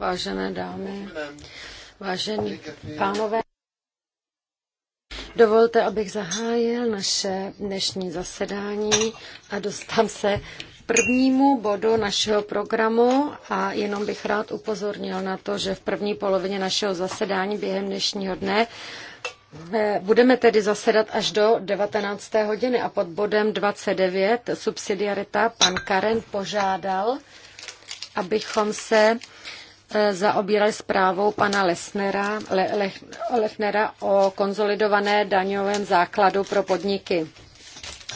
Vážené dámy, vážení pánové, dovolte, abych zahájil naše dnešní zasedání a dostám se prvnímu bodu našeho programu a jenom bych rád upozornil na to, že v první polovině našeho zasedání během dnešního dne eh, Budeme tedy zasedat až do 19. hodiny a pod bodem 29 subsidiarita pan Karen požádal, abychom se Eh, zaobírali zprávou pana Lesnera, Le, Lechnera o konzolidované daňovém základu pro podniky.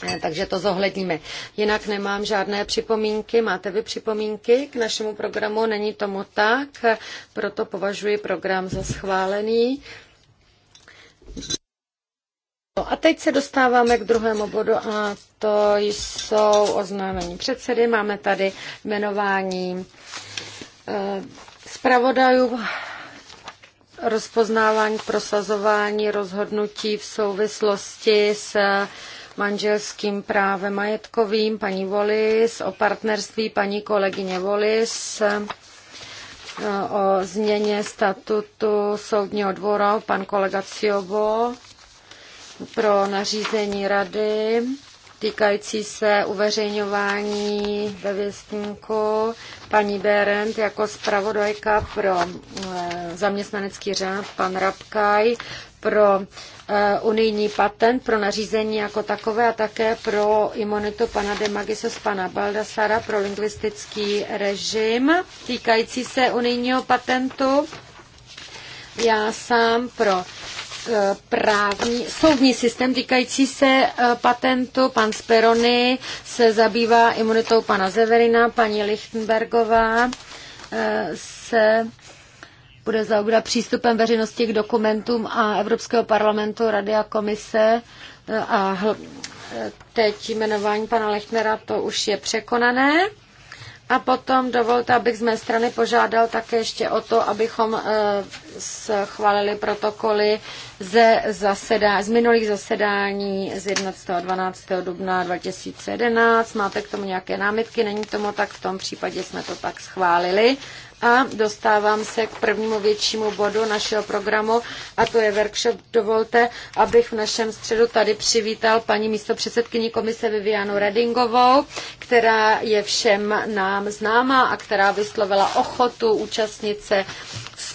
Eh, takže to zohledníme. Jinak nemám žádné připomínky. Máte vy připomínky k našemu programu? Není tomu tak, proto považuji program za schválený. No a teď se dostáváme k druhému bodu a to jsou oznámení předsedy. Máme tady jmenování eh, zpravodajů rozpoznávání, prosazování rozhodnutí v souvislosti s manželským právem majetkovým paní Volis, o partnerství paní kolegyně Volis, o změně statutu soudního dvora pan kolega Ciobo, pro nařízení rady týkající se uveřejňování ve věstníku paní Berend jako zpravodajka pro eh, zaměstnanecký řád, pan Rabkaj pro eh, unijní patent, pro nařízení jako takové a také pro imunitu pana de Magisos, pana Baldasara pro lingvistický režim týkající se unijního patentu. Já sám pro Eh, právní soudní systém týkající se eh, patentu. Pan Sperony se zabývá imunitou pana Zeverina, paní Lichtenbergová eh, se bude zaobírat přístupem veřejnosti k dokumentům a Evropského parlamentu, Rady a komise a teď jmenování pana Lechnera, to už je překonané. A potom dovolte, abych z mé strany požádal také ještě o to, abychom eh, schválili protokoly ze zaseda, z minulých zasedání z 11. a 12. dubna 2011. Máte k tomu nějaké námitky? Není tomu tak, v tom případě jsme to tak schválili. A dostávám se k prvnímu většímu bodu našeho programu, a to je workshop. Dovolte, abych v našem středu tady přivítal paní místopředsedkyni komise Vivianu Redingovou, která je všem nám známá a která vyslovila ochotu účastnit se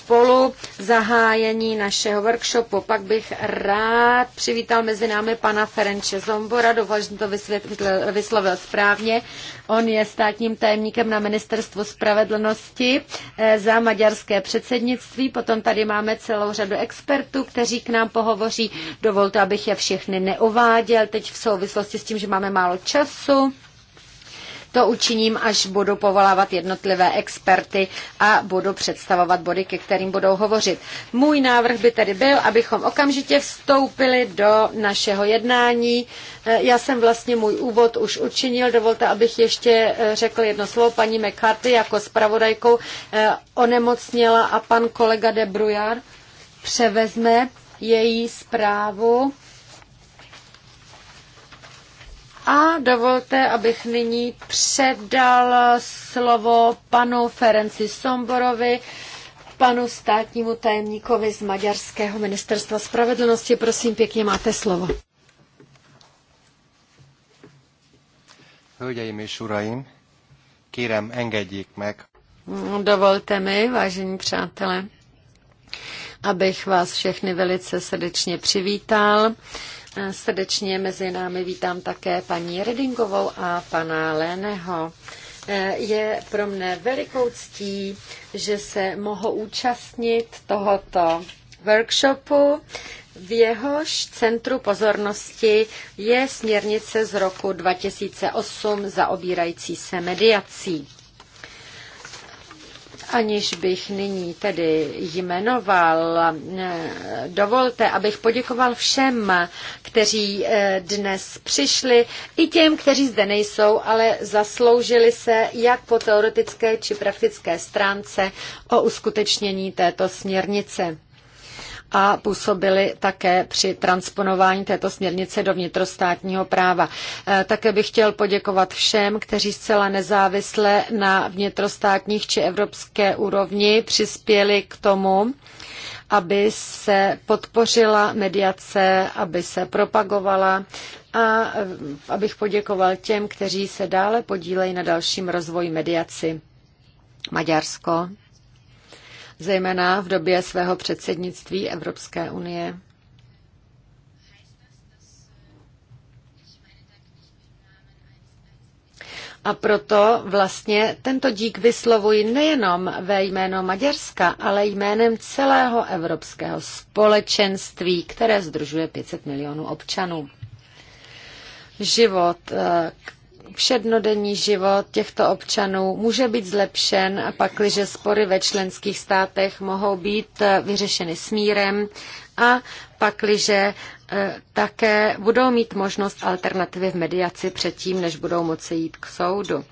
spolu zahájení našeho workshopu. Pak bych rád přivítal mezi námi pana Ferenče Zombora, doufám, že to vyslovil správně. On je státním tajemníkem na Ministerstvu spravedlnosti eh, za maďarské předsednictví. Potom tady máme celou řadu expertů, kteří k nám pohovoří. Dovolte, abych je všechny neuváděl teď v souvislosti s tím, že máme málo času. To učiním, až budu povolávat jednotlivé experty a budu představovat body, ke kterým budou hovořit. Můj návrh by tedy byl, abychom okamžitě vstoupili do našeho jednání. E, já jsem vlastně můj úvod už učinil, dovolte, abych ještě e, řekl jedno slovo. Paní McCarthy jako spravodajkou e, onemocněla a pan kolega de Brujar převezme její zprávu a dovolte, abych nyní předal slovo panu Ferenci Somborovi, panu státnímu tajemníkovi z Maďarského ministerstva spravedlnosti. Prosím, pěkně máte slovo. Hölgyeim és uraim, kérem, engedjék meg. Dovolte mi, vážení přátelé, abych vás všechny velice srdečně přivítal Srdečně mezi námi vítám také paní Redingovou a pana Léneho. E, je pro mne velikou ctí, že se mohu účastnit tohoto workshopu. V jehož centru pozornosti je směrnice z roku 2008 zaobírající se mediací. Aniž bych nyní tedy jmenoval, eh, dovolte, abych poděkoval všem, kteří eh, dnes přišli, i těm, kteří zde nejsou, ale zasloužili se jak po teoretické či praktické stránce o uskutečnění této směrnice a působili také při transponování této směrnice do vnitrostátního práva. E, také bych chtěl poděkovat všem, kteří zcela nezávisle na vnitrostátních či evropské úrovni přispěli k tomu, aby se podpořila mediace, aby se propagovala a e, abych poděkoval těm, kteří se dále podílejí na dalším rozvoji mediaci. Maďarsko zejména v době svého předsednictví Evropské unie. A proto vlastně tento dík vyslovuji nejenom ve jméno Maďarska, ale jménem celého evropského společenství, které združuje 500 milionů občanů. Život, eh, všednodenní život těchto občanů může být zlepšen, a pakliže spory ve členských státech mohou být eh, vyřešeny smírem a pakliže eh, také budou mít možnost alternativy v mediaci předtím, než budou moci jít k soudu.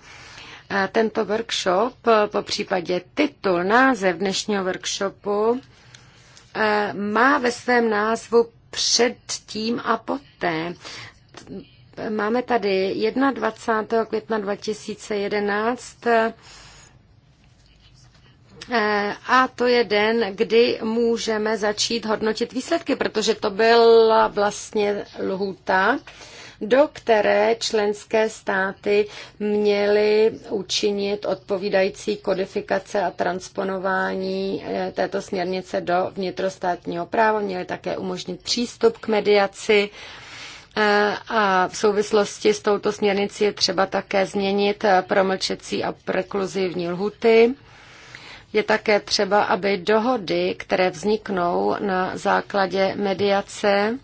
Eh, tento workshop, po případě titul, název dnešního workshopu, má ve svém názvu předtím a poté. Máme tady 21. května 2011 eh, a to je den, kdy můžeme začít hodnotit výsledky, protože to byla vlastně lhůta, do které členské státy měly učinit odpovídající kodifikace a transponování eh, této směrnice do vnitrostátního práva, měly také umožnit přístup k mediaci eh, a v souvislosti s touto směrnicí je třeba také změnit eh, promlčecí a prekluzivní lhuty. Je také třeba, aby dohody, které vzniknou na základě mediace,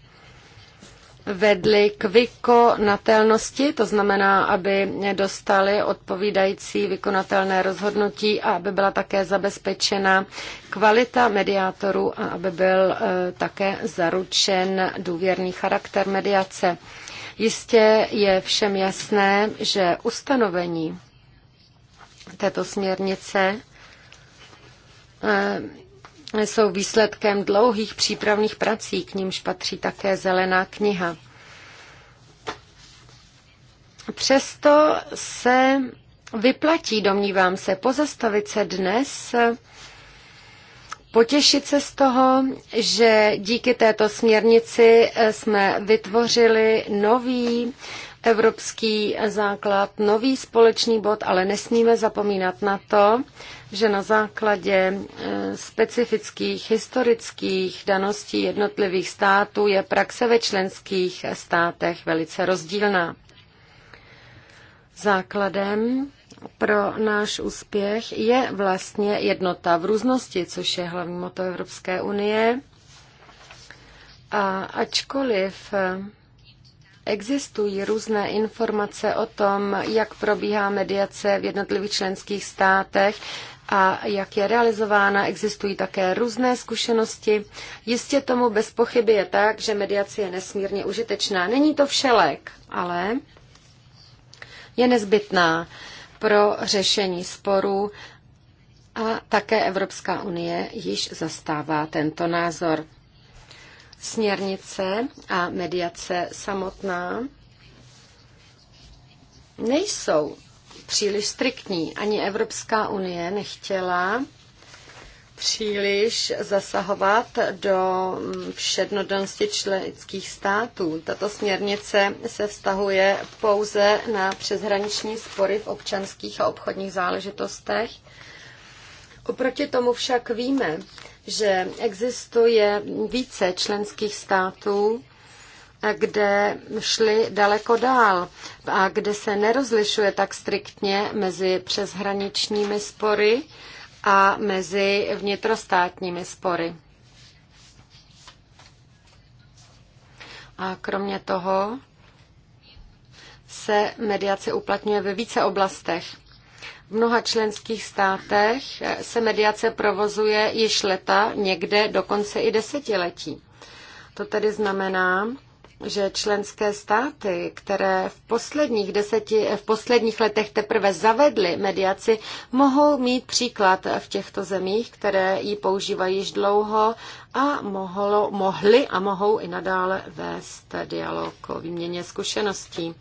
vedly k vykonatelnosti, to znamená, aby dostali odpovídající vykonatelné rozhodnutí a aby byla také zabezpečena kvalita mediátorů a aby byl eh, také zaručen důvěrný charakter mediace. Jistě je všem jasné, že ustanovení této směrnice eh, jsou výsledkem dlouhých přípravných prací, k nímž patří také zelená kniha. Přesto se vyplatí, domnívám se, pozastavit se dnes potěšit se z toho, že díky této směrnici eh, jsme vytvořili nový evropský základ, nový společný bod, ale nesmíme zapomínat na to, že na základě eh, specifických historických daností jednotlivých států je praxe ve členských státech velice rozdílná. Základem pro náš úspěch je vlastně jednota v různosti, což je hlavní moto Evropské unie. A ačkoliv existují různé informace o tom, jak probíhá mediace v jednotlivých členských státech, a jak je realizována, existují také různé zkušenosti. Jistě tomu bez pochyby je tak, že mediace je nesmírně užitečná. Není to všelek, ale je nezbytná pro řešení sporů a také Evropská unie již zastává tento názor. Směrnice a mediace samotná nejsou příliš striktní. Ani Evropská unie nechtěla příliš zasahovat do mm, všednodennosti členských států. Tato směrnice se vztahuje pouze na přeshraniční spory v občanských a obchodních záležitostech. Oproti tomu však víme, že existuje více členských států, kde šli daleko dál a kde se nerozlišuje tak striktně mezi přeshraničními spory, a mezi vnitrostátními spory. A kromě toho se mediace uplatňuje ve více oblastech. V mnoha členských státech se mediace provozuje již leta, někde dokonce i desetiletí. To tedy znamená, že členské státy, které v posledních, deseti, v posledních letech teprve zavedly mediaci, mohou mít příklad v těchto zemích, které ji používají již dlouho a mohlo, mohly a mohou i nadále vést dialog o výměně zkušeností.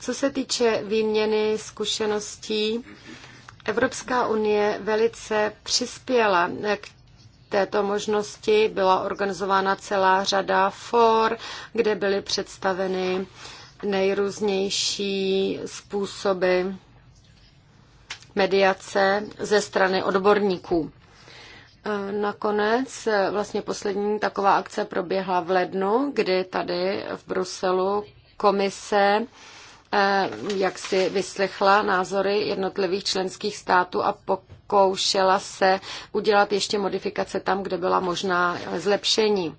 Co se týče výměny zkušeností, Evropská unie velice přispěla k této možnosti byla organizována celá řada for, kde byly představeny nejrůznější způsoby mediace ze strany odborníků. E, nakonec e, vlastně poslední taková akce proběhla v lednu, kdy tady v Bruselu komise e, jak si vyslechla názory jednotlivých členských států a pokoušela se udělat ještě modifikace tam, kde byla možná zlepšení.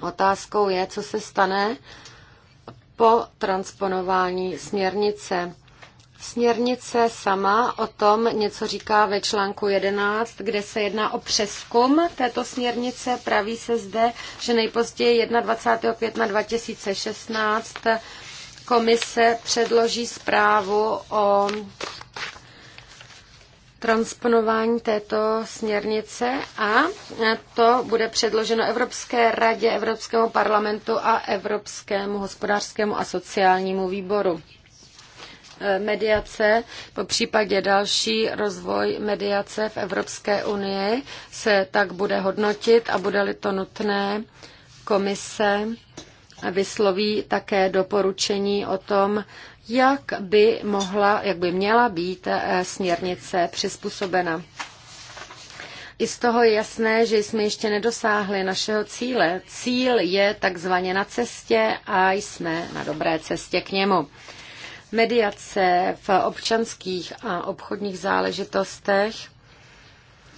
Otázkou je, co se stane po transponování směrnice. Směrnice sama o tom něco říká ve článku 11, kde se jedná o přeskum této směrnice. Praví se zde, že nejpozději 21. května 2016 komise předloží zprávu o transponování této směrnice a to bude předloženo Evropské radě, Evropskému parlamentu a Evropskému hospodářskému a sociálnímu výboru. E, mediace, po případě další rozvoj mediace v Evropské unii se tak bude hodnotit a bude-li to nutné, komise vysloví také doporučení o tom, jak by mohla, jak by měla být eh, směrnice přizpůsobena. I z toho je jasné, že jsme ještě nedosáhli našeho cíle. Cíl je takzvaně na cestě a jsme na dobré cestě k němu. Mediace v občanských a obchodních záležitostech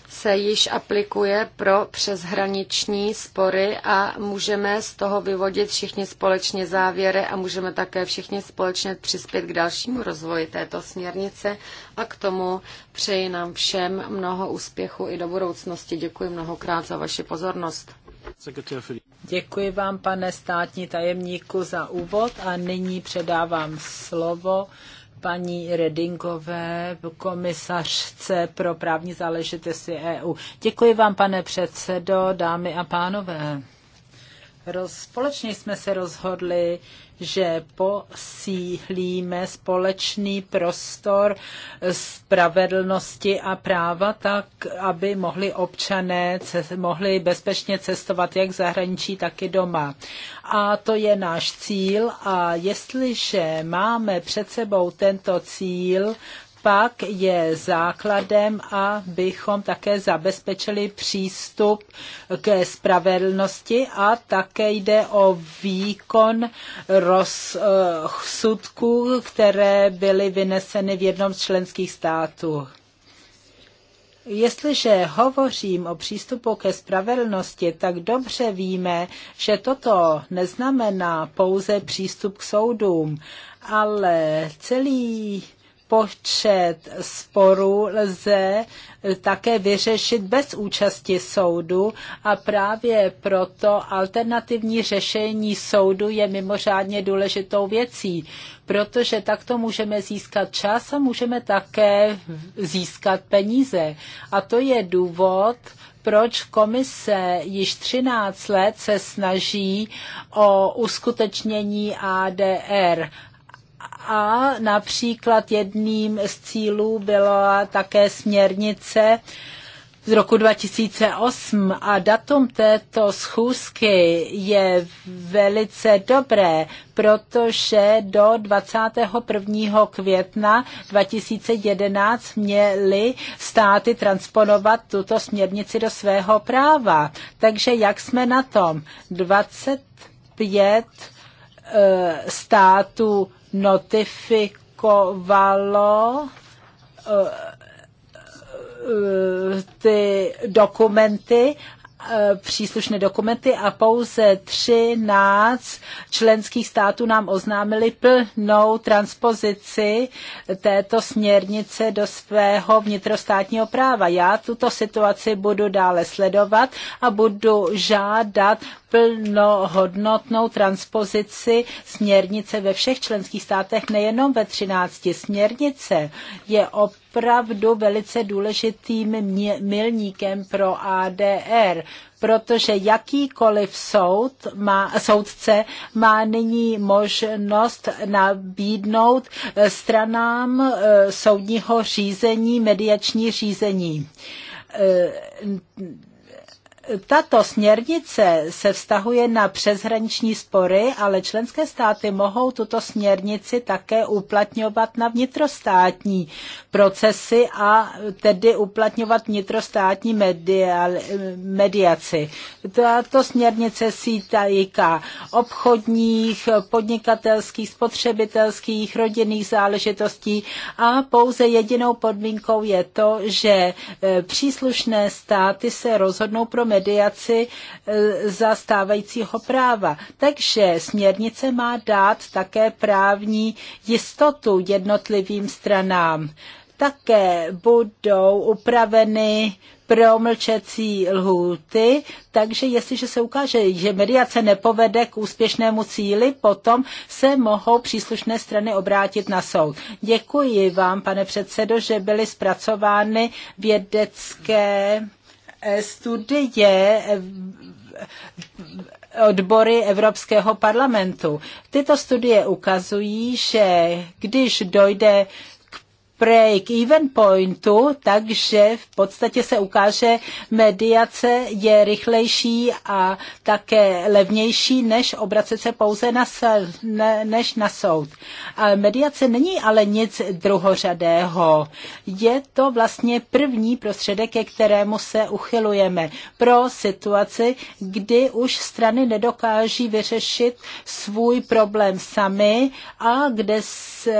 se již aplikuje pro přeshraniční spory a můžeme z toho vyvodit všichni společně závěry a můžeme také všichni společně přispět k dalšímu rozvoji této směrnice a k tomu přeji nám všem mnoho úspěchu i do budoucnosti. Děkuji mnohokrát za vaši pozornost. Děkuji vám, pane státní tajemníku, za úvod a nyní předávám slovo paní Redingové, komisařce pro právní záležitosti EU. Děkuji vám, pane předsedo, dámy a pánové. Roz, společně jsme se rozhodli, že posílíme společný prostor spravedlnosti a práva tak, aby mohli občané mohli bezpečně cestovat jak v zahraničí, tak i doma. A to je náš cíl a jestliže máme před sebou tento cíl, pak je základem, abychom také zabezpečili přístup k spravedlnosti a také jde o výkon rozsudků, které byly vyneseny v jednom z členských států. Jestliže hovořím o přístupu ke spravedlnosti, tak dobře víme, že toto neznamená pouze přístup k soudům, ale celý počet sporů lze také vyřešit bez účasti soudu a právě proto alternativní řešení soudu je mimořádně důležitou věcí, protože takto můžeme získat čas a můžeme také získat peníze. A to je důvod, proč komise již 13 let se snaží o uskutečnění ADR a například jedním z cílů byla také směrnice z roku 2008 a datum této schůzky je velice dobré, protože do 21. května 2011 měly státy transponovat tuto směrnici do svého práva. Takže jak jsme na tom? 25 eh, států notifikovalo eh, eh, ty dokumenty Eh, příslušné dokumenty a pouze 13 členských států nám oznámili plnou transpozici této směrnice do svého vnitrostátního práva. Já tuto situaci budu dále sledovat a budu žádat plnohodnotnou transpozici směrnice ve všech členských státech, nejenom ve 13. Směrnice je opět opravdu velice důležitým milníkem pro ADR, protože jakýkoliv soud má, soudce má nyní možnost nabídnout stranám eh, soudního řízení mediační řízení eh, tato směrnice se vztahuje na přeshraniční spory, ale členské státy mohou tuto směrnici také uplatňovat na vnitrostátní procesy a tedy uplatňovat vnitrostátní media, mediaci. Tato směrnice se týká obchodních, podnikatelských, spotřebitelských, rodinných záležitostí a pouze jedinou podmínkou je to, že e, příslušné státy se rozhodnou pro mediaci mediaci eh, za stávajícího práva. Takže směrnice má dát také právní jistotu jednotlivým stranám. Také budou upraveny promlčecí lhůty, takže jestliže se ukáže, že mediace nepovede k úspěšnému cíli, potom se mohou příslušné strany obrátit na soud. Děkuji vám, pane předsedo, že byly zpracovány vědecké studie odbory Evropského parlamentu. Tyto studie ukazují, že když dojde break-even pointu, takže v podstatě se ukáže, mediace je rychlejší a také levnější, než obracet se pouze na, ne, než na soud. A mediace není ale nic druhořadého. Je to vlastně první prostředek, ke kterému se uchylujeme pro situaci, kdy už strany nedokáží vyřešit svůj problém sami a kde se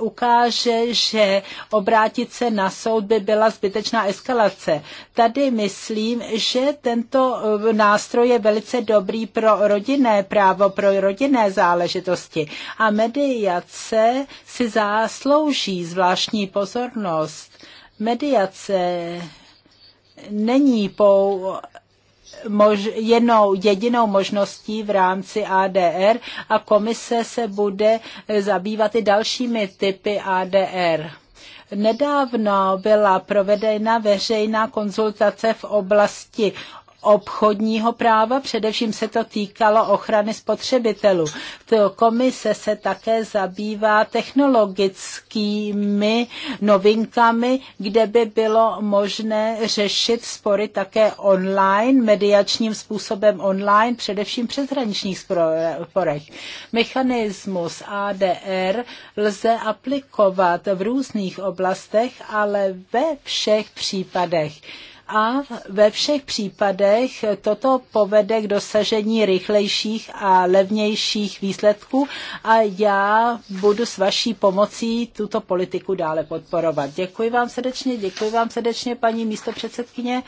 ukáže, že obrátit se na soud by byla zbytečná eskalace. Tady myslím, že tento eh, nástroj je velice dobrý pro rodinné právo, pro rodinné záležitosti. A mediace si zaslouží zvláštní pozornost. Mediace není pou, mož, jednou, jedinou možností v rámci ADR a komise se bude zabývat i dalšími typy ADR. Nedávno byla provedena veřejná konzultace v oblasti obchodního práva, především se to týkalo ochrany spotřebitelů. To komise se také zabývá technologickými novinkami, kde by bylo možné řešit spory také online, mediačním způsobem online, především hraničních sporech. Mechanismus ADR lze aplikovat v různých oblastech, ale ve všech případech a ve všech případech toto povede k dosažení rychlejších a levnějších výsledků a já budu s vaší pomocí tuto politiku dále podporovat. Děkuji vám srdečně, děkuji vám srdečně, paní místopředsedkyně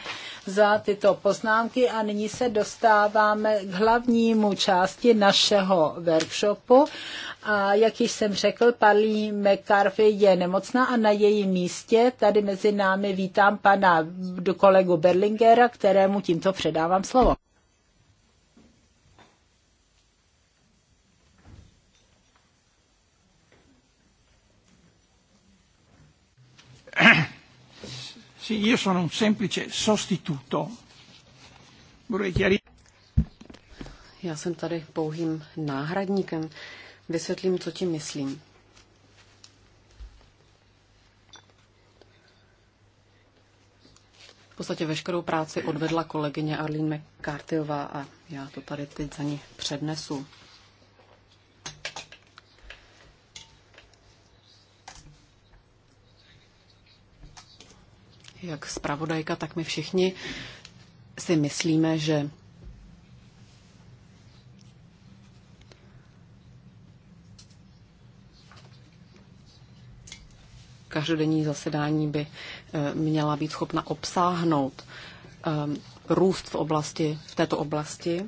za tyto poznámky a nyní se dostáváme k hlavnímu části našeho workshopu. A jak již jsem řekl, paní McCarthy je nemocná a na jejím místě tady mezi námi vítám pana kolegu Berlingera, kterému tímto předávám slovo. Sì, io sono un semplice sostituto. Vorrei chiarire. Já jsem tady pouhým náhradníkem. Vysvětlím, co ti myslím. V podstatě veškerou práci odvedla kolegyně Arlene McCarthyová a já to tady teď za ní přednesu. jak zpravodajka, tak my všichni si myslíme, že každodenní zasedání by eh, měla být schopna obsáhnout eh, růst v, oblasti, v této oblasti.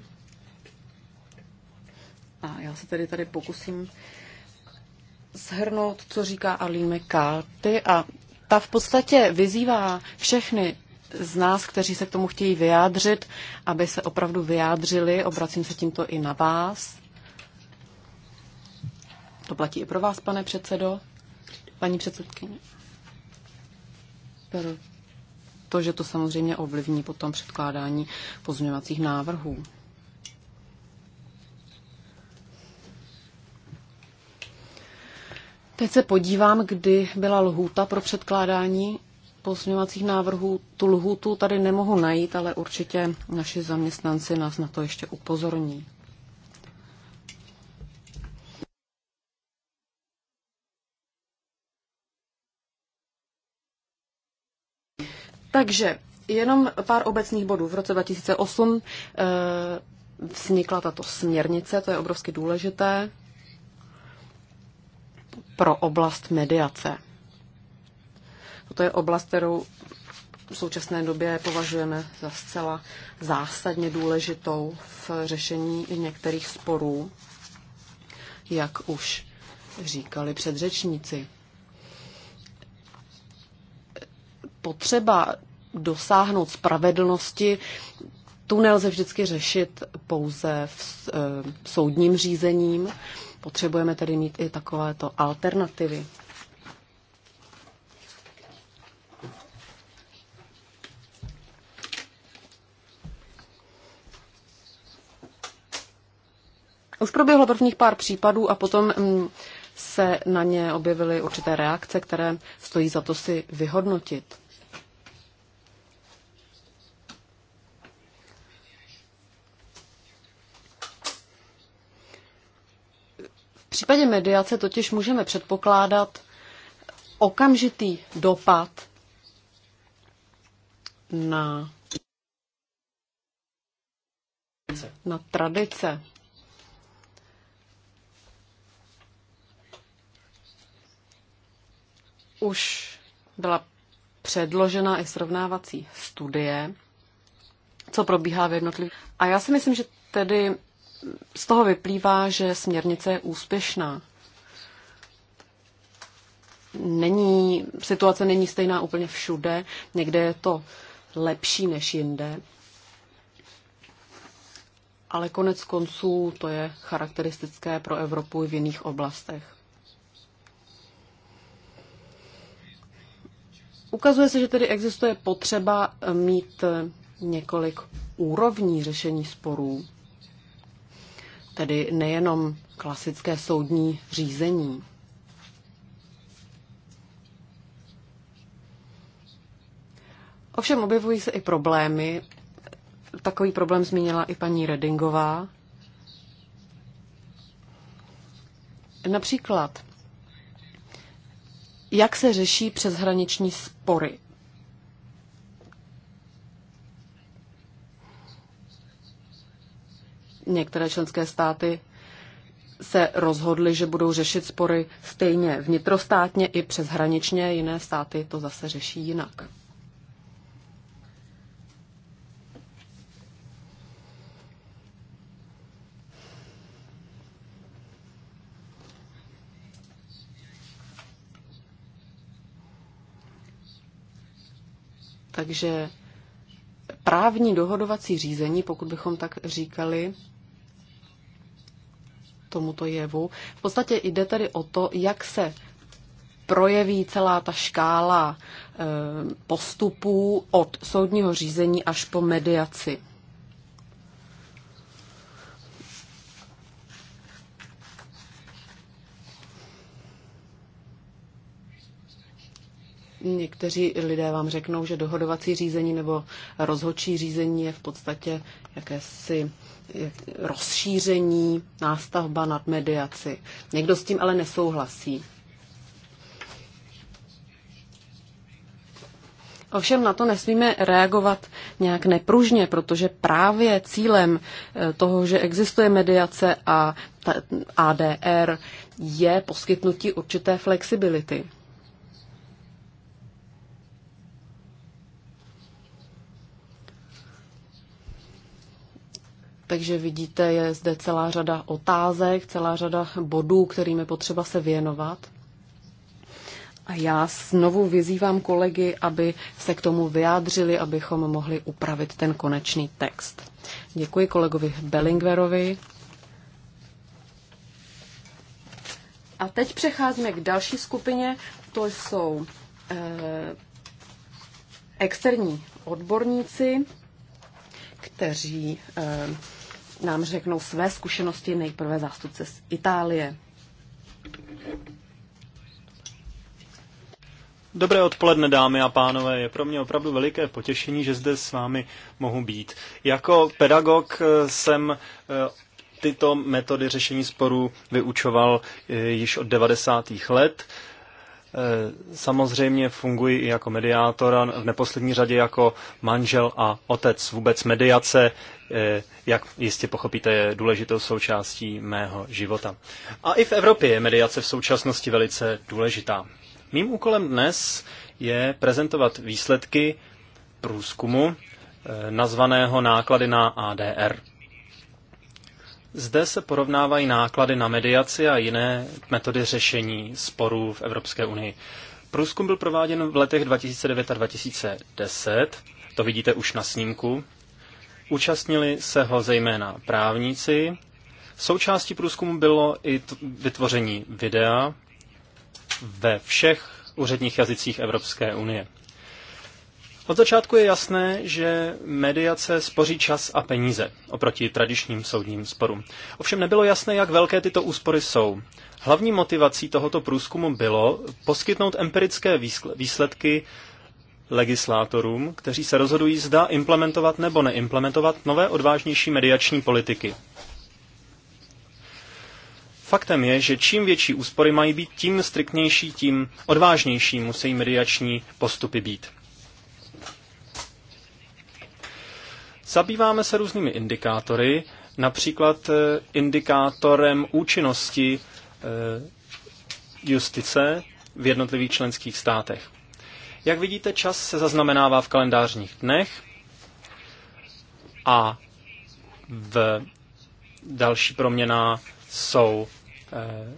A já se tedy tady pokusím shrnout, co říká Aline Káty a ta v podstatě vyzývá všechny z nás, kteří se k tomu chtějí vyjádřit, aby se opravdu vyjádřili. Obracím se tímto i na vás. To platí i pro vás, pane předsedo, paní předsedkyně. že to samozřejmě ovlivní potom předkládání pozměňovacích návrhů. Teď se podívám, kdy byla lhůta pro předkládání pozměňovacích návrhů. Tu lhůtu tady nemohu najít, ale určitě naši zaměstnanci nás na to ještě upozorní. Takže jenom pár obecných bodů. V roce 2008 eh, vznikla tato směrnice, to je obrovsky důležité pro oblast mediace. To je oblast, kterou v současné době považujeme za zcela zásadně důležitou v řešení některých sporů, jak už říkali předřečníci. Potřeba dosáhnout spravedlnosti, tu nelze vždycky řešit pouze v, eh, soudním řízením. Potřebujeme tedy mít i takovéto alternativy. Už proběhlo prvních pár případů a potom mm, se na ně objevily určité reakce, které stojí za to si vyhodnotit. případě mediace totiž můžeme předpokládat okamžitý dopad na, na tradice. Už byla předložena i srovnávací studie, co probíhá v jednotlivých. A já si myslím, že tedy z toho vyplývá, že směrnice je úspěšná. Není, situace není stejná úplně všude, někde je to lepší než jinde, ale konec konců to je charakteristické pro Evropu i v jiných oblastech. Ukazuje se, že tedy existuje potřeba mít několik úrovní řešení sporů tedy nejenom klasické soudní řízení. Ovšem objevují se i problémy. Takový problém zmínila i paní Redingová. Například, jak se řeší přeshraniční spory? Některé členské státy se rozhodly, že budou řešit spory stejně vnitrostátně i přeshraničně, jiné státy to zase řeší jinak. Takže právní dohodovací řízení, pokud bychom tak říkali, tomuto jevu. V podstatě jde tedy o to, jak se projeví celá ta škála eh, postupů od soudního řízení až po mediaci. Někteří lidé vám řeknou, že dohodovací řízení nebo rozhodčí řízení je v podstatě jakési rozšíření, nástavba nad mediaci. Někdo s tím ale nesouhlasí. Ovšem na to nesmíme reagovat nějak nepružně, protože právě cílem eh, toho, že existuje mediace a ADR, je poskytnutí určité flexibility. Takže vidíte, je zde celá řada otázek, celá řada bodů, kterým je potřeba se věnovat. A já znovu vyzývám kolegy, aby se k tomu vyjádřili, abychom mohli upravit ten konečný text. Děkuji kolegovi Bellingwerovi. A teď přecházíme k další skupině, to jsou eh, externí odborníci, kteří eh, nám řeknou své zkušenosti nejprve zástupce z Itálie. Dobré odpoledne, dámy a pánové. Je pro mě opravdu veliké potěšení, že zde s vámi mohu být. Jako pedagog jsem eh, tyto metody řešení sporů vyučoval eh, již od 90. let. Eh, samozřejmě funguji i jako mediátor a v neposlední řadě jako manžel a otec. Vůbec mediace, eh, jak jistě pochopíte, je důležitou součástí mého života. A i v Evropě je mediace v současnosti velice důležitá. Mým úkolem dnes je prezentovat výsledky průzkumu eh, nazvaného náklady na ADR. Zde se porovnávají náklady na mediaci a jiné metody řešení sporů v Evropské unii. Průzkum byl prováděn v letech 2009 a 2010, to vidíte už na snímku. Účastnili se ho zejména právníci. Součástí průzkumu bylo i vytvoření videa ve všech úředních jazycích Evropské unie. Od začátku je jasné, že mediace spoří čas a peníze oproti tradičním soudním sporům. Ovšem nebylo jasné, jak velké tyto úspory jsou. Hlavní motivací tohoto průzkumu bylo poskytnout empirické výsledky legislátorům, kteří se rozhodují, zda implementovat nebo neimplementovat nové odvážnější mediační politiky. Faktem je, že čím větší úspory mají být, tím striktnější, tím odvážnější musí mediační postupy být. Zabýváme se různými indikátory, například eh, indikátorem účinnosti eh, justice v jednotlivých členských státech. Jak vidíte, čas se zaznamenává v kalendářních dnech a v další proměna jsou eh,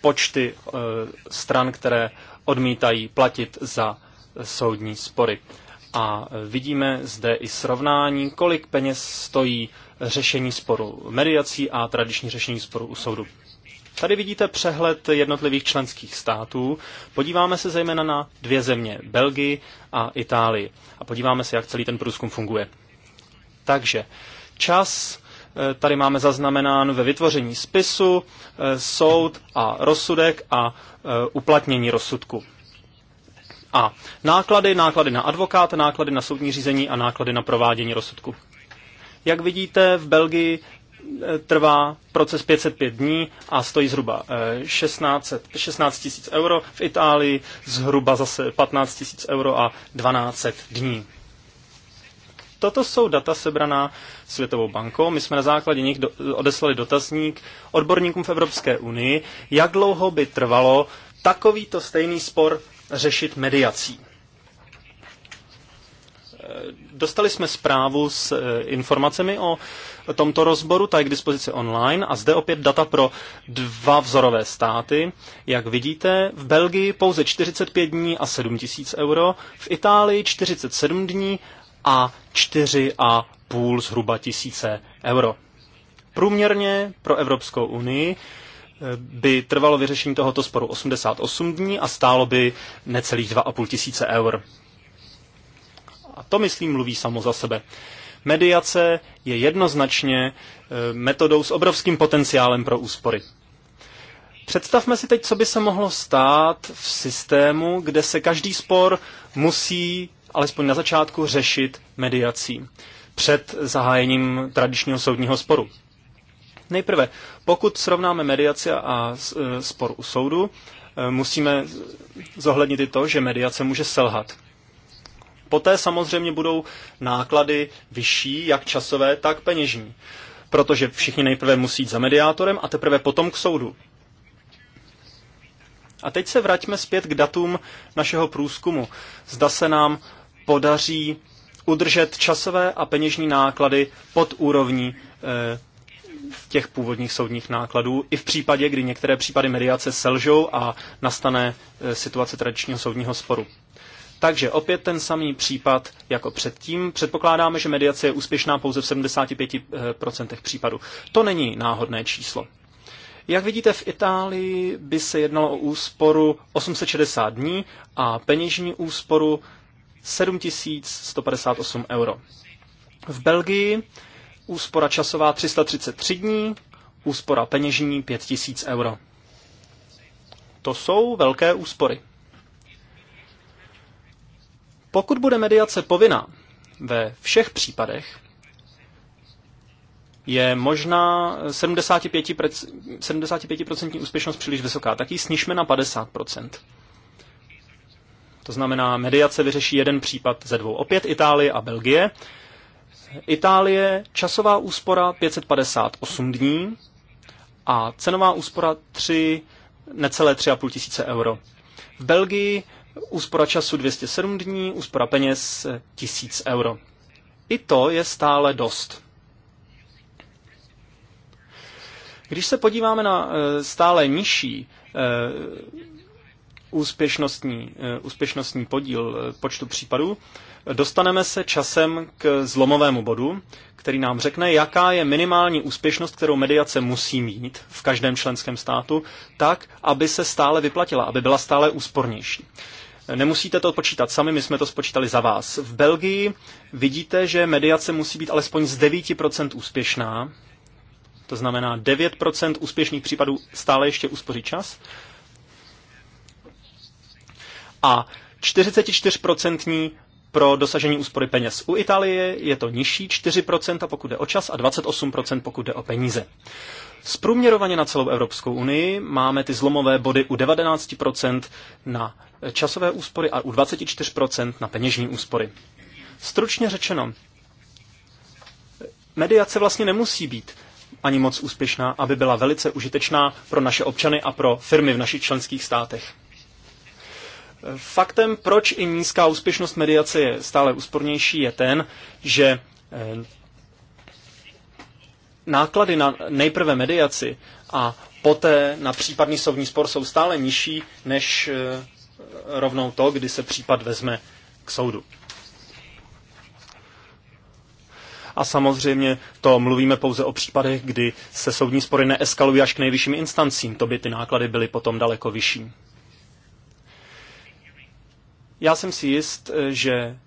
počty stran, které odmítají platit za soudní spory. A vidíme zde i srovnání, kolik peněz stojí řešení sporu mediací a tradiční řešení sporu u soudu. Tady vidíte přehled jednotlivých členských států. Podíváme se zejména na dvě země, Belgii a Itálii. A podíváme se, jak celý ten průzkum funguje. Takže čas eh, tady máme zaznamenán ve vytvoření spisu, eh, soud a rozsudek a eh, uplatnění rozsudku. A náklady, náklady na advokát, náklady na soudní řízení a náklady na provádění rozsudku. Jak vidíte, v Belgii eh, trvá proces 505 dní a stojí zhruba 16 16 000 euro, v Itálii zhruba zase 15 000 euro a 12 dní. Toto jsou data sebraná Světovou bankou. My jsme na základě nich do, odeslali dotazník odborníkům v Evropské unii, jak dlouho by trvalo takovýto stejný spor řešit mediací. E, dostali jsme zprávu s e, informacemi o tomto rozboru, ta je k dispozici online a zde opět data pro dva vzorové státy. Jak vidíte, v Belgii pouze 45 dní a 7 tisíc euro, v Itálii 47 dní a 4,5 zhruba tisíce euro. Průměrně pro Evropskou unii by trvalo vyřešení tohoto sporu 88 dní a stálo by necelých 2,5 tisíce eur. A to, myslím, mluví samo za sebe. Mediace je jednoznačně eh, metodou s obrovským potenciálem pro úspory. Představme si teď, co by se mohlo stát v systému, kde se každý spor musí, alespoň na začátku, řešit mediací před zahájením tradičního soudního sporu. Nejprve, pokud srovnáme mediaci a e, spor u soudu, e, musíme zohlednit i to, že mediace může selhat. Poté samozřejmě budou náklady vyšší, jak časové, tak peněžní. Protože všichni nejprve musí jít za mediátorem a teprve potom k soudu. A teď se vraťme zpět k datům našeho průzkumu. Zda se nám podaří udržet časové a peněžní náklady pod úrovní e, těch původních soudních nákladů, i v případě, kdy některé případy mediace selžou a nastane e, situace tradičního soudního sporu. Takže opět ten samý případ jako předtím. Předpokládáme, že mediace je úspěšná pouze v 75% e, případů. To není náhodné číslo. Jak vidíte, v Itálii by se jednalo o úsporu 860 dní a peněžní úsporu 7158 euro. V Belgii úspora časová 333 dní, úspora peněžní 5000 euro. To jsou velké úspory. Pokud bude mediace povinná ve všech případech, je možná 75%, 75% úspěšnost příliš vysoká, tak ji snižme na 50%. To znamená, mediace vyřeší jeden případ ze dvou. Opět Itálie a Belgie. Itálie časová úspora 558 dní a cenová úspora 3, necelé 3,5 tisíce euro. V Belgii úspora času 207 dní, úspora peněz 1000 euro. I to je stále dost. Když se podíváme na e, stále nižší e, úspěšnostní, e, úspěšnostní podíl počtu případů, Dostaneme se časem k zlomovému bodu, který nám řekne, jaká je minimální úspěšnost, kterou mediace musí mít v každém členském státu, tak, aby se stále vyplatila, aby byla stále úspornější. Nemusíte to počítat sami, my jsme to spočítali za vás. V Belgii vidíte, že mediace musí být alespoň z 9% úspěšná, to znamená 9% úspěšných případů stále ještě uspoří čas. A 44% pro dosažení úspory peněz. U Itálie je to nižší 4% pokud jde o čas a 28% pokud jde o peníze. Zprůměrovaně na celou Evropskou unii máme ty zlomové body u 19% na časové úspory a u 24% na peněžní úspory. Stručně řečeno, mediace vlastně nemusí být ani moc úspěšná, aby byla velice užitečná pro naše občany a pro firmy v našich členských státech. Faktem, proč i nízká úspěšnost mediace je stále úspornější, je ten, že eh, náklady na nejprve mediaci a poté na případný soudní spor jsou stále nižší než eh, rovnou to, kdy se případ vezme k soudu. A samozřejmě to mluvíme pouze o případech, kdy se soudní spory neeskalují až k nejvyšším instancím. To by ty náklady byly potom daleko vyšší. Já jsem si jist, eh, že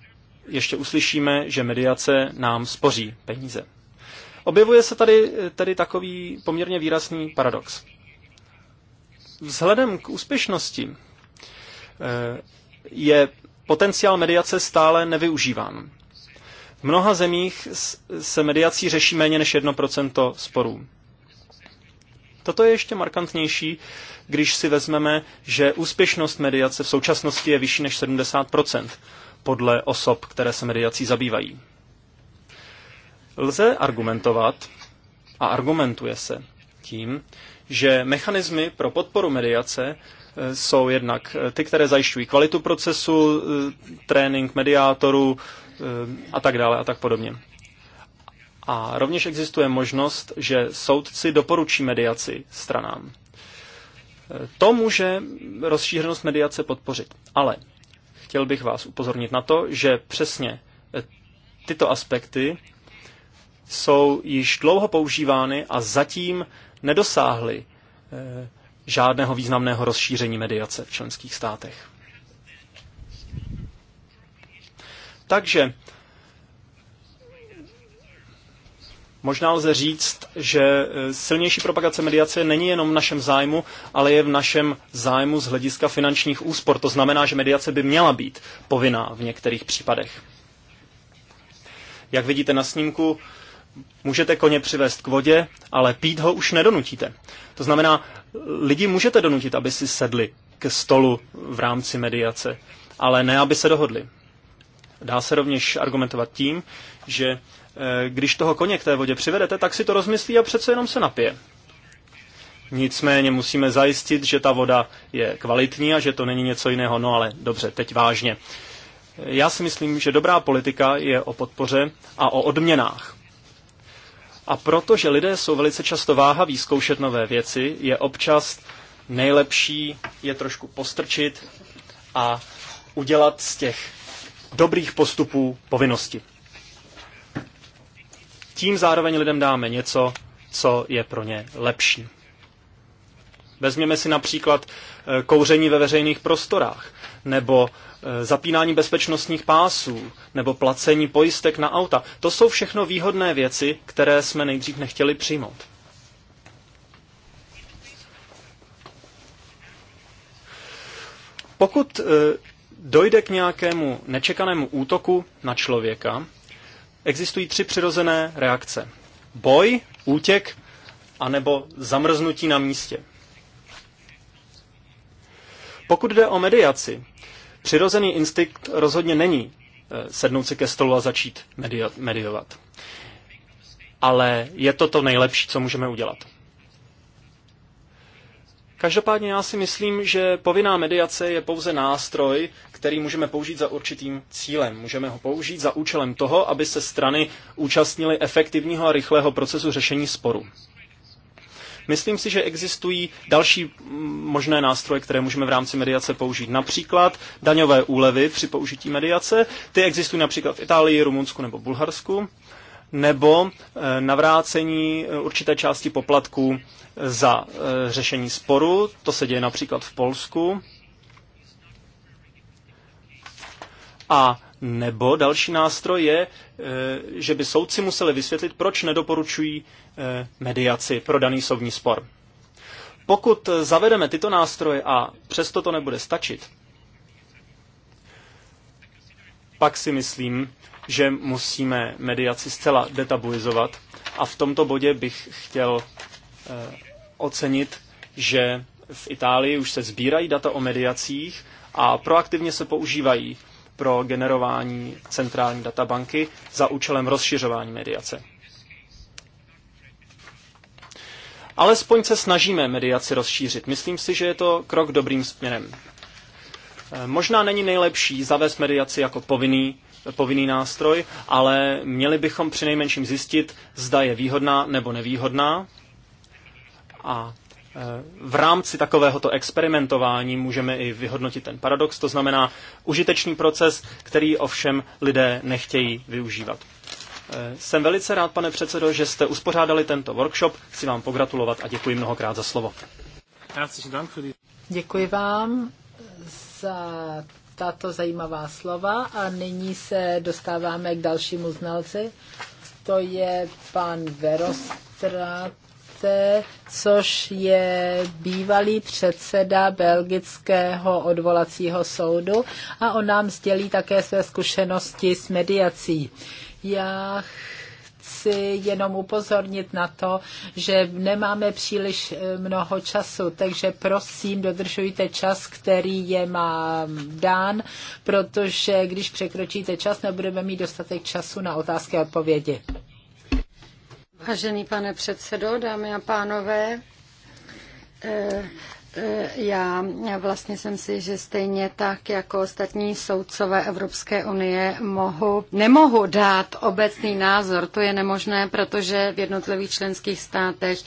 ještě uslyšíme, že mediace nám spoří peníze. Objevuje se tady, eh, tedy takový poměrně výrazný paradox. Vzhledem k úspěšnosti eh, je potenciál mediace stále nevyužíván. V mnoha zemích se mediací řeší méně než 1% sporů. Toto je ještě markantnější, když si vezmeme, že úspěšnost mediace v současnosti je vyšší než 70 podle osob, které se mediací zabývají. Lze argumentovat, a argumentuje se tím, že mechanismy pro podporu mediace eh, jsou jednak eh, ty, které zajišťují kvalitu procesu, eh, trénink mediátorů a tak dále a tak podobně. A rovněž existuje možnost, že soudci doporučí mediaci stranám. E, to může rozšířenost mediace podpořit. Ale chtěl bych vás upozornit na to, že přesně e, tyto aspekty jsou již dlouho používány a zatím nedosáhly e, žádného významného rozšíření mediace v členských státech. Takže Možná lze říct, že e, silnější propagace mediace není jenom v našem zájmu, ale je v našem zájmu z hlediska finančních úspor. To znamená, že mediace by měla být povinná v některých případech. Jak vidíte na snímku, můžete koně přivést k vodě, ale pít ho už nedonutíte. To znamená, lidi můžete donutit, aby si sedli k stolu v rámci mediace, ale ne, aby se dohodli. Dá se rovněž argumentovat tím, že Eh, když toho koně k té vodě přivedete, tak si to rozmyslí a přece jenom se napije. Nicméně musíme zajistit, že ta voda je kvalitní a že to není něco jiného. No ale dobře, teď vážně. Eh, já si myslím, že dobrá politika je o podpoře a o odměnách. A protože lidé jsou velice často váhaví zkoušet nové věci, je občas nejlepší je trošku postrčit a udělat z těch dobrých postupů povinnosti tím zároveň lidem dáme něco, co je pro ně lepší. Vezměme si například eh, kouření ve veřejných prostorách, nebo eh, zapínání bezpečnostních pásů, nebo placení pojistek na auta. To jsou všechno výhodné věci, které jsme nejdřív nechtěli přijmout. Pokud eh, dojde k nějakému nečekanému útoku na člověka, Existují tři přirozené reakce. Boj, útěk, anebo zamrznutí na místě. Pokud jde o mediaci, přirozený instinkt rozhodně není eh, sednout si ke stolu a začít mediovat. Ale je to to nejlepší, co můžeme udělat. Každopádně já si myslím, že povinná mediace je pouze nástroj, který můžeme použít za určitým cílem. Můžeme ho použít za účelem toho, aby se strany účastnily efektivního a rychlého procesu řešení sporu. Myslím si, že existují další možné nástroje, které můžeme v rámci mediace použít. Například daňové úlevy při použití mediace. Ty existují například v Itálii, Rumunsku nebo Bulharsku nebo eh, navrácení eh, určité části poplatků za eh, řešení sporu. To se děje například v Polsku. A nebo další nástroj je, že by soudci museli vysvětlit, proč nedoporučují mediaci pro daný soudní spor. Pokud zavedeme tyto nástroje a přesto to nebude stačit, pak si myslím, že musíme mediaci zcela detabuizovat. A v tomto bodě bych chtěl eh, ocenit, že v Itálii už se sbírají data o mediacích a proaktivně se používají pro generování centrální databanky za účelem rozšiřování mediace. Alespoň se snažíme mediaci rozšířit. Myslím si, že je to krok dobrým směrem. Eh, možná není nejlepší zavést mediaci jako povinný povinný nástroj, ale měli bychom přinejmenším zjistit, zda je výhodná nebo nevýhodná. A e, v rámci takovéhoto experimentování můžeme i vyhodnotit ten paradox, to znamená užitečný proces, který ovšem lidé nechtějí využívat. E, jsem velice rád, pane předsedo, že jste uspořádali tento workshop. Chci vám pogratulovat a děkuji mnohokrát za slovo. Děkuji vám za tato zajímavá slova a nyní se dostáváme k dalšímu znalci. To je pan Verostrate, což je bývalý předseda Belgického odvolacího soudu a on nám sdělí také své zkušenosti s mediací. Já chci jenom upozornit na to, že nemáme příliš eh, mnoho času, takže prosím, dodržujte čas, který je mám dán, protože když překročíte čas, nebudeme mít dostatek času na otázky a odpovědi. Vážený pane předsedo, dámy a pánové, eh, já vlastně jsem si, že stejně tak jako ostatní soudcové Evropské unie mohu, nemohu dát obecný názor. To je nemožné, protože v jednotlivých členských státech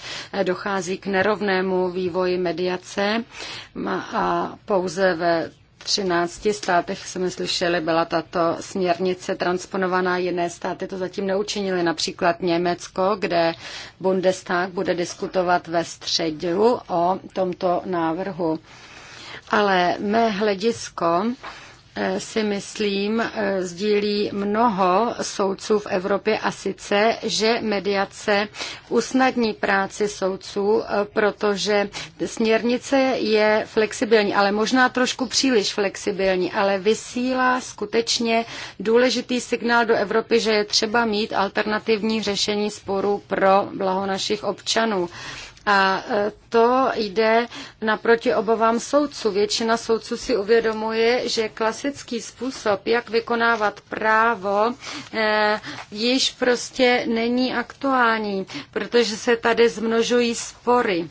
dochází k nerovnému vývoji mediace a pouze ve 13 státech jsme slyšeli, byla tato směrnice transponovaná, jiné státy to zatím neučinily, například Německo, kde Bundestag bude diskutovat ve středu o tomto návrhu. Ale mé hledisko Eh, si myslím, eh, sdílí mnoho soudců v Evropě a sice, že mediace usnadní práci soudců, eh, protože směrnice je flexibilní, ale možná trošku příliš flexibilní, ale vysílá skutečně důležitý signál do Evropy, že je třeba mít alternativní řešení sporů pro blaho našich občanů. A e, to jde naproti obavám soudců. Většina soudců si uvědomuje, že klasický způsob, jak vykonávat právo, e, již prostě není aktuální, protože se tady zmnožují spory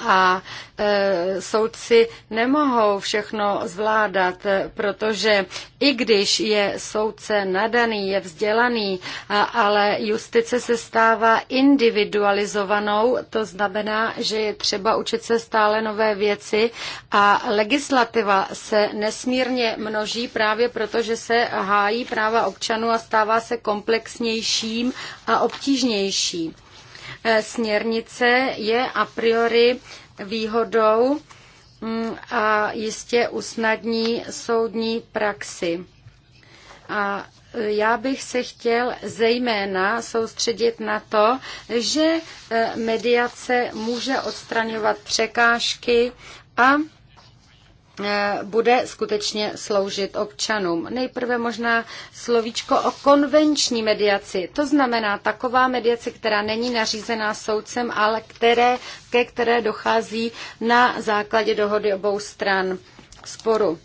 a e, soudci nemohou všechno zvládat, protože i když je soudce nadaný, je vzdělaný, a, ale justice se stává individualizovanou, to znamená, že je třeba učit se stále nové věci a legislativa se nesmírně množí právě proto, že se hájí práva občanů a stává se komplexnějším a obtížnějším. Eh, směrnice je a priori výhodou mm, a jistě usnadní soudní praxi. A eh, já bych se chtěl zejména soustředit na to, že eh, mediace může odstraňovat překážky a Eh, bude skutečně sloužit občanům. Nejprve možná slovíčko o konvenční mediaci. To znamená taková mediace, která není nařízená soudcem, ale které, ke které dochází na základě dohody obou stran sporu.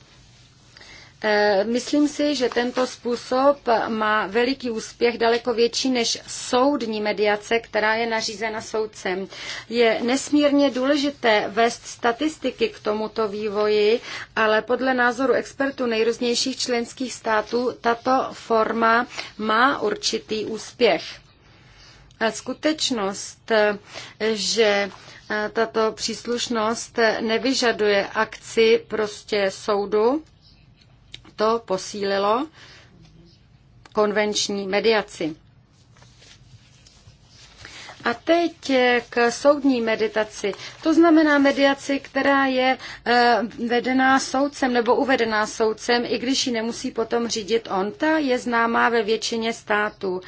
Eh, myslím si, že tento způsob má veliký úspěch, daleko větší než soudní mediace, která je nařízena soudcem. Je nesmírně důležité vést statistiky k tomuto vývoji, ale podle názoru expertů nejrůznějších členských států tato forma má určitý úspěch. Eh, skutečnost, že eh, tato příslušnost nevyžaduje akci prostě soudu, to posílilo konvenční mediaci. A teď eh, k soudní meditaci. To znamená mediaci, která je eh, vedená soudcem nebo uvedená soudcem, i když ji nemusí potom řídit on. Ta je známá ve většině států.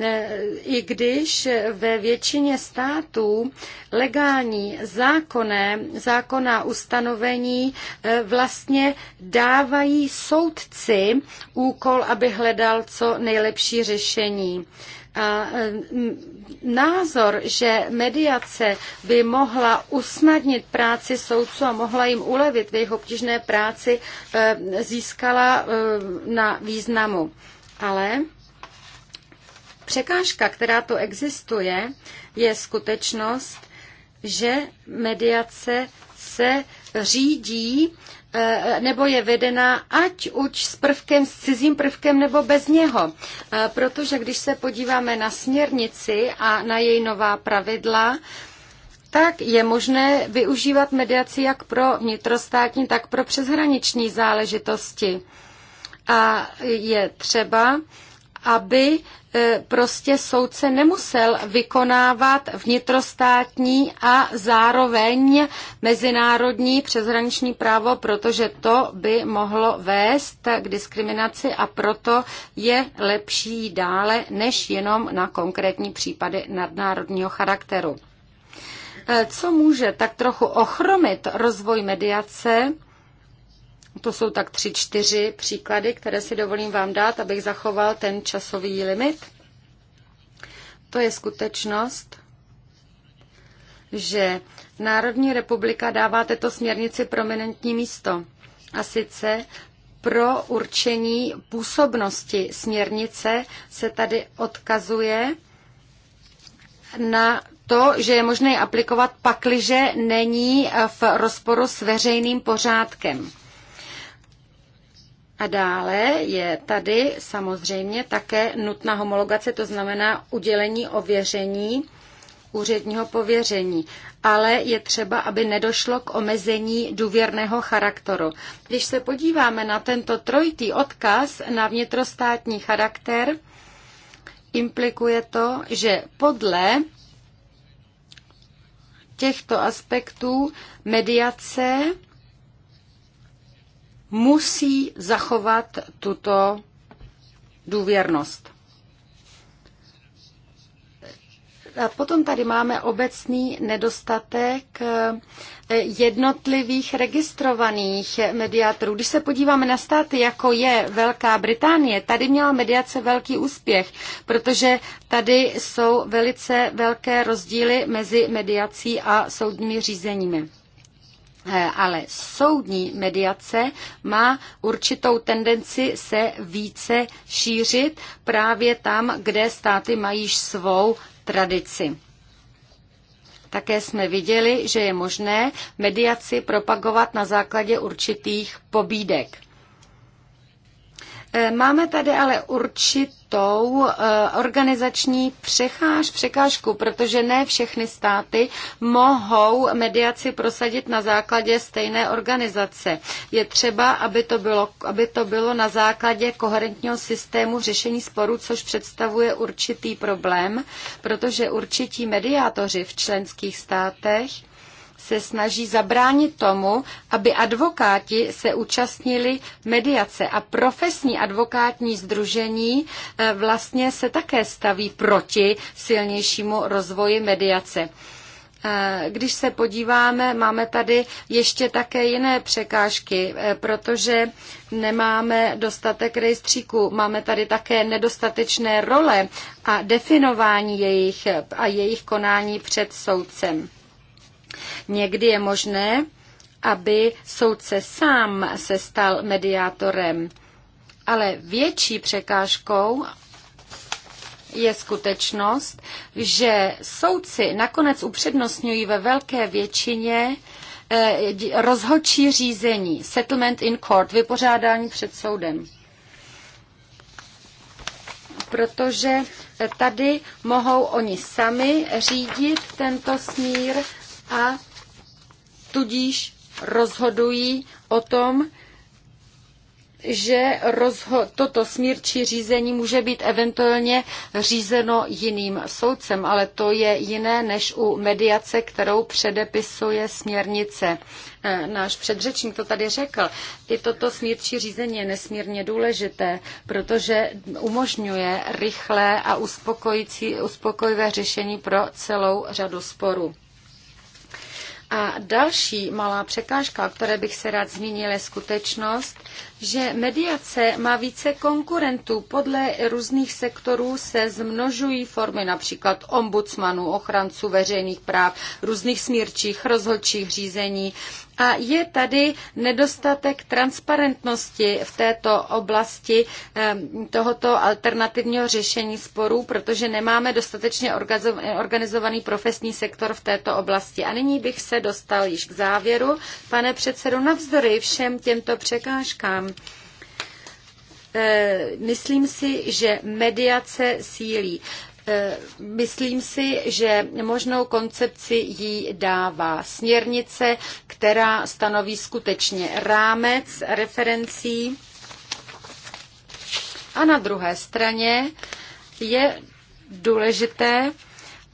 E, i když ve většině států legální zákonné, zákonná ustanovení e, vlastně dávají soudci úkol, aby hledal co nejlepší řešení. A e, názor, že mediace by mohla usnadnit práci soudců a mohla jim ulevit v jejich obtížné práci, získala na významu. Ale Překážka, která tu existuje, je skutečnost, že mediace se řídí eh, nebo je vedena ať už s prvkem, s cizím prvkem nebo bez něho. Eh, protože když se podíváme na směrnici a na její nová pravidla, tak je možné využívat mediaci jak pro vnitrostátní, tak pro přeshraniční záležitosti. A je třeba aby e, prostě soudce nemusel vykonávat vnitrostátní a zároveň mezinárodní přeshraniční právo, protože to by mohlo vést k diskriminaci a proto je lepší dále než jenom na konkrétní případy nadnárodního charakteru. E, co může tak trochu ochromit rozvoj mediace, to jsou tak tři, čtyři příklady, které si dovolím vám dát, abych zachoval ten časový limit. To je skutečnost, že Národní republika dává této směrnici prominentní místo. A sice pro určení působnosti směrnice se tady odkazuje na to, že je možné aplikovat pakliže není v rozporu s veřejným pořádkem. A dále je tady samozřejmě také nutná homologace, to znamená udělení ověření úředního pověření, ale je třeba, aby nedošlo k omezení důvěrného charakteru. Když se podíváme na tento trojitý odkaz na vnitrostátní charakter, implikuje to, že podle těchto aspektů mediace musí zachovat tuto důvěrnost. A potom tady máme obecný nedostatek eh, jednotlivých registrovaných mediátorů. Když se podíváme na státy, jako je Velká Británie, tady měla mediace velký úspěch, protože tady jsou velice velké rozdíly mezi mediací a soudními řízeními. Eh, ale soudní mediace má určitou tendenci se více šířit právě tam, kde státy mají svou tradici. Také jsme viděli, že je možné mediaci propagovat na základě určitých pobídek. Eh, máme tady ale určitou eh, organizační přecháž, překážku, protože ne všechny státy mohou mediaci prosadit na základě stejné organizace. Je třeba, aby to bylo, aby to bylo na základě koherentního systému řešení sporů, což představuje určitý problém, protože určití mediátoři v členských státech se snaží zabránit tomu, aby advokáti se účastnili mediace a profesní advokátní združení eh, vlastně se také staví proti silnějšímu rozvoji mediace. Eh, když se podíváme, máme tady ještě také jiné překážky, eh, protože nemáme dostatek rejstříků, máme tady také nedostatečné role a definování jejich a jejich konání před soudcem. Někdy je možné, aby soudce sám se stal mediátorem. Ale větší překážkou je skutečnost, že soudci nakonec upřednostňují ve velké většině eh, rozhodčí řízení, settlement in court, vypořádání před soudem. Protože tady mohou oni sami řídit tento smír a tudíž rozhodují o tom, že rozho- toto smírčí řízení může být eventuálně řízeno jiným soudcem, ale to je jiné než u mediace, kterou předepisuje směrnice. E, náš předřečník to tady řekl. I toto smírčí řízení je nesmírně důležité, protože umožňuje rychlé a uspokojivé řešení pro celou řadu sporů. A další malá překážka, o které bych se rád zmínil, je skutečnost, že mediace má více konkurentů. Podle různých sektorů se zmnožují formy například ombudsmanů, ochranců veřejných práv, různých smírčích, rozhodčích řízení. A je tady nedostatek transparentnosti v této oblasti ehm, tohoto alternativního řešení sporů, protože nemáme dostatečně organizovaný profesní sektor v této oblasti. A nyní bych se dostal již k závěru. Pane předsedo, navzdory všem těmto překážkám, Eh, myslím si, že mediace sílí. Eh, myslím si, že možnou koncepci jí dává směrnice, která stanoví skutečně rámec referencí. A na druhé straně je důležité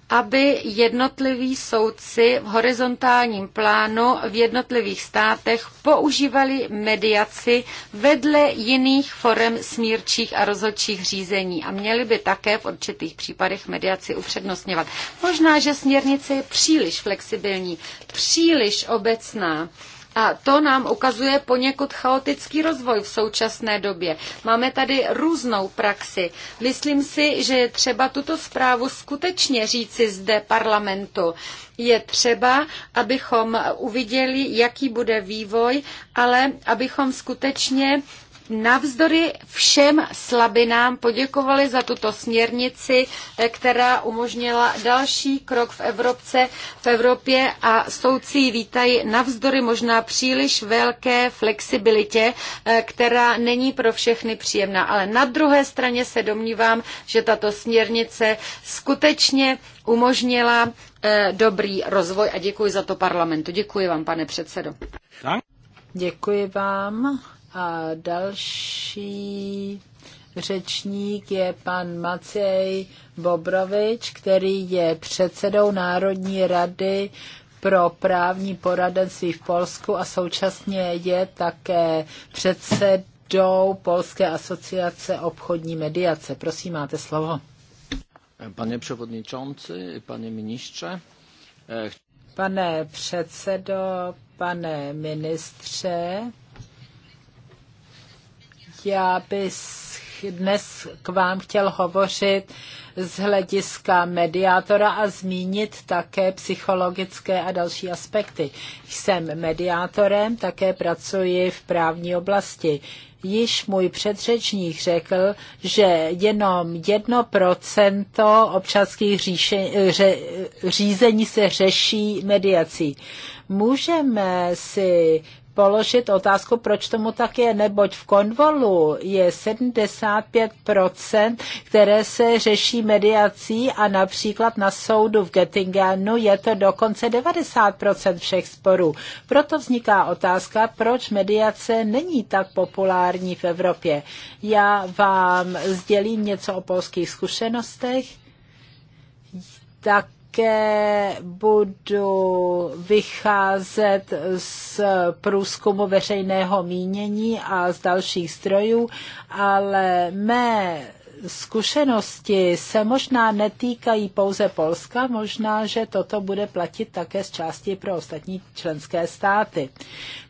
aby jednotliví soudci v horizontálním plánu v jednotlivých státech používali mediaci vedle jiných forem smírčích a rozhodčích řízení a měli by také v určitých případech mediaci upřednostňovat. Možná, že směrnice je příliš flexibilní, příliš obecná a to nám ukazuje poněkud chaotický rozvoj v současné době. Máme tady různou praxi. Myslím si, že je třeba tuto zprávu skutečně říci zde parlamentu. Je třeba, abychom uviděli, jaký bude vývoj, ale abychom skutečně navzdory všem slabinám poděkovali za tuto směrnici, eh, která umožnila další krok v, Evropce, v Evropě a soudci vítají navzdory možná příliš velké flexibilitě, eh, která není pro všechny příjemná. Ale na druhé straně se domnívám, že tato směrnice skutečně umožnila eh, dobrý rozvoj a děkuji za to parlamentu. Děkuji vám, pane předsedo. Děkuji vám. A další řečník je pan Macej Bobrovič, který je předsedou Národní rady pro právní poradenství v Polsku a současně je také předsedou Polské asociace obchodní mediace. Prosím, máte slovo. Pane předsedající, pane ministře. Eh, pane předsedo, pane ministře, já bych dnes k vám chtěl hovořit z hlediska mediátora a zmínit také psychologické a další aspekty. Jsem mediátorem, také pracuji v právní oblasti. Již můj předřečník řekl, že jenom jedno procento občanských říše, ře, řízení se řeší mediací. Můžeme si položit otázku, proč tomu tak je, neboť v konvolu je 75%, které se řeší mediací a například na soudu v Göttingenu je to dokonce 90% všech sporů. Proto vzniká otázka, proč mediace není tak populární v Evropě. Já vám sdělím něco o polských zkušenostech. Tak také budu vycházet z průzkumu veřejného mínění a z dalších strojů, ale mé zkušenosti se možná netýkají pouze Polska, možná, že toto bude platit také z části pro ostatní členské státy.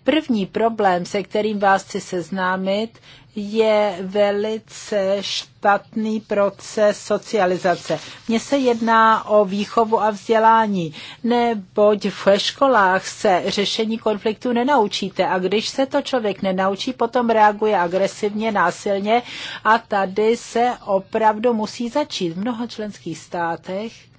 První problém, se kterým vás chci seznámit, je velice špatný proces socializace. Mně se jedná o výchovu a vzdělání, neboť ve školách se řešení konfliktu nenaučíte a když se to člověk nenaučí, potom reaguje agresivně, násilně a tady se opravdu musí začít v mnoha členských státech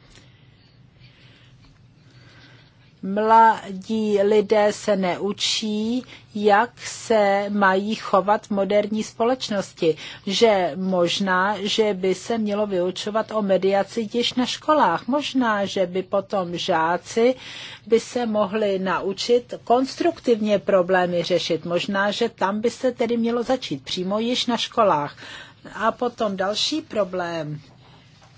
Mladí lidé se neučí, jak se mají chovat v moderní společnosti. Že možná, že by se mělo vyučovat o mediaci již na školách. Možná, že by potom žáci by se mohli naučit konstruktivně problémy řešit. Možná, že tam by se tedy mělo začít přímo již na školách. A potom další problém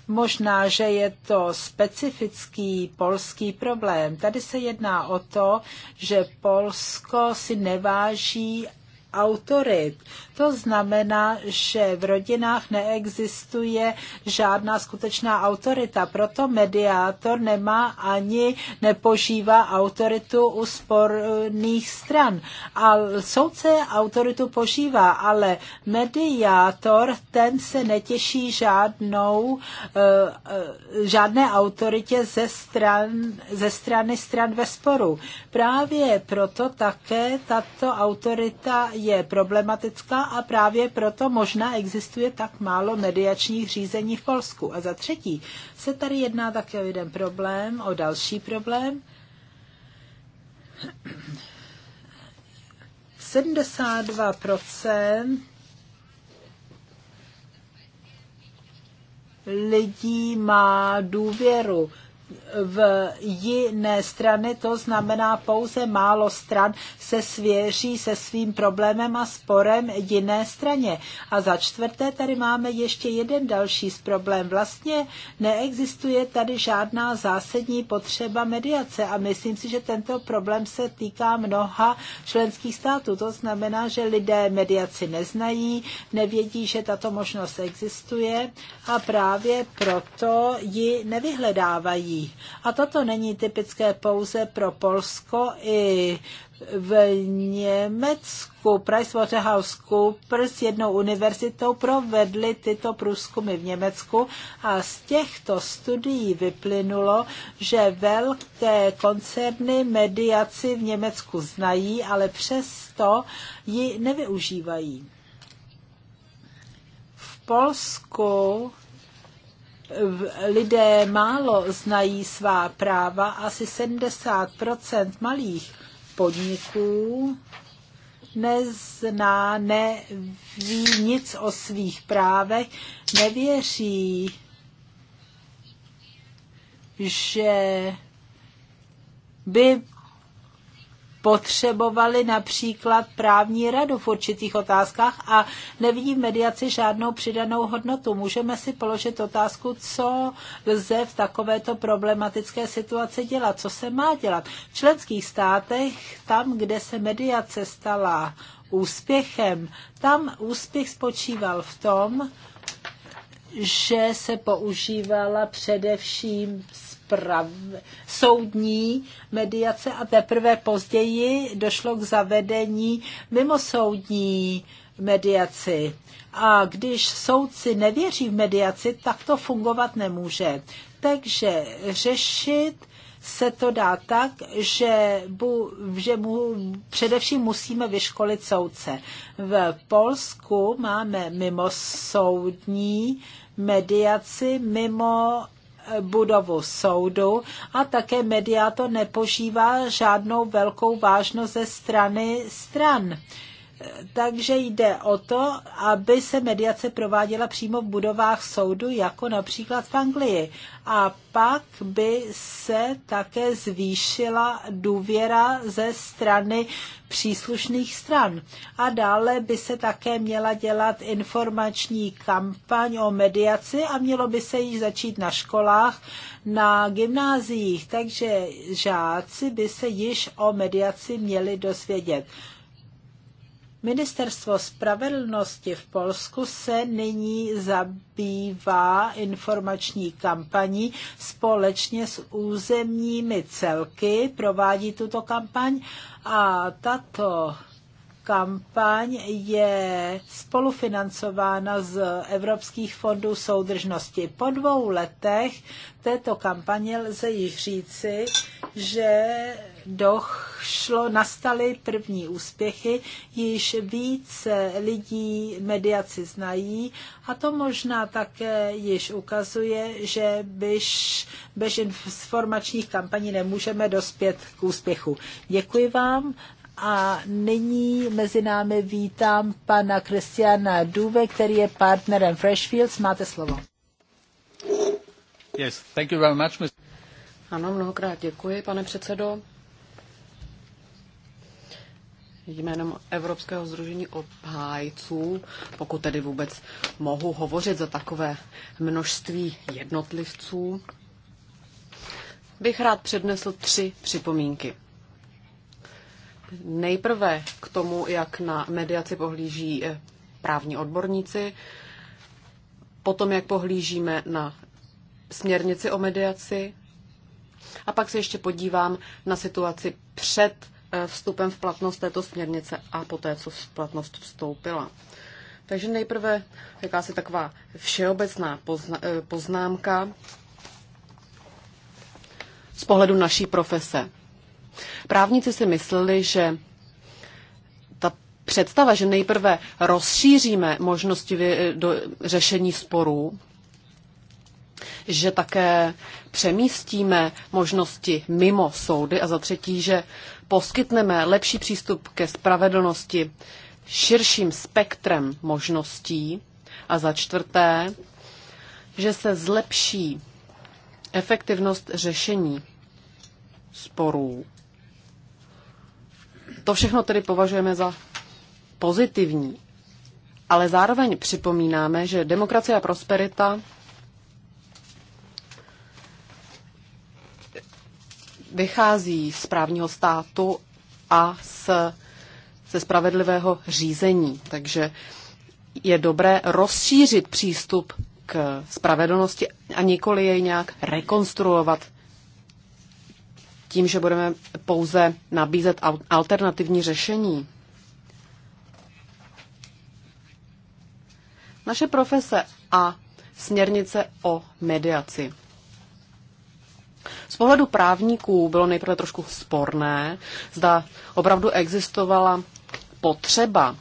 Možná, že je to specifický polský problém. Tady se jedná o to, že Polsko si neváží autorit. To znamená, že v rodinách neexistuje žádná skutečná autorita, proto mediátor nemá ani nepožívá autoritu u sporných stran. A soudce autoritu požívá, ale mediátor ten se netěší žádnou, eh, eh, žádné autoritě ze, stran, ze strany stran ve sporu. Právě proto také tato autorita je problematická a právě proto možná existuje tak málo mediačních řízení v Polsku. A za třetí se tady jedná také o jeden problém, o další problém. 72 lidí má důvěru v jiné strany, to znamená pouze málo stran se svěří se svým problémem a sporem jiné straně. A za čtvrté tady máme ještě jeden další problém. Vlastně neexistuje tady žádná zásadní potřeba mediace a myslím si, že tento problém se týká mnoha členských států. To znamená, že lidé mediaci neznají, nevědí, že tato možnost existuje a právě proto ji nevyhledávají lidí. A toto není typické pouze pro Polsko i v Německu PricewaterhouseCoopers jednou univerzitou provedli tyto průzkumy v Německu a z těchto studií vyplynulo, že velké koncerny mediaci v Německu znají, ale přesto ji nevyužívají. V Polsku lidé málo znají svá práva, asi 70 malých podniků nezná, neví nic o svých právech, nevěří, že by potřebovali například právní radu v určitých otázkách a nevidí v mediaci žádnou přidanou hodnotu. Můžeme si položit otázku, co lze v takovéto problematické situaci dělat, co se má dělat. V členských státech, tam, kde se mediace stala úspěchem, tam úspěch spočíval v tom, že se používala především prav, soudní mediace a teprve později došlo k zavedení mimosoudní mediaci. A když soudci nevěří v mediaci, tak to fungovat nemůže. Takže řešit se to dá tak, že, bu, že mu, především musíme vyškolit soudce. V Polsku máme mimo soudní mediaci, mimo budovu soudu a také mediátor nepožívá žádnou velkou vážnost ze strany stran. Takže jde o to, aby se mediace prováděla přímo v budovách soudu, jako například v Anglii. A pak by se také zvýšila důvěra ze strany příslušných stran. A dále by se také měla dělat informační kampaň o mediaci a mělo by se již začít na školách, na gymnáziích, takže žáci by se již o mediaci měli dosvědět. Ministerstvo spravedlnosti v Polsku se nyní zabývá informační kampaní společně s územními celky, provádí tuto kampaň a tato kampaň je spolufinancována z evropských fondů soudržnosti. Po dvou letech této kampaně lze již říci, že došlo, nastaly první úspěchy, již více lidí mediaci znají a to možná také již ukazuje, že bež, bez informačních kampaní nemůžeme dospět k úspěchu. Děkuji vám a nyní mezi námi vítám pana Kristiana Duve, který je partnerem Freshfields. Máte slovo. Yes, thank you very much, Ano, mnohokrát děkuji, pane předsedo. Jménem Evropského združení obhájců, pokud tedy vůbec mohu hovořit za takové množství jednotlivců, bych rád přednesl tři připomínky. Nejprve k tomu, jak na mediaci pohlíží eh, právní odborníci, potom jak pohlížíme na směrnici o mediaci a pak se ještě podívám na situaci před eh, vstupem v platnost této směrnice a poté, co v platnost vstoupila. Takže nejprve jakási taková všeobecná pozna- eh, poznámka z pohledu naší profese. Právníci si mysleli, že ta představa, že nejprve rozšíříme možnosti do řešení sporů, že také přemístíme možnosti mimo soudy a za třetí, že poskytneme lepší přístup ke spravedlnosti širším spektrem možností a za čtvrté, že se zlepší efektivnost řešení sporů. To všechno tedy považujeme za pozitivní. Ale zároveň připomínáme, že demokracie a prosperita vychází z právního státu a z, ze spravedlivého řízení. Takže je dobré rozšířit přístup k spravedlnosti a nikoli jej nějak rekonstruovat tím, že budeme pouze nabízet alternativní řešení. Naše profese a směrnice o mediaci. Z pohledu právníků bylo nejprve trošku sporné, zda opravdu existovala potřeba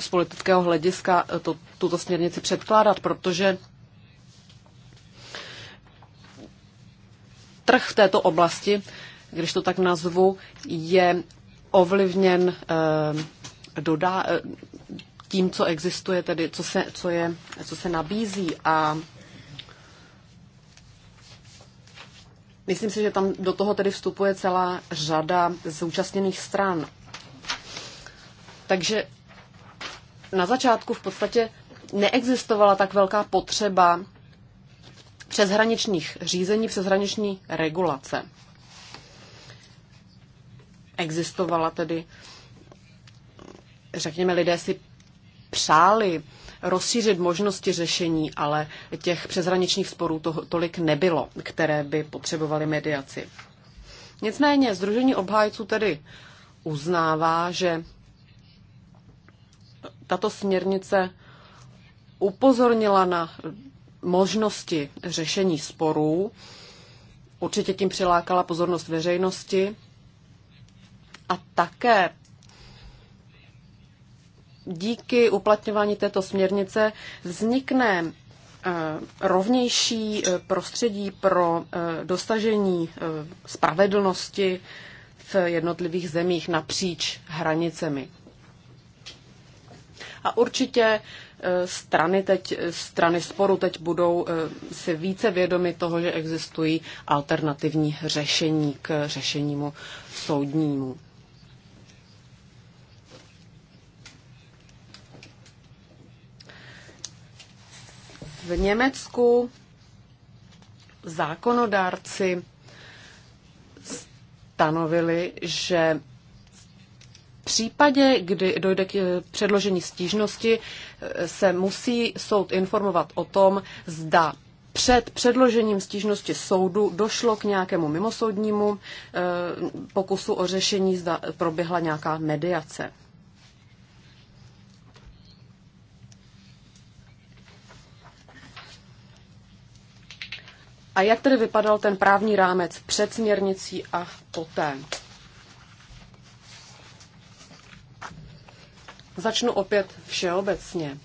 z politického hlediska eh, to, tuto směrnici předkládat, protože trh v této oblasti když to tak nazvu, je ovlivněn eh, dodá, eh, tím, co existuje, tedy co se, co je, co se nabízí a Myslím si, že tam do toho tedy vstupuje celá řada zúčastněných stran. Takže na začátku v podstatě neexistovala tak velká potřeba přeshraničních řízení, přeshraniční regulace existovala tedy, řekněme, lidé si přáli rozšířit možnosti řešení, ale těch přeshraničních sporů to, tolik nebylo, které by potřebovaly mediaci. Nicméně Združení obhájců tedy uznává, že tato směrnice upozornila na možnosti řešení sporů, určitě tím přilákala pozornost veřejnosti a také díky uplatňování této směrnice vznikne eh, rovnější eh, prostředí pro eh, dosažení spravedlnosti v jednotlivých zemích napříč hranicemi. A určitě strany, teď, strany sporu teď budou si více vědomi toho, že existují alternativní řešení k řešenímu soudnímu. v Německu zákonodárci stanovili, že v případě, kdy dojde k eh, předložení stížnosti, eh, se musí soud informovat o tom, zda před předložením stížnosti soudu došlo k nějakému mimosoudnímu eh, pokusu o řešení, zda proběhla nějaká mediace. A jak tedy vypadal ten právní rámec před směrnicí a poté? Začnu opět všeobecně.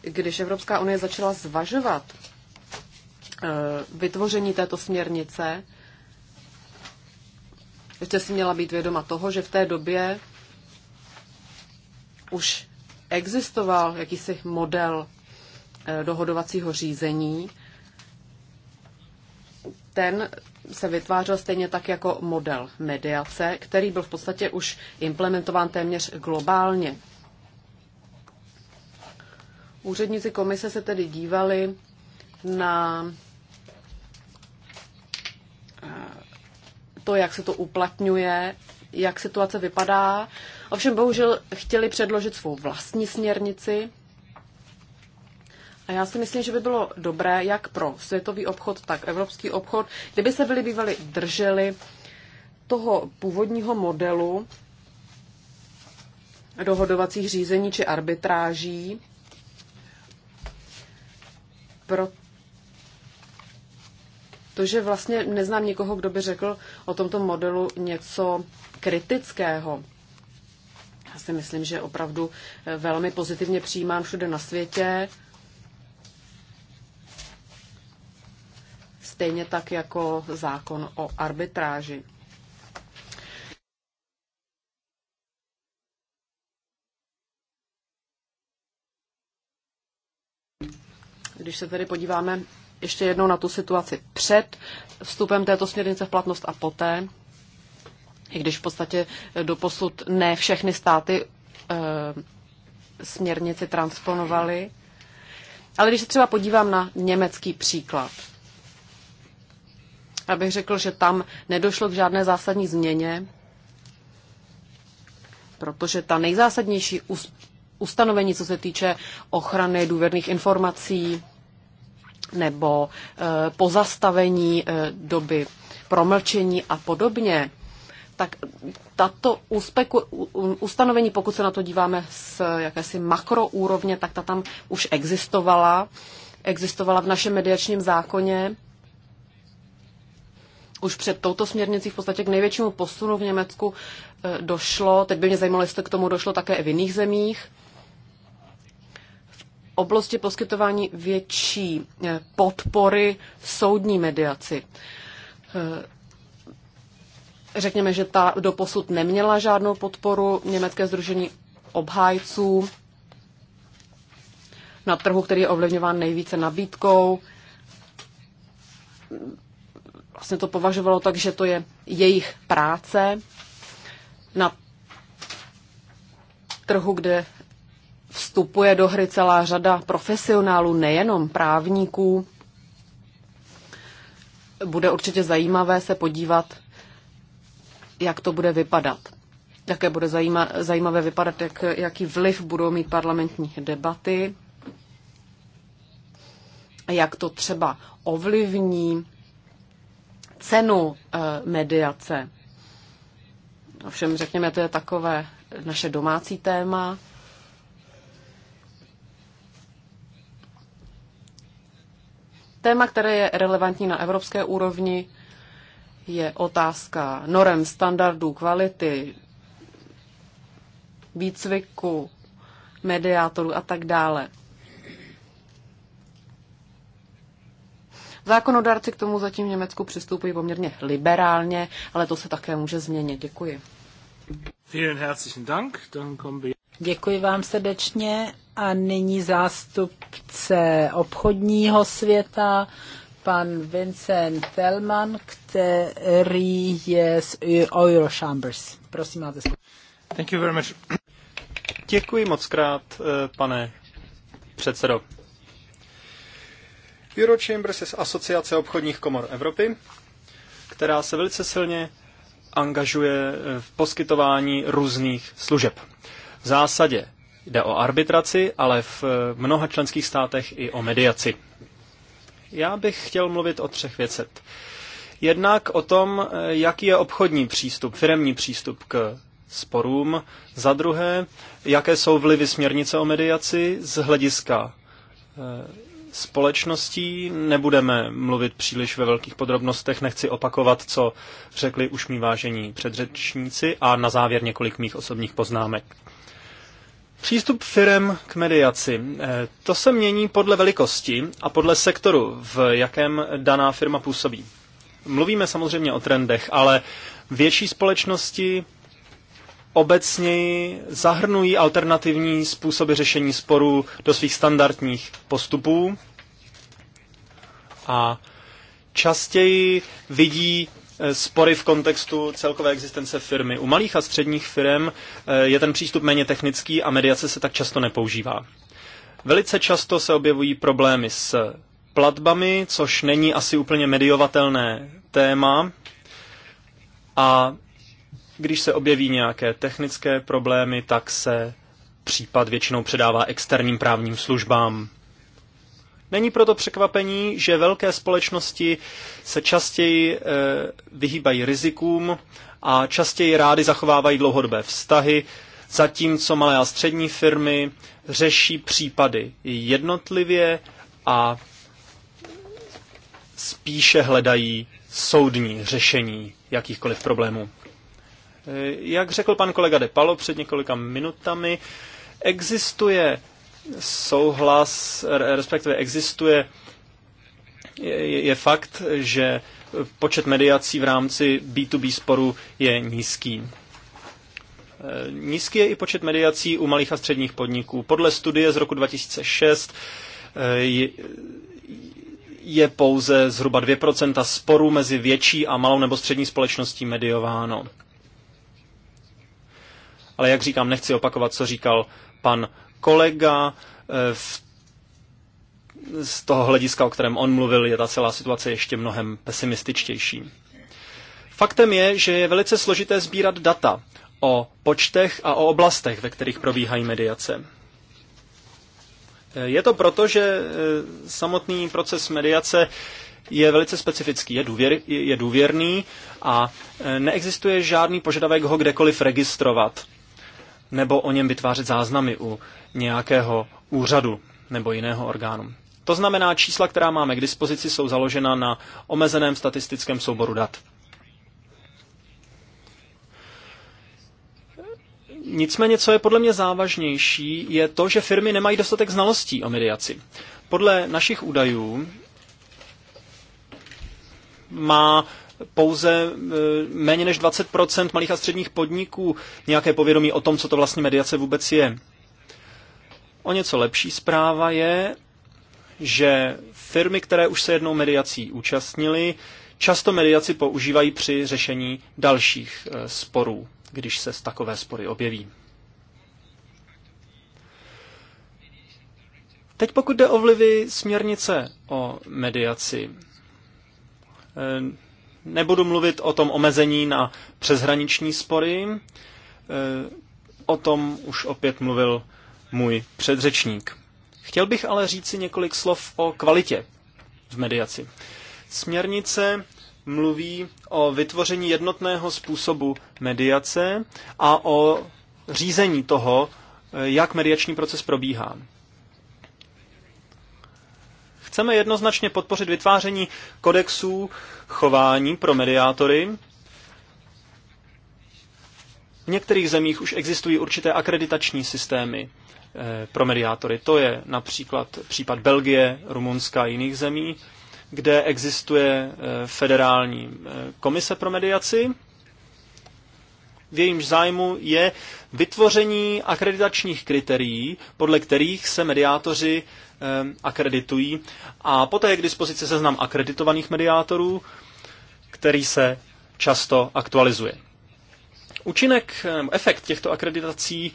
Když Evropská unie začala zvažovat eh, vytvoření této směrnice, ještě si měla být vědoma toho, že v té době už existoval jakýsi model Eh, dohodovacího řízení, ten se vytvářel stejně tak jako model mediace, který byl v podstatě už implementován téměř globálně. Úředníci komise se tedy dívali na eh, to, jak se to uplatňuje, jak situace vypadá. Ovšem bohužel chtěli předložit svou vlastní směrnici, a já si myslím, že by bylo dobré jak pro světový obchod, tak evropský obchod, kdyby se byli bývali drželi toho původního modelu dohodovacích řízení či arbitráží, protože vlastně neznám nikoho, kdo by řekl o tomto modelu něco kritického. Já si myslím, že je opravdu eh, velmi pozitivně přijímán všude na světě. stejně tak jako zákon o arbitráži. Když se tedy podíváme ještě jednou na tu situaci před vstupem této směrnice v platnost a poté, i když v podstatě posud ne všechny státy e, směrnici transponovaly. Ale když se třeba podívám na německý příklad, abych řekl, že tam nedošlo k žádné zásadní změně, protože ta nejzásadnější ustanovení, co se týče ochrany důvěrných informací nebo eh, pozastavení eh, doby promlčení a podobně, tak tato úspeku, ustanovení, pokud se na to díváme z jakési makroúrovně, tak ta tam už existovala. Existovala v našem mediačním zákoně už před touto směrnicí v podstatě k největšímu posunu v Německu e, došlo. Teď by mě zajímalo, jestli k tomu došlo také i v jiných zemích. V oblasti poskytování větší e, podpory soudní mediaci. E, řekněme, že ta doposud neměla žádnou podporu Německé združení obhájců na trhu, který je ovlivňován nejvíce nabídkou vlastně to považovalo tak, že to je jejich práce na trhu, kde vstupuje do hry celá řada profesionálů, nejenom právníků. Bude určitě zajímavé se podívat, jak to bude vypadat. Jaké bude zajíma, zajímavé vypadat, jak, jaký vliv budou mít parlamentní debaty, jak to třeba ovlivní cenu eh, mediace. Ovšem, řekněme, to je takové naše domácí téma. Téma, které je relevantní na evropské úrovni, je otázka norem, standardů, kvality, výcviku, mediátorů a tak dále. Zákonodárci k tomu zatím v Německu přistupují poměrně liberálně, ale to se také může změnit. Děkuji. Vielen herzlichen Dank. Dann kommen wir Děkuji vám srdečně a nyní zástupce obchodního světa, pan Vincent Tellman, který je z Eurochambers. Prosím, máte slovo. Thank you very much. Děkuji moc krát, eh, pane předsedo. Eurochambers je asociace obchodních komor Evropy, která se velice silně angažuje v poskytování různých služeb. V zásadě jde o arbitraci, ale v mnoha členských státech i o mediaci. Já bych chtěl mluvit o třech věcech. Jednak o tom, jaký je obchodní přístup, firemní přístup k sporům. Za druhé, jaké jsou vlivy směrnice o mediaci z hlediska eh, společností. Nebudeme mluvit příliš ve velkých podrobnostech, nechci opakovat, co řekli už mý vážení předřečníci a na závěr několik mých osobních poznámek. Přístup firem k mediaci. Eh, to se mění podle velikosti a podle sektoru, v jakém daná firma působí. Mluvíme samozřejmě o trendech, ale větší společnosti obecněji zahrnují alternativní způsoby řešení sporů do svých standardních postupů a častěji vidí eh, spory v kontextu celkové existence firmy. U malých a středních firm eh, je ten přístup méně technický a mediace se tak často nepoužívá. Velice často se objevují problémy s platbami, což není asi úplně mediovatelné téma. A když se objeví nějaké technické problémy, tak se případ většinou předává externím právním službám. Není proto překvapení, že velké společnosti se častěji eh, vyhýbají rizikům a častěji rády zachovávají dlouhodobé vztahy, zatímco malé a střední firmy řeší případy jednotlivě a spíše hledají soudní řešení jakýchkoliv problémů. Eh, jak řekl pan kolega De Palo před několika minutami, existuje souhlas, respektive existuje je, je fakt, že počet mediací v rámci B2B sporu je nízký. Eh, nízký je i počet mediací u malých a středních podniků. Podle studie z roku 2006 eh, je, je pouze zhruba 2% sporů mezi větší a malou nebo střední společností mediováno. Ale jak říkám, nechci opakovat, co říkal pan kolega. Eh, v z toho hlediska, o kterém on mluvil, je ta celá situace ještě mnohem pesimističtější. Faktem je, že je velice složité sbírat data o počtech a o oblastech, ve kterých probíhají mediace. Eh, je to proto, že eh, samotný proces mediace je velice specifický, je, důvěr, je důvěrný a neexistuje žádný požadavek ho kdekoliv registrovat nebo o něm vytvářet záznamy u nějakého úřadu nebo jiného orgánu. To znamená, čísla, která máme k dispozici, jsou založena na omezeném statistickém souboru dat. Nicméně, co je podle mě závažnější, je to, že firmy nemají dostatek znalostí o mediaci. Podle našich údajů má pouze e, méně než 20% malých a středních podniků nějaké povědomí o tom, co to vlastně mediace vůbec je. O něco lepší zpráva je, že firmy, které už se jednou mediací účastnily, často mediaci používají při řešení dalších e, sporů, když se z takové spory objeví. Teď pokud jde o vlivy směrnice o mediaci, e, Nebudu mluvit o tom omezení na přeshraniční spory, e, o tom už opět mluvil můj předřečník. Chtěl bych ale říci několik slov o kvalitě v mediaci. Směrnice mluví o vytvoření jednotného způsobu mediace a o řízení toho, jak mediační proces probíhá. Chceme jednoznačně podpořit vytváření kodexů chování pro mediátory. V některých zemích už existují určité akreditační systémy eh, pro mediátory. To je například případ Belgie, Rumunska a jiných zemí, kde existuje eh, federální eh, komise pro mediaci, v jejímž zájmu je vytvoření akreditačních kritérií, podle kterých se mediátoři ehm, akreditují. A poté je k dispozici seznam akreditovaných mediátorů, který se často aktualizuje. Účinek, ehm, efekt těchto akreditací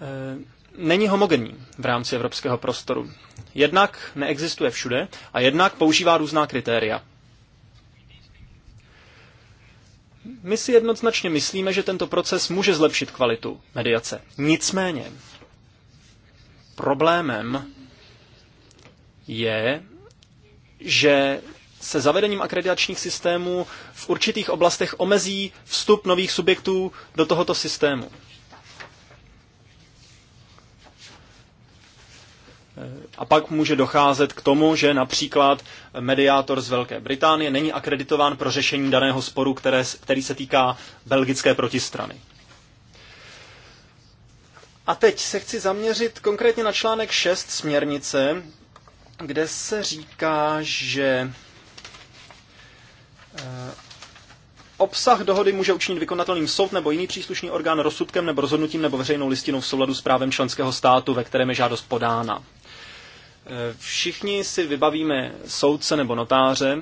ehm, není homogenní v rámci evropského prostoru. Jednak neexistuje všude a jednak používá různá kritéria. My si jednoznačně myslíme, že tento proces může zlepšit kvalitu mediace. Nicméně problémem je, že se zavedením akreditačních systémů v určitých oblastech omezí vstup nových subjektů do tohoto systému. A pak může docházet k tomu, že například mediátor z Velké Británie není akreditován pro řešení daného sporu, které, který se týká belgické protistrany. A teď se chci zaměřit konkrétně na článek 6 směrnice, kde se říká, že eh, Obsah dohody může učinit vykonatelným soud nebo jiný příslušný orgán rozsudkem nebo rozhodnutím nebo veřejnou listinou v souladu s právem členského státu, ve kterém je žádost podána. Všichni si vybavíme soudce nebo notáře,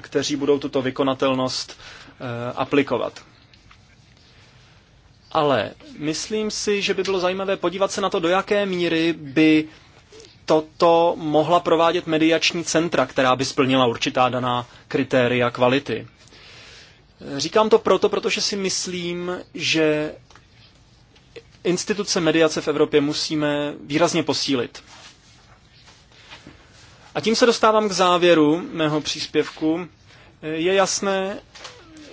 kteří budou tuto vykonatelnost eh, aplikovat. Ale myslím si, že by bylo zajímavé podívat se na to, do jaké míry by toto mohla provádět mediační centra, která by splnila určitá daná kritéria kvality. Říkám to proto, protože si myslím, že instituce mediace v Evropě musíme výrazně posílit. A tím se dostávám k závěru mého příspěvku. Je jasné,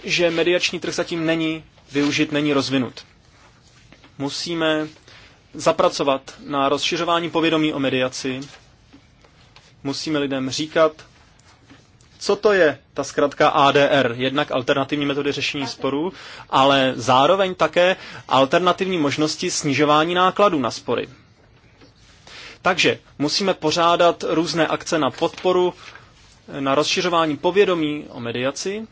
že mediační trh zatím není využit, není rozvinut. Musíme zapracovat na rozšiřování povědomí o mediaci. Musíme lidem říkat, co to je ta zkratka ADR, jednak alternativní metody řešení sporů, ale zároveň také alternativní možnosti snižování nákladů na spory. Takže musíme pořádat různé akce na podporu, na rozšiřování povědomí o mediaci,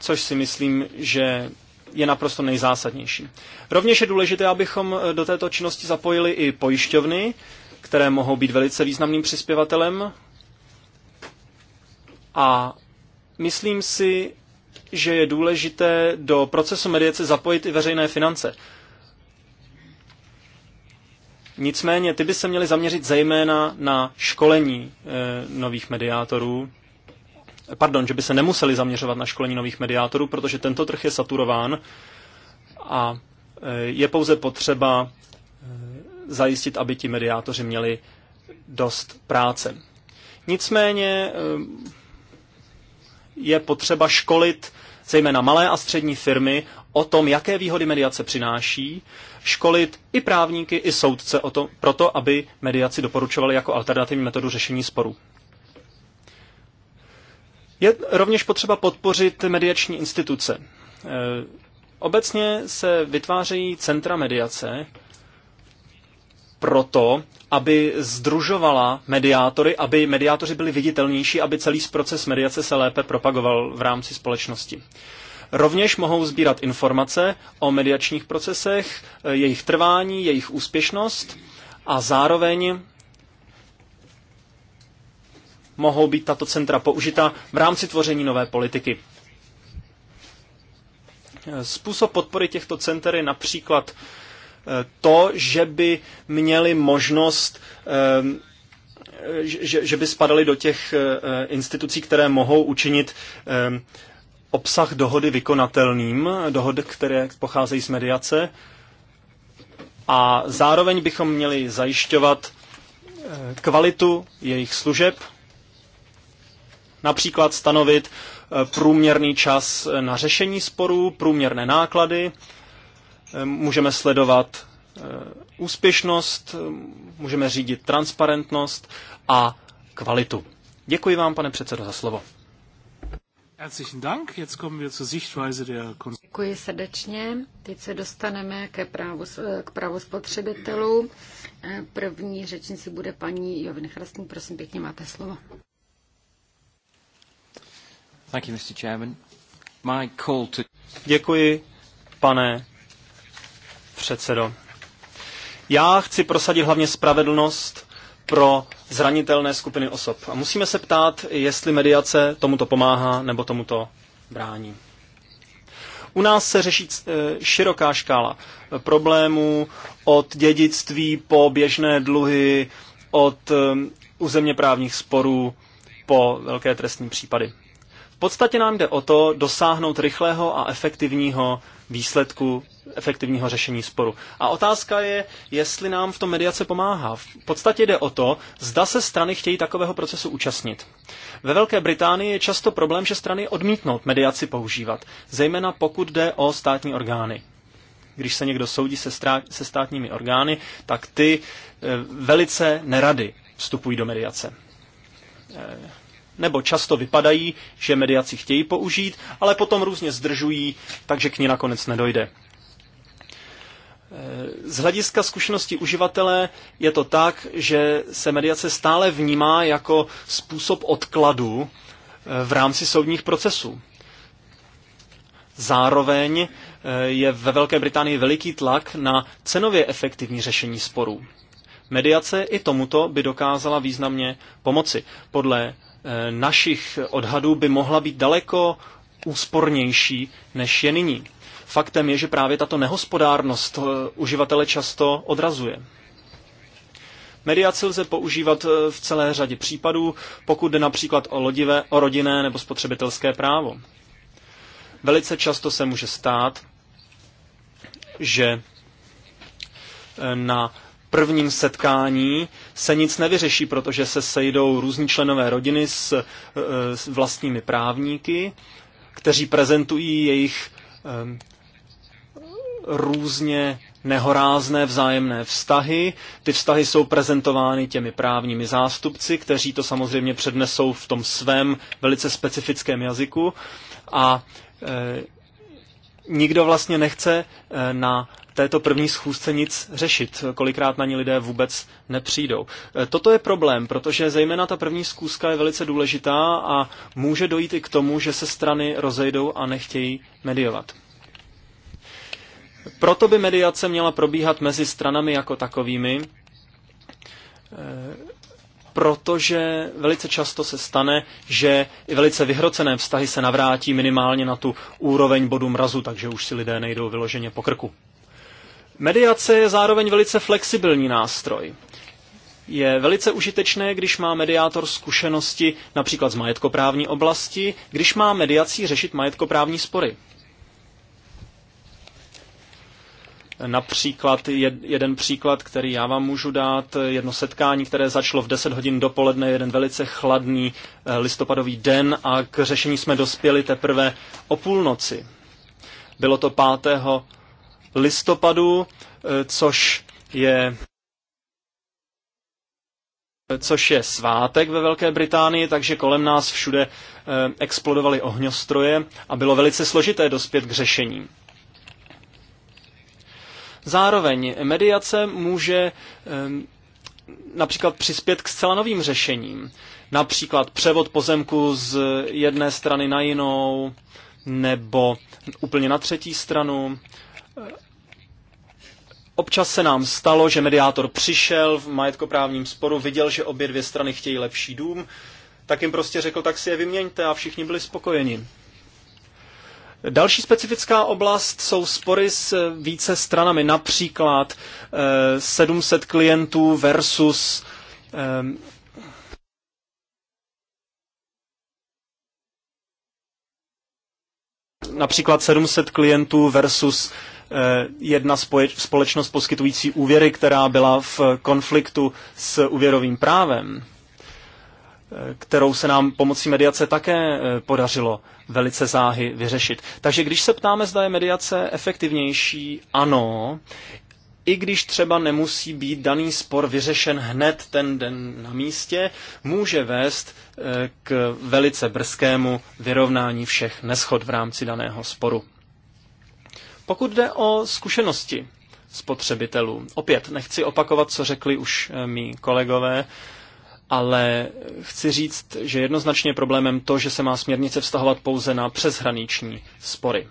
což si myslím, že je naprosto nejzásadnější. Rovněž je důležité, abychom do této činnosti zapojili i pojišťovny, které mohou být velice významným přispěvatelem. A myslím si, že je důležité do procesu mediace zapojit i veřejné finance. Nicméně ty by se měly zaměřit zejména na školení e, nových mediátorů. Pardon, že by se nemuseli zaměřovat na školení nových mediátorů, protože tento trh je saturován a e, je pouze potřeba e, zajistit, aby ti mediátoři měli dost práce. Nicméně e, je potřeba školit zejména malé a střední firmy o tom, jaké výhody mediace přináší, školit i právníky, i soudce o to, proto, aby mediaci doporučovali jako alternativní metodu řešení sporů. Je rovněž potřeba podpořit mediační instituce. E, obecně se vytvářejí centra mediace proto, aby združovala mediátory, aby mediátoři byli viditelnější, aby celý proces mediace se lépe propagoval v rámci společnosti. Rovněž mohou sbírat informace o mediačních procesech, eh, jejich trvání, jejich úspěšnost a zároveň mohou být tato centra použita v rámci tvoření nové politiky. Eh, způsob podpory těchto center je například eh, to, že by měli možnost, ehm, že, by spadali do těch institucí, které mohou učinit ehm, obsah dohody vykonatelným, dohod, které pocházejí z mediace, a zároveň bychom měli zajišťovat eh, kvalitu jejich služeb, například stanovit eh, průměrný čas eh, na řešení sporů, průměrné náklady, můžeme sledovat úspěšnost, můžeme řídit transparentnost a kvalitu. Děkuji vám, pane předsedo, za slovo. Herzlichen Dank. Jetzt kommen wir zur Sichtweise der Děkuji srdečně. Teď se dostaneme ke právu, k právu spotřebitelů. První řečnici bude paní Jovin Chrastný. Prosím, pěkně máte slovo. Thank you, Mr. Chairman. My call to... Děkuji, pane předsedo. Já chci prosadit hlavně spravedlnost pro zranitelné skupiny osob. A musíme se ptát, jestli mediace tomuto pomáhá nebo tomuto brání. U nás se řeší eh, široká škála problémů od dědictví po běžné dluhy, od eh, územně právních sporů po velké trestní případy. V podstatě nám jde o to dosáhnout rychlého a efektivního výsledku efektivního řešení sporu. A otázka je, jestli nám v tom mediace pomáhá. V podstatě jde o to, zda se strany chtějí takového procesu účastnit. Ve Velké Británii je často problém, že strany odmítnou mediaci používat, zejména pokud jde o státní orgány. Když se někdo soudí se, strá- se státními orgány, tak ty e, velice nerady vstupují do mediace. E, nebo často vypadají, že mediaci chtějí použít, ale potom různě zdržují, takže k ní nakonec nedojde. Z hlediska zkušenosti uživatele je to tak, že se mediace stále vnímá jako způsob odkladu eh, v rámci soudních procesů. Zároveň eh, je ve Velké Británii veliký tlak na cenově efektivní řešení sporů. Mediace i tomuto by dokázala významně pomoci. Podle eh, našich odhadů by mohla být daleko úspornější, než je nyní. Faktem je, že právě tato nehospodárnost eh, uživatele často odrazuje. Mediaci lze používat eh, v celé řadě případů, pokud jde například o, lodivé, o rodinné nebo spotřebitelské právo. Velice často se může stát, že eh, na prvním setkání se nic nevyřeší, protože se sejdou různí členové rodiny s, s vlastními právníky, kteří prezentují jejich různě nehorázné vzájemné vztahy. Ty vztahy jsou prezentovány těmi právními zástupci, kteří to samozřejmě přednesou v tom svém velice specifickém jazyku a e, nikdo vlastně nechce e, na této první schůzce nic řešit. Kolikrát na ní lidé vůbec nepřijdou. E, toto je problém, protože zejména ta první schůzka je velice důležitá a může dojít i k tomu, že se strany rozejdou a nechtějí mediovat. Proto by mediace měla probíhat mezi stranami jako takovými, eh, protože velice často se stane, že i velice vyhrocené vztahy se navrátí minimálně na tu úroveň bodu mrazu, takže už si lidé nejdou vyloženě po krku. Mediace je zároveň velice flexibilní nástroj. Je velice užitečné, když má mediátor zkušenosti například z majetkoprávní oblasti, když má mediací řešit majetkoprávní spory. Například jeden příklad, který já vám můžu dát, jedno setkání, které začalo v 10 hodin dopoledne, jeden velice chladný eh, listopadový den a k řešení jsme dospěli teprve o půlnoci. Bylo to 5. listopadu, eh, což je eh, což je svátek ve Velké Británii, takže kolem nás všude explodovaly ohňostroje a bylo velice složité dospět k řešení. Zároveň mediace může například přispět k zcela novým řešením. Například převod pozemku z jedné strany na jinou, nebo úplně na třetí stranu. Občas se nám stalo, že mediátor přišel v majetkoprávním sporu, viděl, že obě dvě strany chtějí lepší dům, tak jim prostě řekl, tak si je vyměňte a všichni byli spokojeni. Další specifická oblast jsou spory s více stranami, například 700 eh, klientů versus eh, například 700 klientů versus eh, jedna společnost poskytující úvěry, která byla v konfliktu s úvěrovým právem kterou se nám pomocí mediace také eh, podařilo velice záhy vyřešit. Takže když se ptáme, zda je mediace efektivnější, ano, i když třeba nemusí být daný spor vyřešen hned ten den na místě, může vést eh, k velice brzkému vyrovnání všech neschod v rámci daného sporu. Pokud jde o zkušenosti spotřebitelů, opět nechci opakovat, co řekli už eh, mý kolegové, ale chci říct, že jednoznačně je problémem to, že se má směrnice vztahovat pouze na přeshraniční spory.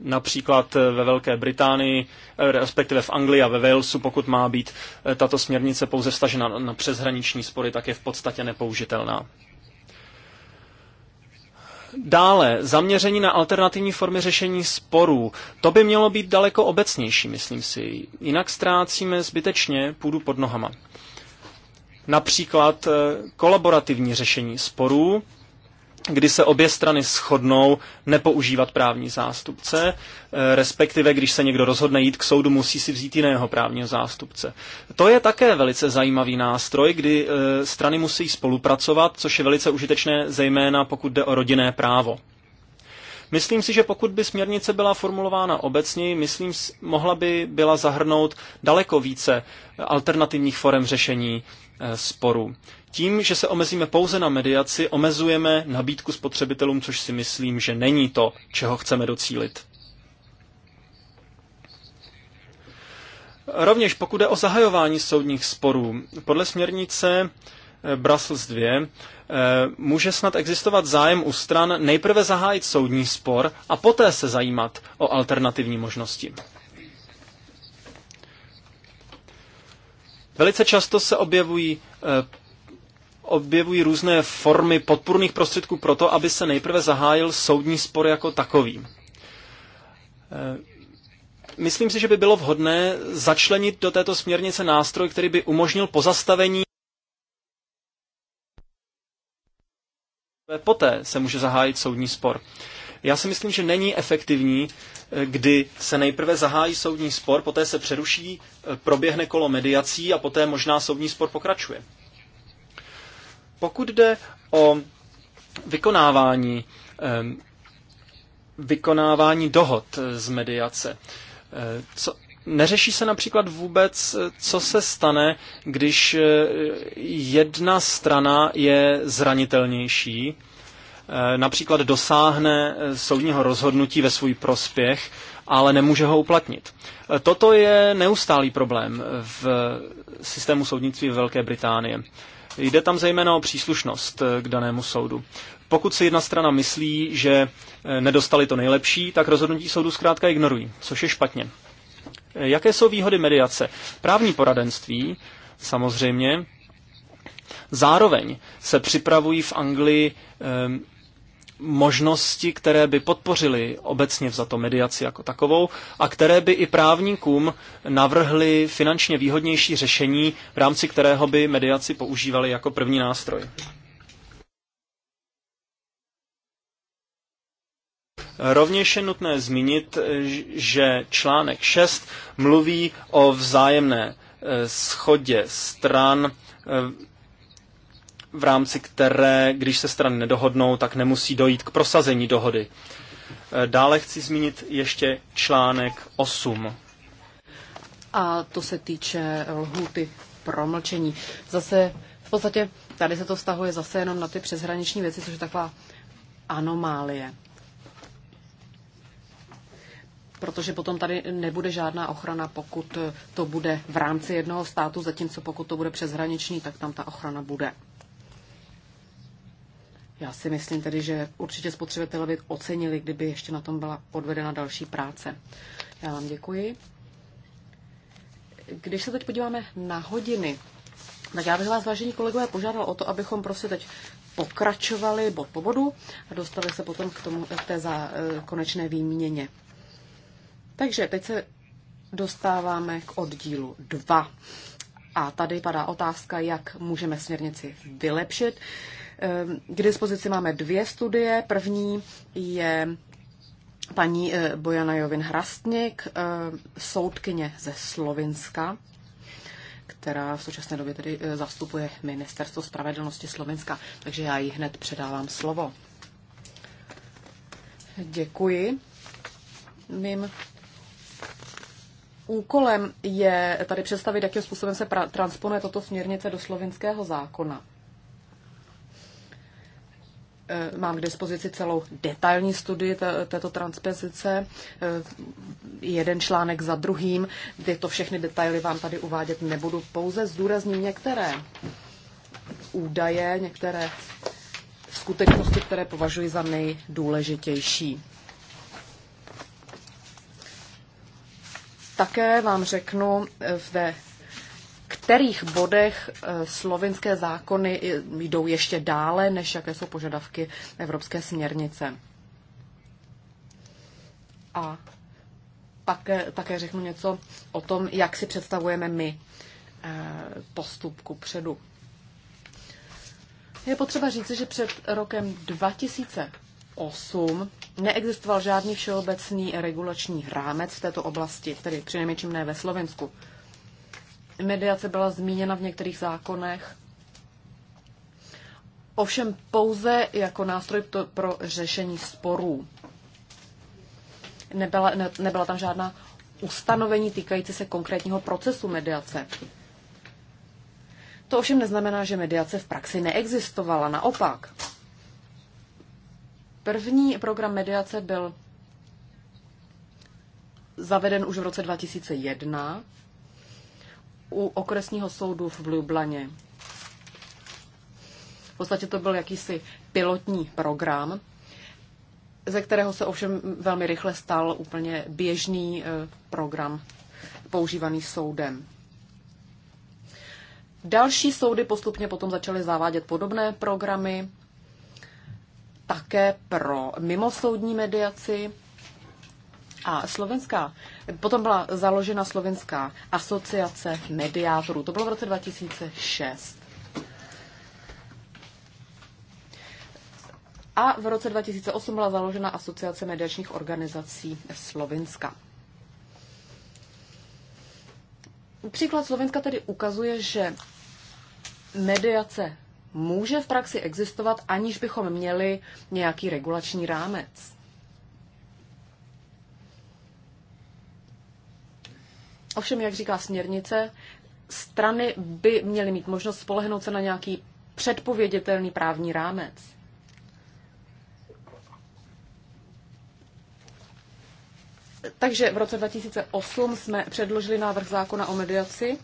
Například ve Velké Británii, respektive v Anglii a ve Walesu, pokud má být tato směrnice pouze vstažena na přeshraniční spory, tak je v podstatě nepoužitelná. Dále, zaměření na alternativní formy řešení sporů. To by mělo být daleko obecnější, myslím si. Jinak ztrácíme zbytečně půdu pod nohama. Například eh, kolaborativní řešení sporů, kdy se obě strany shodnou nepoužívat právní zástupce, eh, respektive když se někdo rozhodne jít k soudu, musí si vzít jiného právního zástupce. To je také velice zajímavý nástroj, kdy eh, strany musí spolupracovat, což je velice užitečné, zejména pokud jde o rodinné právo. Myslím si, že pokud by směrnice byla formulována obecněji, myslím, mohla by byla zahrnout daleko více eh, alternativních forem řešení sporů. Tím, že se omezíme pouze na mediaci, omezujeme nabídku spotřebitelům, což si myslím, že není to, čeho chceme docílit. Rovněž pokud jde o zahajování soudních sporů, podle směrnice eh, Brussels 2 eh, může snad existovat zájem u stran nejprve zahájit soudní spor a poté se zajímat o alternativní možnosti. Velice často se objevují eh, objevují různé formy podpůrných prostředků pro to, aby se nejprve zahájil soudní spor jako takový. E, myslím si, že by bylo vhodné začlenit do této směrnice nástroj, který by umožnil pozastavení. Poté se může zahájit soudní spor. Já si myslím, že není efektivní, e, kdy se nejprve zahájí soudní spor, poté se přeruší, e, proběhne kolo mediací a poté možná soudní spor pokračuje. Pokud jde o vykonávání, vykonávání dohod eh, z mediace, eh, co, Neřeší se například vůbec, eh, co se stane, když jedna strana je zranitelnější, například dosáhne soudního rozhodnutí ve svůj prospěch, ale nemůže ho uplatnit. Toto je neustálý problém v systému soudnictví v Velké Británie. Jde tam zejména o příslušnost eh, k danému soudu. Pokud si jedna strana myslí, že eh, nedostali to nejlepší, tak rozhodnutí soudu zkrátka ignorují, což je špatně. Eh, jaké jsou výhody mediace? Právní poradenství, samozřejmě. Zároveň se připravují v Anglii ehm, možnosti, které by podpořily obecně vzato mediaci jako takovou a které by i právníkům navrhly finančně výhodnější řešení, v rámci kterého by mediaci používali jako první nástroj. Rovněž je nutné zmínit, že článek 6 mluví o vzájemné eh, schodě stran eh, v rámci které, když se strany nedohodnou, tak nemusí dojít k prosazení dohody. Eh, dále chci zmínit ještě článek 8. A to se týče lhuty promlčení. Zase v podstatě tady se to vztahuje zase jenom na ty přeshraniční věci, což je taková anomálie. Protože potom tady nebude žádná ochrana, pokud to bude v rámci jednoho státu, zatímco pokud to bude přeshraniční, tak tam ta ochrana bude. Já si myslím tedy, že určitě spotřebitelé by ocenili, kdyby ještě na tom byla podvedena další práce. Já vám děkuji. Když se teď podíváme na hodiny, tak já bych vás, vážení kolegové, požádal o to, abychom prostě teď pokračovali bod po bodu a dostali se potom k, tomu, k té za, eh, konečné výměně. Takže teď se dostáváme k oddílu 2. A tady padá otázka, jak můžeme směrnici vylepšit. Ehm, k dispozici máme dvě studie. První je paní eh, Bojana Jovin Hrastnik, eh, soudkyně ze Slovinska, která v současné době tedy eh, zastupuje Ministerstvo spravedlnosti Slovenska. Takže já jí hned předávám slovo. Děkuji. Mým úkolem je tady představit, jakým způsobem se transponuje toto směrnice do slovinského zákona. Eh, mám k dispozici celou detailní studii této transpozice, eh, jeden článek za druhým. Tyto všechny detaily vám tady uvádět nebudu, pouze zdůrazním některé údaje, některé skutečnosti, které považuji za nejdůležitější. Také vám řeknu eh, v kterých bodech eh, slovinské zákony jdou ještě dále, než jaké jsou požadavky evropské směrnice. A pak také řeknu něco o tom, jak si představujeme my eh, postup ku předu. Je potřeba říci, že před rokem 2008 neexistoval žádný všeobecný regulační rámec v této oblasti, tedy přinejmenším ne ve Slovensku. Mediace byla zmíněna v některých zákonech. Ovšem pouze jako nástroj pro řešení sporů. Nebyla, ne, nebyla tam žádná ustanovení týkající se konkrétního procesu mediace. To ovšem neznamená, že mediace v praxi neexistovala, naopak. První program mediace byl zaveden už v roce 2001 u okresního soudu v Ljubljaně. V podstatě to byl jakýsi pilotní program, ze kterého se ovšem velmi rychle stal úplně běžný eh, program používaný soudem. Další soudy postupně potom začaly zavádět podobné programy také pro mimosoudní mediaci a slovenská, potom byla založena slovenská asociace mediátorů. To bylo v roce 2006. A v roce 2008 byla založena asociace mediačních organizací Slovenska. Příklad Slovenska tedy ukazuje, že mediace může v praxi existovat, aniž bychom měli nějaký regulační rámec. Ovšem, jak říká směrnice, strany by měly mít možnost spolehnout se na nějaký předpověditelný právní rámec. Takže v roce 2008 jsme předložili návrh zákona o mediaci.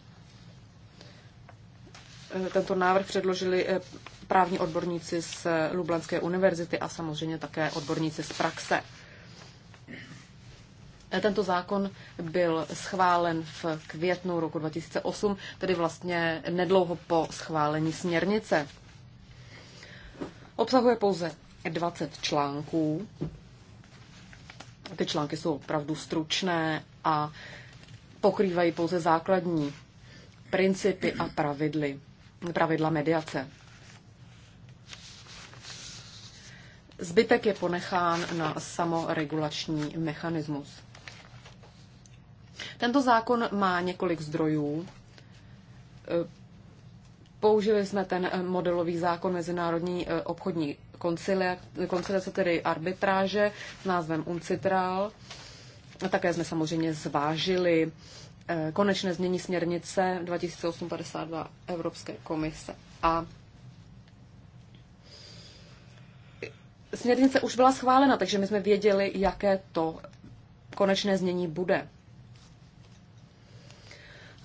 E, tento návrh předložili e, právní odborníci z Lublanské univerzity a samozřejmě také odborníci z praxe. Eh, tento zákon byl schválen v květnu roku 2008, tedy vlastně nedlouho po schválení směrnice. Obsahuje pouze 20 článků. Ty články jsou opravdu stručné a pokrývají pouze základní principy a pravidly, pravidla mediace. Zbytek je ponechán na samoregulační mechanismus. Tento zákon má několik zdrojů. E, použili jsme ten e, modelový zákon Mezinárodní e, obchodní konciliace, tedy arbitráže s názvem UNCITRAL. Také jsme samozřejmě zvážili konečné změní směrnice 2852 Evropské komise. A směrnice už byla schválena, takže my jsme věděli, jaké to konečné změní bude.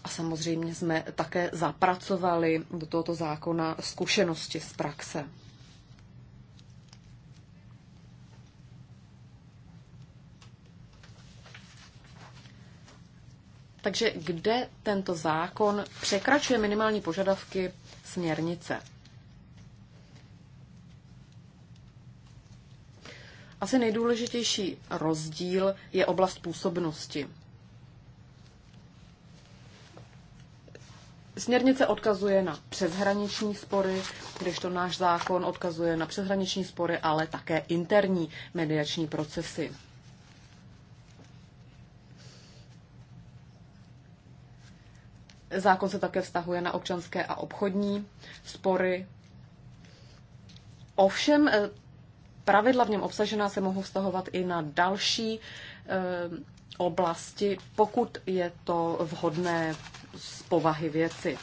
A samozřejmě jsme také zapracovali do tohoto zákona zkušenosti z praxe. Takže kde tento zákon překračuje minimální požadavky směrnice? Asi nejdůležitější rozdíl je oblast působnosti. Směrnice odkazuje na přeshraniční spory, kdežto náš zákon odkazuje na přeshraniční spory, ale také interní mediační procesy. Zákon se také vztahuje na občanské a obchodní spory. Ovšem, eh, pravidla v něm obsažená se mohou vztahovat i na další eh, oblasti, pokud je to vhodné z povahy věci.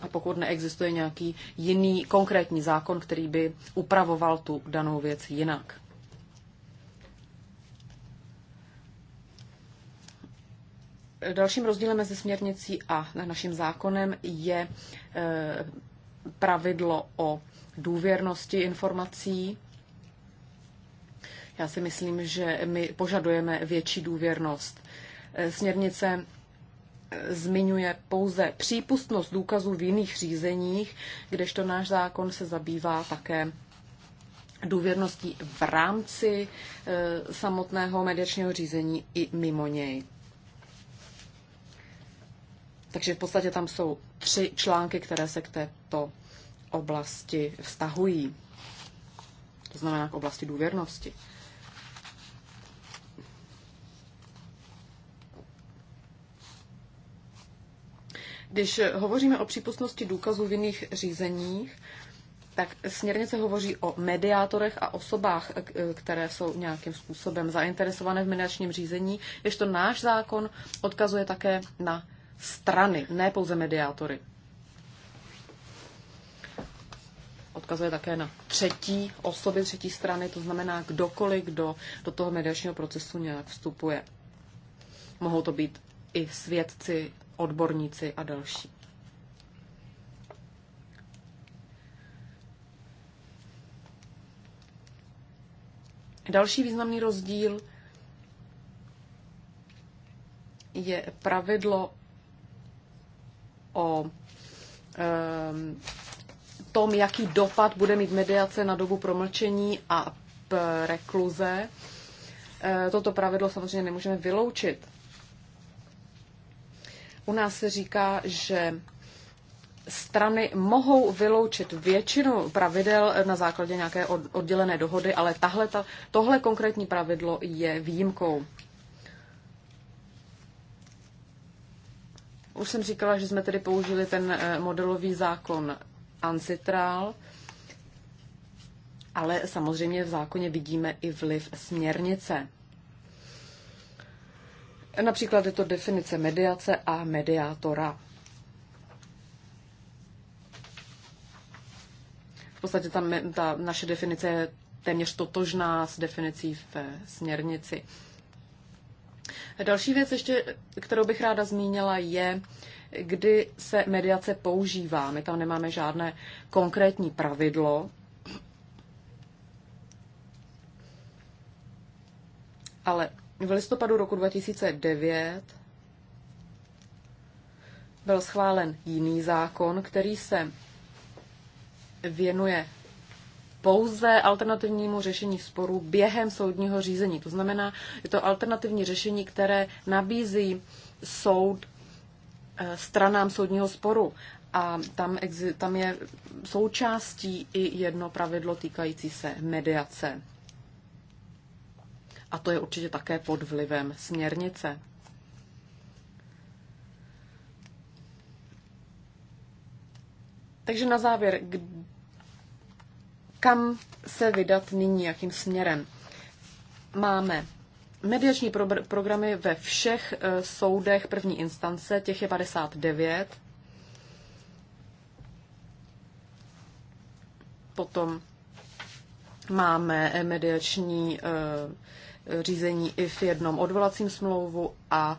A pokud neexistuje nějaký jiný konkrétní zákon, který by upravoval tu danou věc jinak. Dalším rozdílem mezi směrnicí a naším zákonem je eh, pravidlo o důvěrnosti informací. Já si myslím, že my požadujeme větší důvěrnost. Eh, směrnice eh, zmiňuje pouze přípustnost důkazů v jiných řízeních, kdežto náš zákon se zabývá také důvěrností v rámci eh, samotného mediačního řízení i mimo něj. Takže v podstatě tam jsou tři články, které se k této oblasti vztahují. To znamená k oblasti důvěrnosti. Když hovoříme o přípustnosti důkazů v jiných řízeních, tak směrnice hovoří o mediátorech a osobách, které jsou nějakým způsobem zainteresované v mediačním řízení, to náš zákon odkazuje také na strany, ne pouze mediátory. Odkazuje také na třetí osoby, třetí strany, to znamená kdokoliv, kdo do toho mediačního procesu nějak vstupuje. Mohou to být i svědci, odborníci a další. Další významný rozdíl je pravidlo o ehm, tom, jaký dopad bude mít mediace na dobu promlčení a rekluze. E, toto pravidlo samozřejmě nemůžeme vyloučit. U nás se říká, že strany mohou vyloučit většinu pravidel na základě nějaké oddělené dohody, ale tahle, ta, tohle konkrétní pravidlo je výjimkou. Už jsem říkala, že jsme tedy použili ten eh, modelový zákon ancitral, ale samozřejmě v zákoně vidíme i vliv směrnice. Například je to definice mediace a mediátora. V podstatě ta, ta naše definice je téměř totožná s definicí v eh, směrnici. Další věc ještě, kterou bych ráda zmínila, je, kdy se mediace používá. My tam nemáme žádné konkrétní pravidlo, ale v listopadu roku 2009 byl schválen jiný zákon, který se věnuje pouze alternativnímu řešení sporů během soudního řízení. To znamená, je to alternativní řešení, které nabízí soud eh, stranám soudního sporu. A tam, tam je součástí i jedno pravidlo týkající se mediace a to je určitě také pod vlivem směrnice. Takže na závěr, kam se vydat nyní, jakým směrem? Máme mediační pro- programy ve všech e, soudech první instance, těch je 59. Potom máme eh, mediační e, řízení i v jednom odvolacím smlouvu a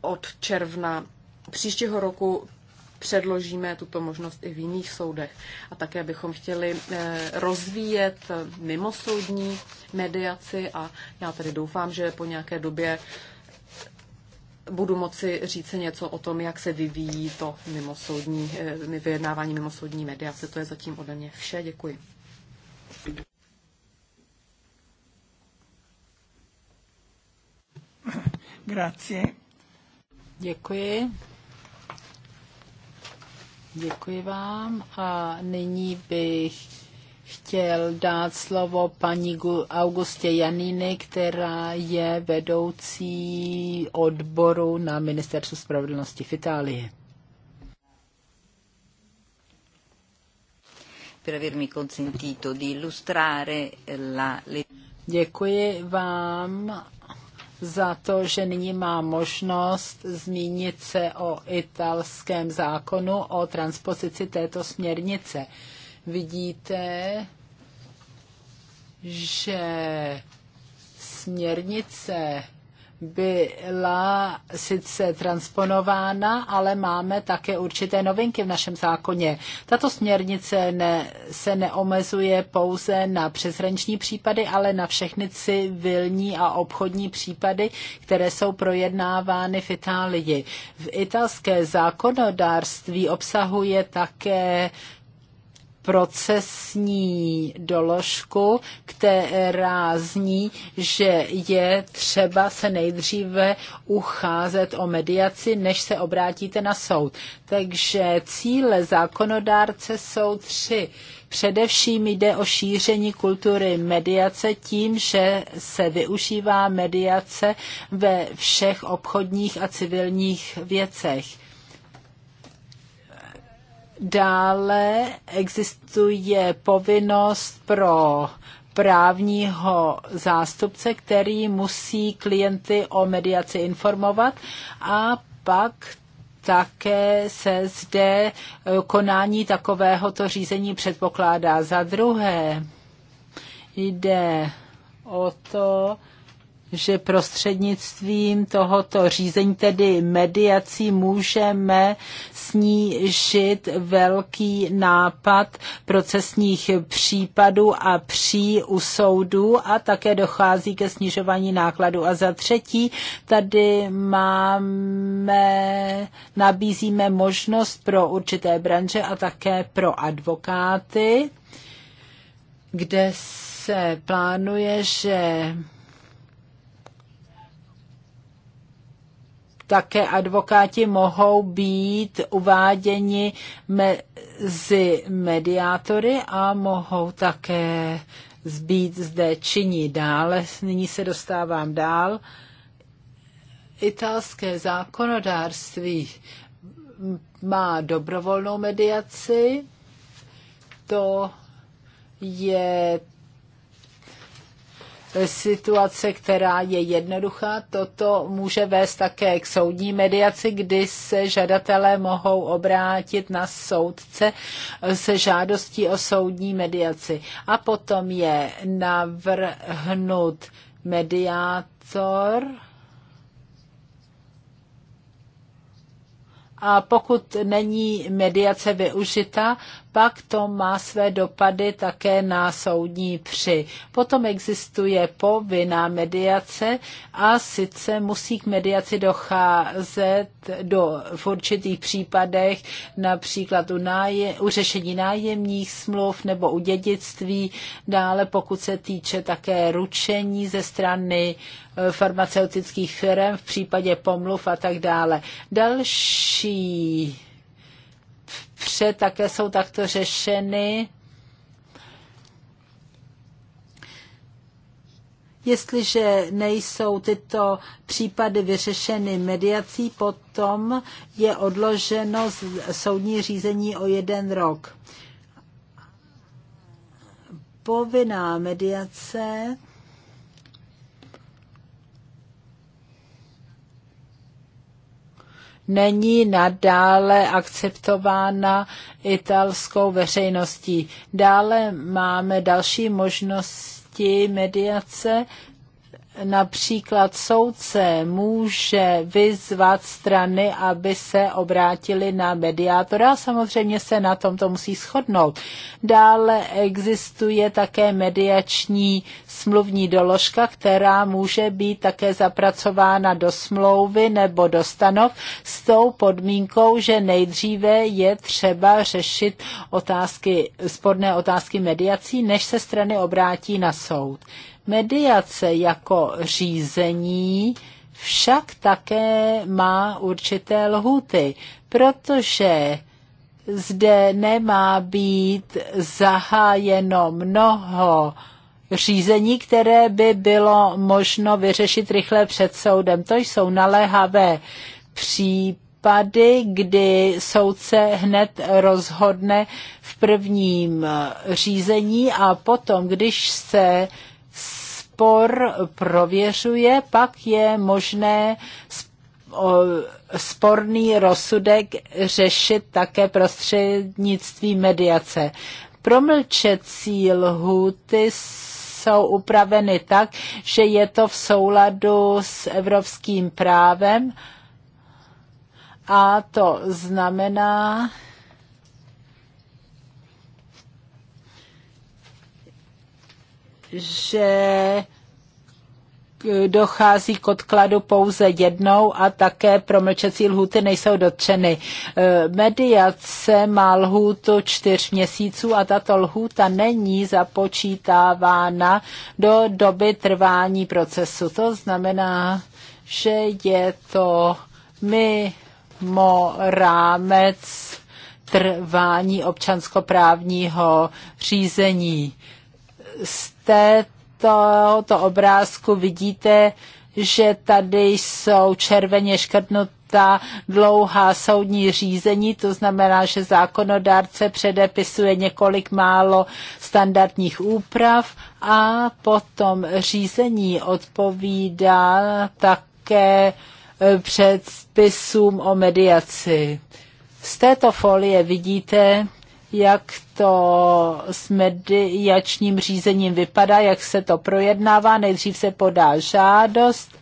od června příštího roku předložíme tuto možnost i v jiných soudech. A také bychom chtěli eh, rozvíjet mimosoudní mediaci a já tedy doufám, že po nějaké době budu moci říct něco o tom, jak se vyvíjí to mimosoudní, eh, vyjednávání mimosoudní mediace. To je zatím ode mě vše. Děkuji. Grazie. Děkuji. Děkuji vám a nyní bych chtěl dát slovo paní Augustě Janiny, která je vedoucí odboru na Ministerstvu spravedlnosti v Itálii. Per avermi consentito di illustrare la... Děkuji vám za to, že nyní má možnost zmínit se o italském zákonu o transpozici této směrnice. Vidíte, že směrnice byla sice transponována, ale máme také určité novinky v našem zákoně. Tato směrnice ne, se neomezuje pouze na přeshraniční případy, ale na všechny civilní a obchodní případy, které jsou projednávány v Itálii. V italské zákonodárství obsahuje také procesní doložku, která zní, že je třeba se nejdříve ucházet o mediaci, než se obrátíte na soud. Takže cíle zákonodárce jsou tři. Především jde o šíření kultury mediace tím, že se využívá mediace ve všech obchodních a civilních věcech. Dále existuje povinnost pro právního zástupce, který musí klienty o mediaci informovat a pak také se zde konání takovéhoto řízení předpokládá. Za druhé jde o to, že prostřednictvím tohoto řízení, tedy mediací, můžeme snížit velký nápad procesních případů a pří u soudu a také dochází ke snižování nákladů. A za třetí, tady máme, nabízíme možnost pro určité branže a také pro advokáty, kde se plánuje, že také advokáti mohou být uváděni mezi mediátory a mohou také zbýt zde činí dále. Nyní se dostávám dál. Italské zákonodárství má dobrovolnou mediaci. To je situace, která je jednoduchá. Toto může vést také k soudní mediaci, kdy se žadatelé mohou obrátit na soudce se žádostí o soudní mediaci. A potom je navrhnut mediátor. A pokud není mediace využita, pak to má své dopady také na soudní při. Potom existuje povinná mediace a sice musí k mediaci docházet do, v určitých případech, například u, náje, u řešení nájemních smluv nebo u dědictví, dále pokud se týče také ručení ze strany eh, farmaceutických firm v případě pomluv a tak dále. Další vše také jsou takto řešeny. Jestliže nejsou tyto případy vyřešeny mediací, potom je odloženo soudní řízení o jeden rok. Povinná mediace není nadále akceptována italskou veřejností. Dále máme další možnosti mediace Například soudce může vyzvat strany, aby se obrátili na mediátora samozřejmě se na tom to musí shodnout. Dále existuje také mediační smluvní doložka, která může být také zapracována do smlouvy nebo do stanov s tou podmínkou, že nejdříve je třeba řešit otázky, sporné otázky mediací, než se strany obrátí na soud. Mediace jako řízení však také má určité lhuty, protože zde nemá být zahájeno mnoho řízení, které by bylo možno vyřešit rychle před soudem. To jsou naléhavé případy, kdy soudce hned rozhodne v prvním řízení a potom, když se spor prověřuje, pak je možné sporný rozsudek řešit také prostřednictvím mediace. Promlčecí lhuty jsou upraveny tak, že je to v souladu s evropským právem a to znamená, že dochází k odkladu pouze jednou a také promlčecí lhuty nejsou dotčeny. E, mediace má lhůtu čtyř měsíců a tato lhůta není započítávána do doby trvání procesu. To znamená, že je to mimo rámec trvání občanskoprávního řízení z této obrázku vidíte, že tady jsou červeně škrtnutá dlouhá soudní řízení, to znamená, že zákonodárce předepisuje několik málo standardních úprav a potom řízení odpovídá také e, předpisům o mediaci. Z této folie vidíte, jak to s mediačním řízením vypadá, jak se to projednává. Nejdřív se podá žádost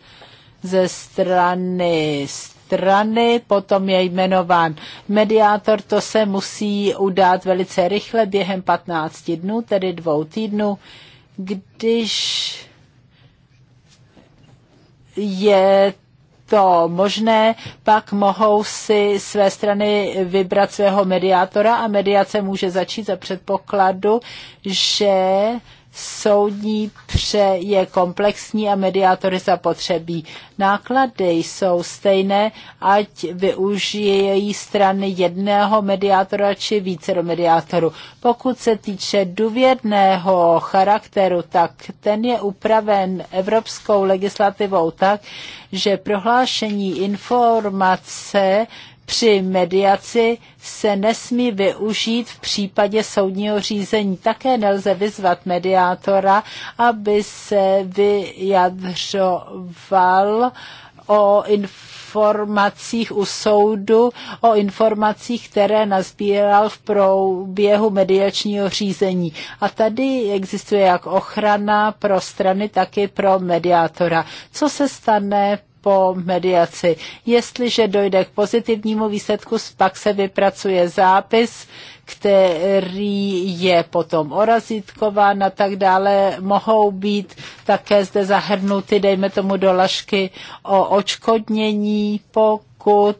ze strany strany, potom je jmenován mediátor, to se musí udát velice rychle během 15 dnů, tedy dvou týdnů, když je to možné, pak mohou si své strany vybrat svého mediátora a mediace může začít za předpokladu, že soudní pře je komplexní a mediátory zapotřebí. Náklady jsou stejné, ať její strany jedného mediátora či více do mediátoru. Pokud se týče důvěrného charakteru, tak ten je upraven evropskou legislativou tak, že prohlášení informace při mediaci se nesmí využít v případě soudního řízení. Také nelze vyzvat mediátora, aby se vyjadřoval o informacích u soudu, o informacích, které nazbíral v průběhu mediačního řízení. A tady existuje jak ochrana pro strany, tak i pro mediátora. Co se stane po mediaci. Jestliže dojde k pozitivnímu výsledku, pak se vypracuje zápis, který je potom orazítkován a tak dále. Mohou být také zde zahrnuty, dejme tomu, dolažky o očkodnění, pokud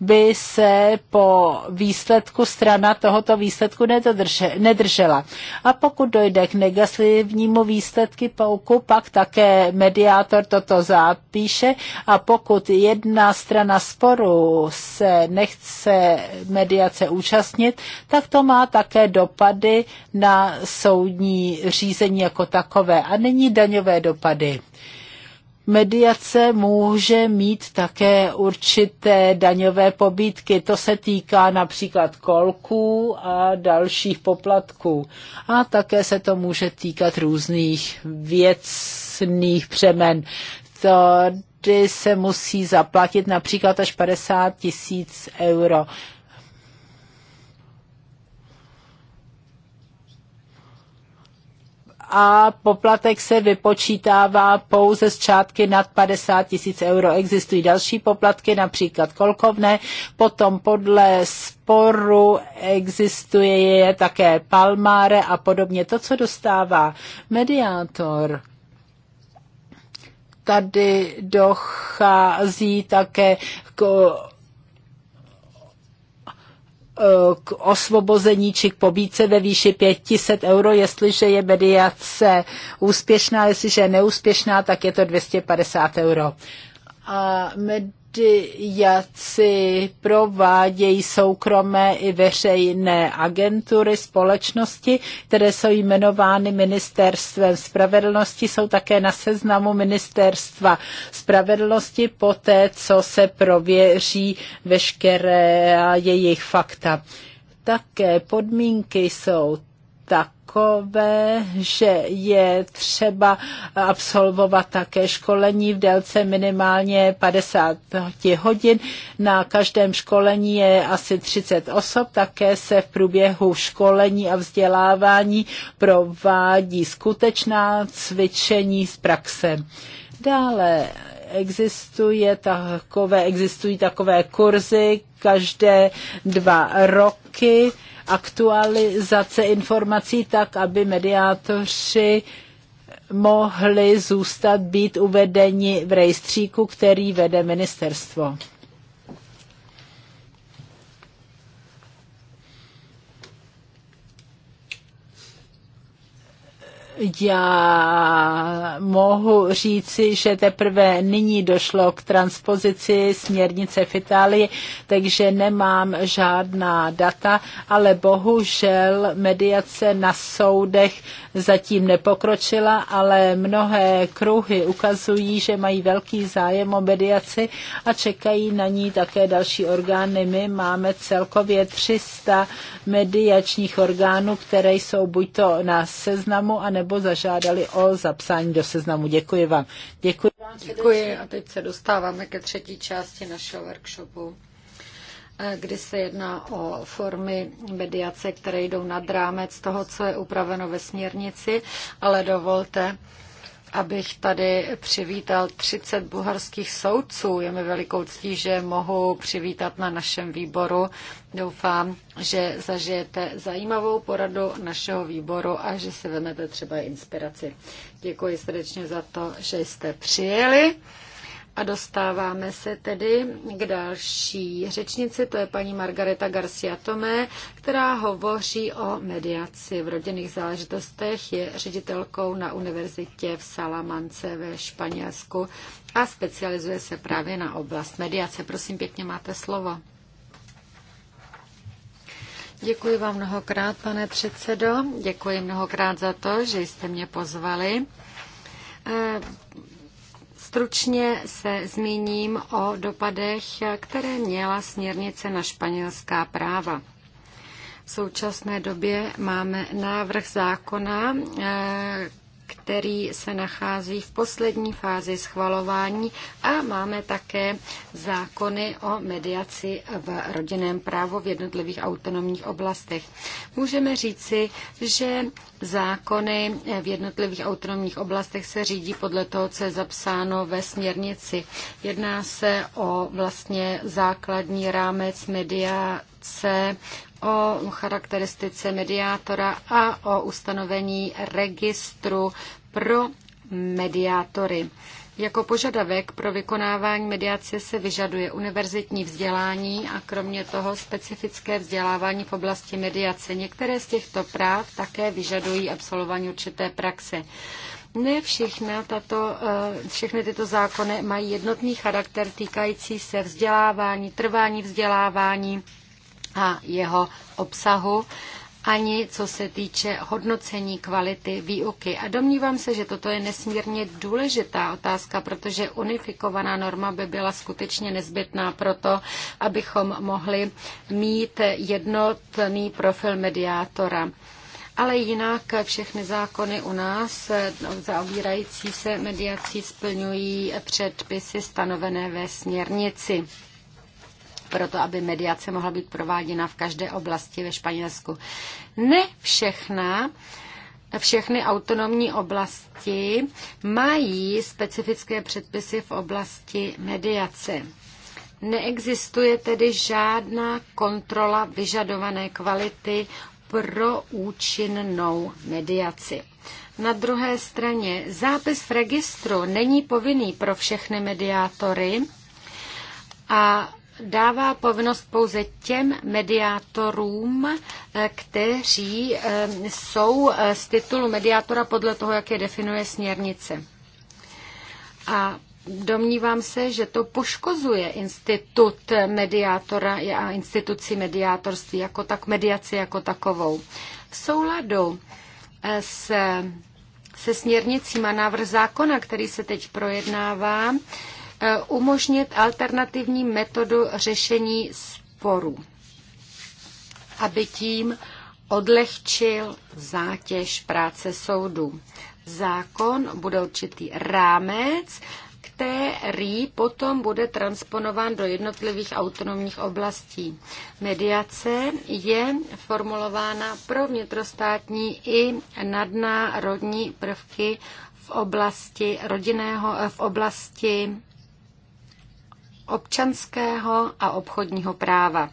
by se po výsledku strana tohoto výsledku nedržela. A pokud dojde k negativnímu výsledky pouku, pak také mediátor toto zapíše a pokud jedna strana sporu se nechce mediace účastnit, tak to má také dopady na soudní řízení jako takové a není daňové dopady. Mediace může mít také určité daňové pobídky. To se týká například kolků a dalších poplatků. A také se to může týkat různých věcných přemen. To se musí zaplatit například až 50 tisíc euro. a poplatek se vypočítává pouze z částky nad 50 tisíc euro. Existují další poplatky, například kolkovné, potom podle sporu existuje také palmáre a podobně. To, co dostává mediátor, tady dochází také k Eh, k osvobození či k pobíce ve výši 500 euro, jestliže je mediace úspěšná, jestliže je neúspěšná, tak je to 250 euro. A med- jaci provádějí soukromé i veřejné agentury, společnosti, které jsou jmenovány ministerstvem spravedlnosti, jsou také na seznamu ministerstva spravedlnosti po té, co se prověří veškeré jejich fakta. Také podmínky jsou takové, že je třeba absolvovat také školení v délce minimálně 50 hodin. Na každém školení je asi 30 osob, také se v průběhu školení a vzdělávání provádí skutečná cvičení z praxe. Dále existuje takové, existují takové kurzy každé dva roky aktualizace informací tak, aby mediátoři mohli zůstat být uvedeni v rejstříku, který vede ministerstvo. Já mohu říci, že teprve nyní došlo k transpozici směrnice v Itálii, takže nemám žádná data, ale bohužel mediace na soudech zatím nepokročila, ale mnohé kruhy ukazují, že mají velký zájem o mediaci a čekají na ní také další orgány. My máme celkově 300 mediačních orgánů, které jsou buď to na seznamu, anebo nebo zažádali o zapsání do seznamu. Děkuji vám. Děkuji vám. Děkuji a teď se dostáváme ke třetí části našeho workshopu eh, kdy se jedná o formy mediace, které jdou nad rámec toho, co je upraveno ve směrnici, ale dovolte, abych tady přivítal 30 bulharských soudců. Je mi velikou ctí, že mohu přivítat na našem výboru. Doufám, že zažijete zajímavou poradu našeho výboru a že si vezmete třeba inspiraci. Děkuji srdečně za to, že jste přijeli. A dostáváme se tedy k další řečnici, to je paní Margareta Garcia Tomé, která hovoří o mediaci v rodinných záležitostech, je ředitelkou na univerzitě v Salamance ve Španělsku a specializuje se právě na oblast mediace. Prosím, pěkně máte slovo. Děkuji vám mnohokrát, pane předsedo. Děkuji mnohokrát za to, že jste mě pozvali. Eh, Stručně se zmíním o dopadech, které měla směrnice na španělská práva. V současné době máme návrh zákona, eh, který se nachází v poslední fázi schvalování a máme také zákony o mediaci v rodinném právu v jednotlivých autonomních oblastech. Můžeme říci, že zákony v jednotlivých autonomních oblastech se řídí podle toho, co je zapsáno ve směrnici. Jedná se o vlastně základní rámec mediace o charakteristice mediátora a o ustanovení registru pro mediátory. Jako požadavek pro vykonávání mediace se vyžaduje univerzitní vzdělání a kromě toho specifické vzdělávání v oblasti mediace. Některé z těchto práv také vyžadují absolvování určité praxe. Ne všechna tato, eh, všechny tyto zákony mají jednotný charakter týkající se vzdělávání, trvání vzdělávání a jeho obsahu, ani co se týče hodnocení kvality výuky. A domnívám se, že toto je nesmírně důležitá otázka, protože unifikovaná norma by byla skutečně nezbytná pro to, abychom mohli mít jednotný profil mediátora. Ale jinak všechny zákony u nás no, zaobírající se mediací splňují předpisy stanovené ve směrnici proto, aby mediace mohla být prováděna v každé oblasti ve Španělsku. Ne všechna všechny autonomní oblasti mají specifické předpisy v oblasti mediace. Neexistuje tedy žádná kontrola vyžadované kvality pro účinnou mediaci. Na druhé straně zápis v registru není povinný pro všechny mediátory a dává povinnost pouze těm mediátorům, eh, kteří eh, jsou eh, z titulu mediátora podle toho, jak je definuje směrnice. A domnívám se, že to poškozuje institut mediátora a instituci mediátorství, jako tak mediaci jako takovou. V souladu s se směrnicím a návrh zákona, který se teď projednává, Eh, umožnit alternativní metodu řešení sporů, aby tím odlehčil zátěž práce soudu. Zákon bude určitý rámec, který potom bude transponován do jednotlivých autonomních oblastí. Mediace je formulována pro vnitrostátní i nadnárodní prvky v oblasti rodinného, v oblasti občanského a obchodního práva.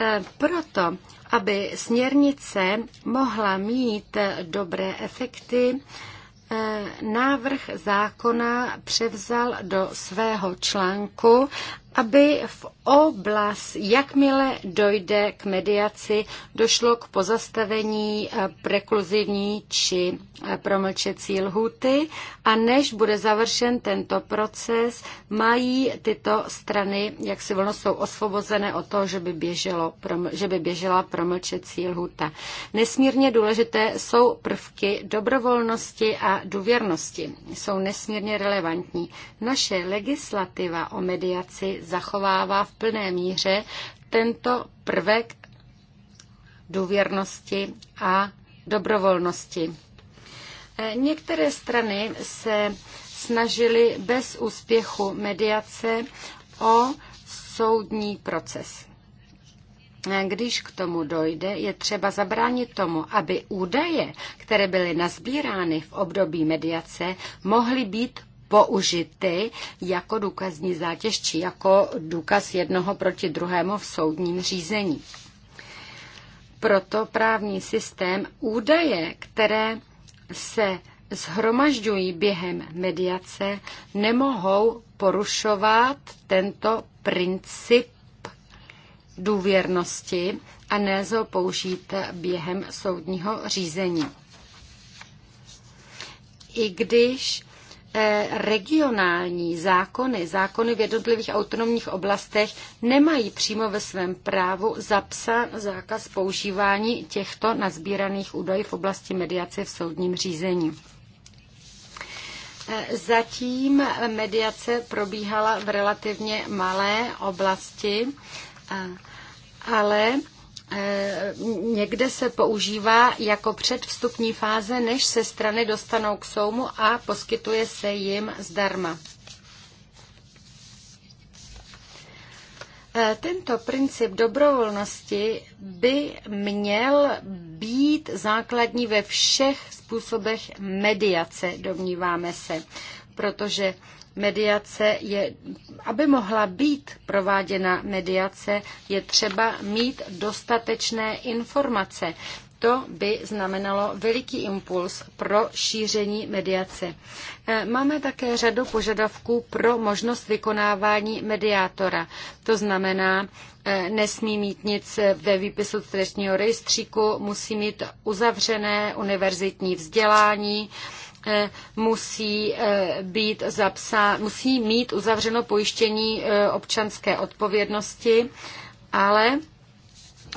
E, proto, aby směrnice mohla mít dobré efekty, e, návrh zákona převzal do svého článku aby v oblast, jakmile dojde k mediaci, došlo k pozastavení eh, prekluzivní či eh, promlčecí lhuty a než bude završen tento proces, mají tyto strany, jak si volno jsou osvobozené od toho, že by, běželo, že by běžela promlčecí lhuta. Nesmírně důležité jsou prvky dobrovolnosti a důvěrnosti. Jsou nesmírně relevantní. Naše legislativa o mediaci zachovává v plné míře tento prvek důvěrnosti a dobrovolnosti. E, některé strany se snažily bez úspěchu mediace o soudní proces. E, když k tomu dojde, je třeba zabránit tomu, aby údaje, které byly nazbírány v období mediace, mohly být použity jako důkazní zátěž či jako důkaz jednoho proti druhému v soudním řízení. Proto právní systém údaje, které se zhromažďují během mediace, nemohou porušovat tento princip důvěrnosti a nelze ho použít během soudního řízení. I když Eh, regionální zákony, zákony v jednotlivých autonomních oblastech nemají přímo ve svém právu zapsán zákaz používání těchto nazbíraných údajů v oblasti mediace v soudním řízení. Eh, zatím mediace probíhala v relativně malé oblasti, eh, ale Eh, někde se používá jako předvstupní fáze, než se strany dostanou k soumu a poskytuje se jim zdarma. Eh, tento princip dobrovolnosti by měl být základní ve všech způsobech mediace, domníváme se, protože mediace je, aby mohla být prováděna mediace, je třeba mít dostatečné informace. To by znamenalo veliký impuls pro šíření mediace. E, máme také řadu požadavků pro možnost vykonávání mediátora. To znamená, e, nesmí mít nic ve výpisu trestního rejstříku, musí mít uzavřené univerzitní vzdělání, E, musí, e, být zapsá, musí mít uzavřeno pojištění e, občanské odpovědnosti, ale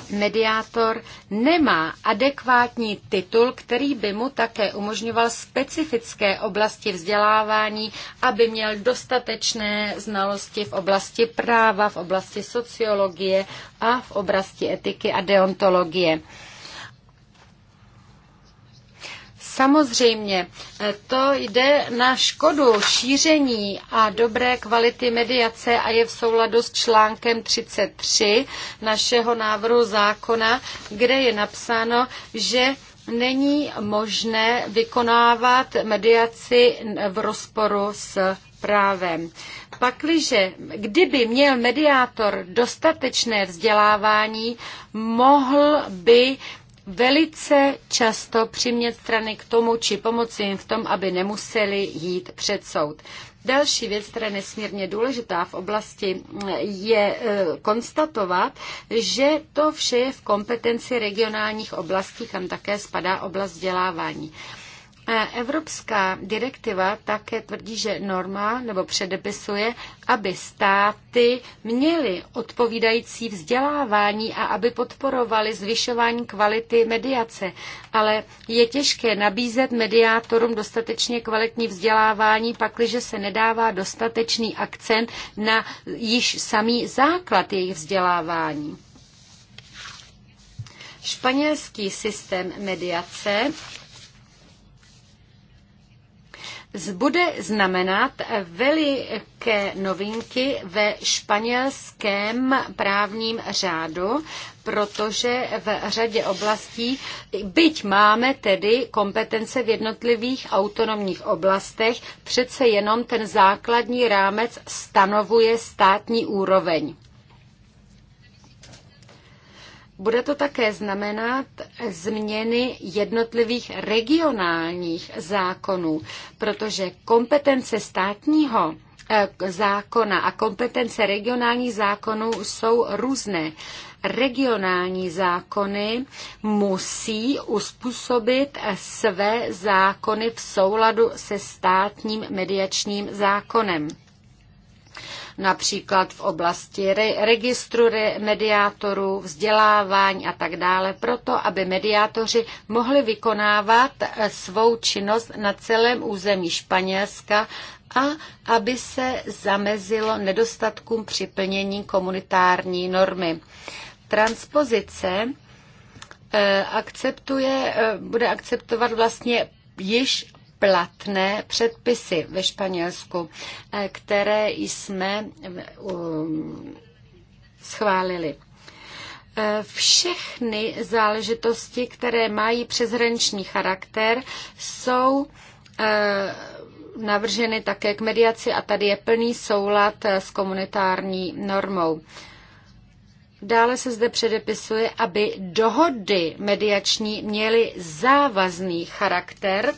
mediátor nemá adekvátní titul, který by mu také umožňoval specifické oblasti vzdělávání, aby měl dostatečné znalosti v oblasti práva, v oblasti sociologie a v oblasti etiky a deontologie. Samozřejmě, eh, to jde na škodu šíření a dobré kvality mediace a je v souladu s článkem 33 našeho návrhu zákona, kde je napsáno, že není možné vykonávat mediaci v rozporu s právem. Pakliže, kdyby měl mediátor dostatečné vzdělávání, mohl by velice často přimět strany k tomu, či pomoci jim v tom, aby nemuseli jít před soud. Další věc, která je nesmírně důležitá v oblasti, je e, konstatovat, že to vše je v kompetenci regionálních oblastí, kam také spadá oblast vzdělávání. E, evropská direktiva také tvrdí, že norma nebo předepisuje, aby státy měly odpovídající vzdělávání a aby podporovali zvyšování kvality mediace. Ale je těžké nabízet mediátorům dostatečně kvalitní vzdělávání, pakliže se nedává dostatečný akcent na již samý základ jejich vzdělávání. Španělský systém mediace bude znamenat veliké novinky ve španělském právním řádu, protože v řadě oblastí, byť máme tedy kompetence v jednotlivých autonomních oblastech, přece jenom ten základní rámec stanovuje státní úroveň. Bude to také znamenat změny jednotlivých regionálních zákonů, protože kompetence státního eh, zákona a kompetence regionálních zákonů jsou různé. Regionální zákony musí uspůsobit své zákony v souladu se státním mediačním zákonem například v oblasti re- registru re- mediátorů, vzdělávání a tak dále, proto aby mediátoři mohli vykonávat eh, svou činnost na celém území Španělska a aby se zamezilo nedostatkům při plnění komunitární normy. Transpozice eh, akceptuje, eh, bude akceptovat vlastně již platné předpisy ve Španělsku, eh, které jsme eh, schválili. Eh, všechny záležitosti, které mají přeshraniční charakter, jsou navrženy také k mediaci a tady je plný soulad s komunitární normou. Dále se zde předepisuje, aby dohody mediační měly závazný charakter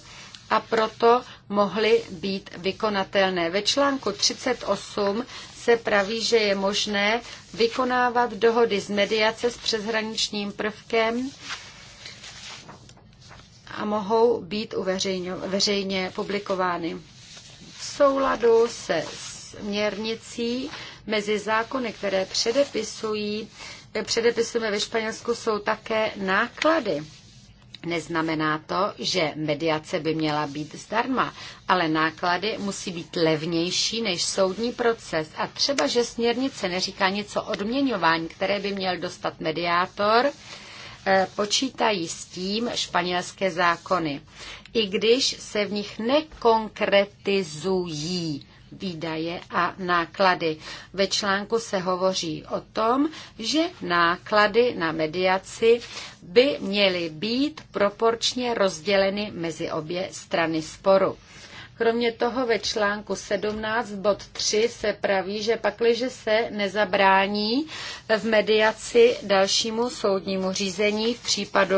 a proto mohly být vykonatelné. Ve článku 38 se praví, že je možné vykonávat dohody z mediace s přeshraničním prvkem a mohou být uveřejně, veřejně publikovány. V souladu se směrnicí mezi zákony, které předepisují, předepisujeme ve Španělsku, jsou také náklady Neznamená to, že mediace by měla být zdarma, ale náklady musí být levnější než soudní proces. A třeba, že směrnice neříká něco odměňování, které by měl dostat mediátor, eh, počítají s tím španělské zákony, i když se v nich nekonkretizují výdaje a náklady. Ve článku se hovoří o tom, že náklady na mediaci by měly být proporčně rozděleny mezi obě strany sporu. Kromě toho ve článku 17 bod 3 se praví, že pakliže se nezabrání v mediaci dalšímu soudnímu řízení v případu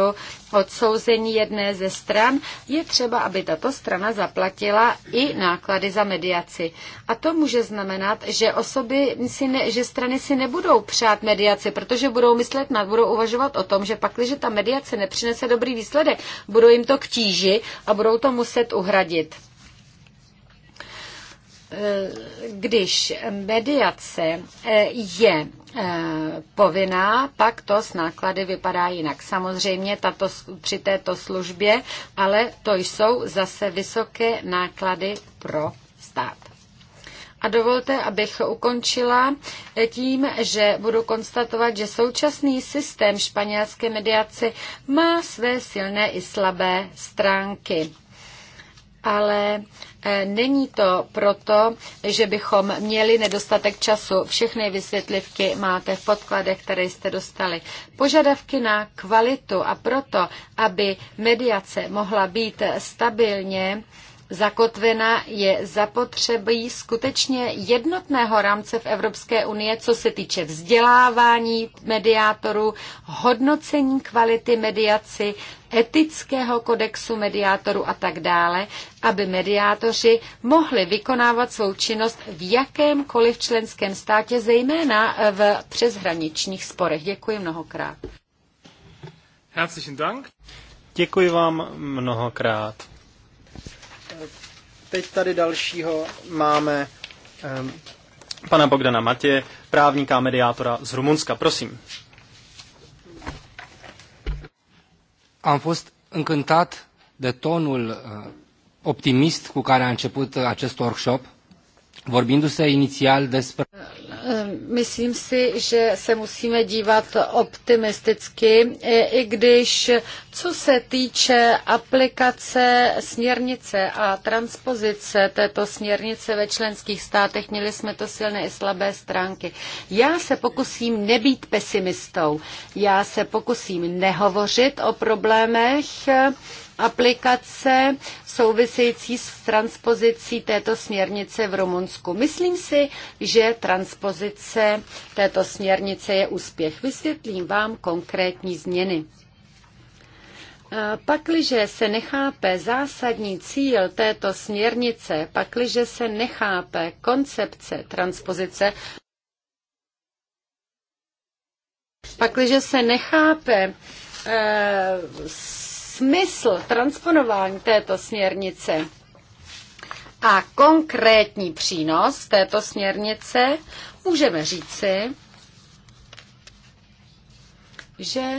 odsouzení jedné ze stran, je třeba, aby tato strana zaplatila i náklady za mediaci. A to může znamenat, že osoby si ne, že strany si nebudou přát mediaci, protože budou myslet na, budou uvažovat o tom, že pakliže ta mediace nepřinese dobrý výsledek, budou jim to k tíži a budou to muset uhradit když mediace eh, je eh, povinná, pak to s náklady vypadá jinak. Samozřejmě tato, při této službě, ale to jsou zase vysoké náklady pro stát. A dovolte, abych ukončila tím, že budu konstatovat, že současný systém španělské mediace má své silné i slabé stránky ale e, není to proto, že bychom měli nedostatek času. Všechny vysvětlivky máte v podkladech, které jste dostali. Požadavky na kvalitu a proto, aby mediace mohla být stabilně, zakotvena, je zapotřebí skutečně jednotného rámce v Evropské unie, co se týče vzdělávání mediátorů, hodnocení kvality mediaci, etického kodexu mediátorů a tak dále, aby mediátoři mohli vykonávat svou činnost v jakémkoliv členském státě, zejména eh, v přeshraničních sporech. Děkuji mnohokrát. Herzlichen Dank. Děkuji vám mnohokrát. Teď tady dalšího máme um, pana Bogdana Matě, právníka a mediátora z Rumunska. Prosím. Am fost încântat de tonul eh, optimist cu care a început acest workshop vorbindu-se inițial despre... Myslím si, že se musíme dívat optimisticky, i když co se týče aplikace směrnice a transpozice této směrnice ve členských státech, měli jsme to silné i slabé stránky. Já se pokusím nebýt pesimistou, já se pokusím nehovořit o problémech, aplikace související s transpozicí této směrnice v Rumunsku. Myslím si, že transpozice této směrnice je úspěch. Vysvětlím vám konkrétní změny. Pakliže se nechápe zásadní cíl této směrnice, pakliže se nechápe koncepce transpozice, pakliže se nechápe eh, smysl transponování této směrnice a konkrétní přínos této směrnice můžeme říci, že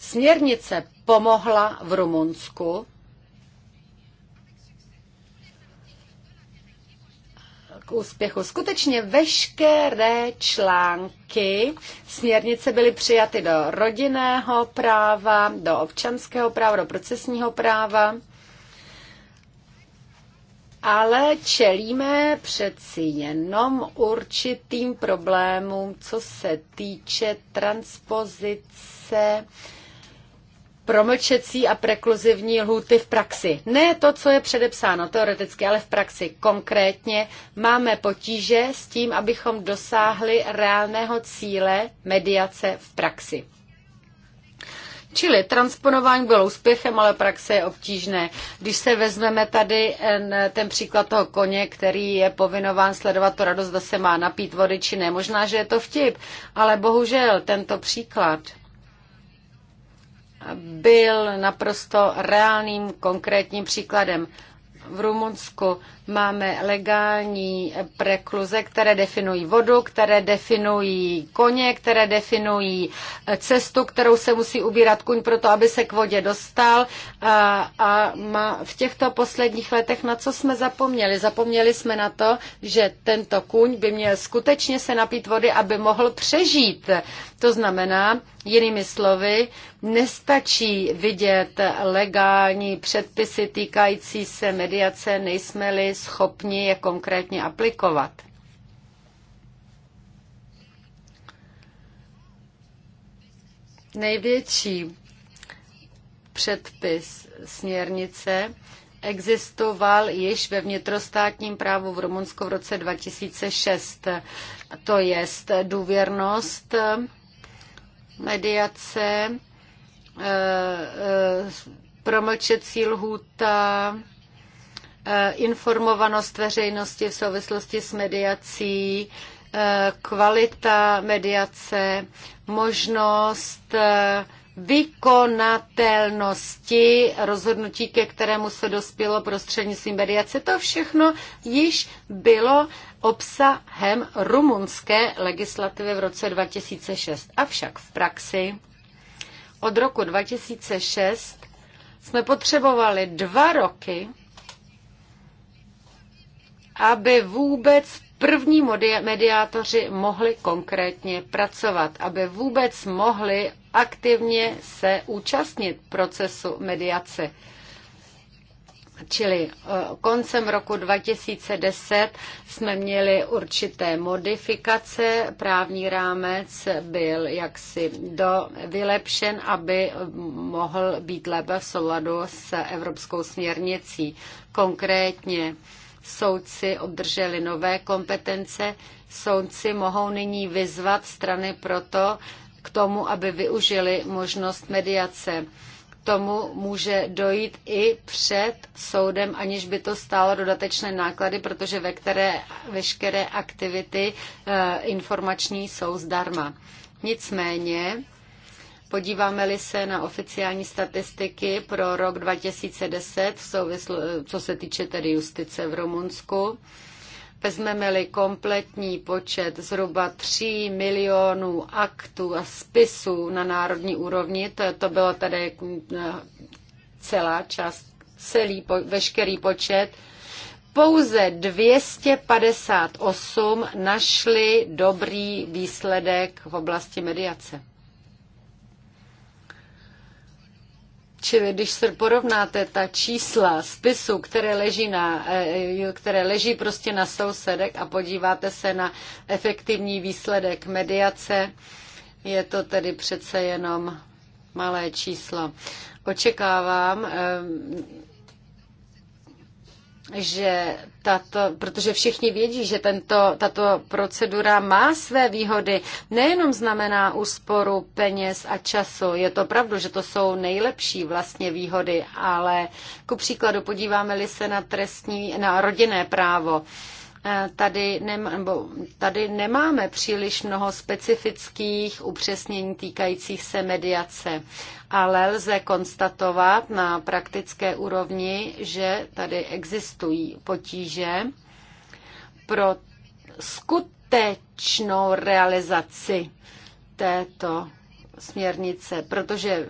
směrnice pomohla v Rumunsku k úspěchu. Skutečně veškeré články směrnice byly přijaty do rodinného práva, do občanského práva, do procesního práva, ale čelíme přeci jenom určitým problémům, co se týče transpozice promlčecí a prekluzivní lhuty v praxi. Ne to, co je předepsáno teoreticky, ale v praxi. Konkrétně máme potíže s tím, abychom dosáhli reálného cíle mediace v praxi. Čili transponování bylo úspěchem, ale praxe je obtížné. Když se vezmeme tady eh, ten příklad toho koně, který je povinován sledovat tu radost, zda se má napít vody či ne, možná, že je to vtip, ale bohužel tento příklad byl naprosto reálným konkrétním příkladem. V Rumunsku Máme legální prekluze, které definují vodu, které definují koně, které definují eh, cestu, kterou se musí ubírat kuň pro to, aby se k vodě dostal. A, a má v těchto posledních letech na co jsme zapomněli? Zapomněli jsme na to, že tento kuň by měl skutečně se napít vody, aby mohl přežít. To znamená, jinými slovy, nestačí vidět legální předpisy týkající se mediace, nejsme-li schopni je konkrétně aplikovat. Největší předpis směrnice existoval již ve vnitrostátním právu v Rumunsku v roce 2006. To je důvěrnost mediace, eh, eh, promlčecí lhůta, Eh, informovanost veřejnosti v souvislosti s mediací, eh, kvalita mediace, možnost eh, vykonatelnosti rozhodnutí, ke kterému se dospělo prostřednictvím mediace. To všechno již bylo obsahem rumunské legislativy v roce 2006. Avšak v praxi od roku 2006 jsme potřebovali dva roky, aby vůbec první mediátoři mohli konkrétně pracovat, aby vůbec mohli aktivně se účastnit procesu mediace. Čili eh, koncem roku 2010 jsme měli určité modifikace, právní rámec byl jaksi do, vylepšen, aby mohl být lépe v souladu s evropskou směrnicí. Konkrétně soudci obdrželi nové kompetence. Soudci mohou nyní vyzvat strany proto k tomu, aby využili možnost mediace tomu může dojít i před soudem, aniž by to stálo dodatečné náklady, protože ve které, veškeré aktivity eh, informační jsou zdarma. Nicméně Podíváme-li se na oficiální statistiky pro rok 2010, v souvislu, co se týče tedy justice v Rumunsku, vezmeme-li kompletní počet zhruba 3 milionů aktů a spisů na národní úrovni, to, to bylo tady eh, celá část, celý, veškerý počet, pouze 258 našli dobrý výsledek v oblasti mediace. Čili když se porovnáte ta čísla spisu, které leží, na, eh, které leží prostě na sousedek a podíváte se na efektivní výsledek mediace, je to tedy přece jenom malé číslo. Očekávám eh, že tato, protože všichni vědí, že tento, tato procedura má své výhody, nejenom znamená úsporu peněz a času. Je to pravda, že to jsou nejlepší vlastně výhody, ale ku příkladu podíváme-li se na trestní, na rodinné právo, eh, Tady, nem, tady nemáme příliš mnoho specifických upřesnění týkajících se mediace ale lze konstatovat na praktické úrovni, že tady existují potíže pro skutečnou realizaci této směrnice, protože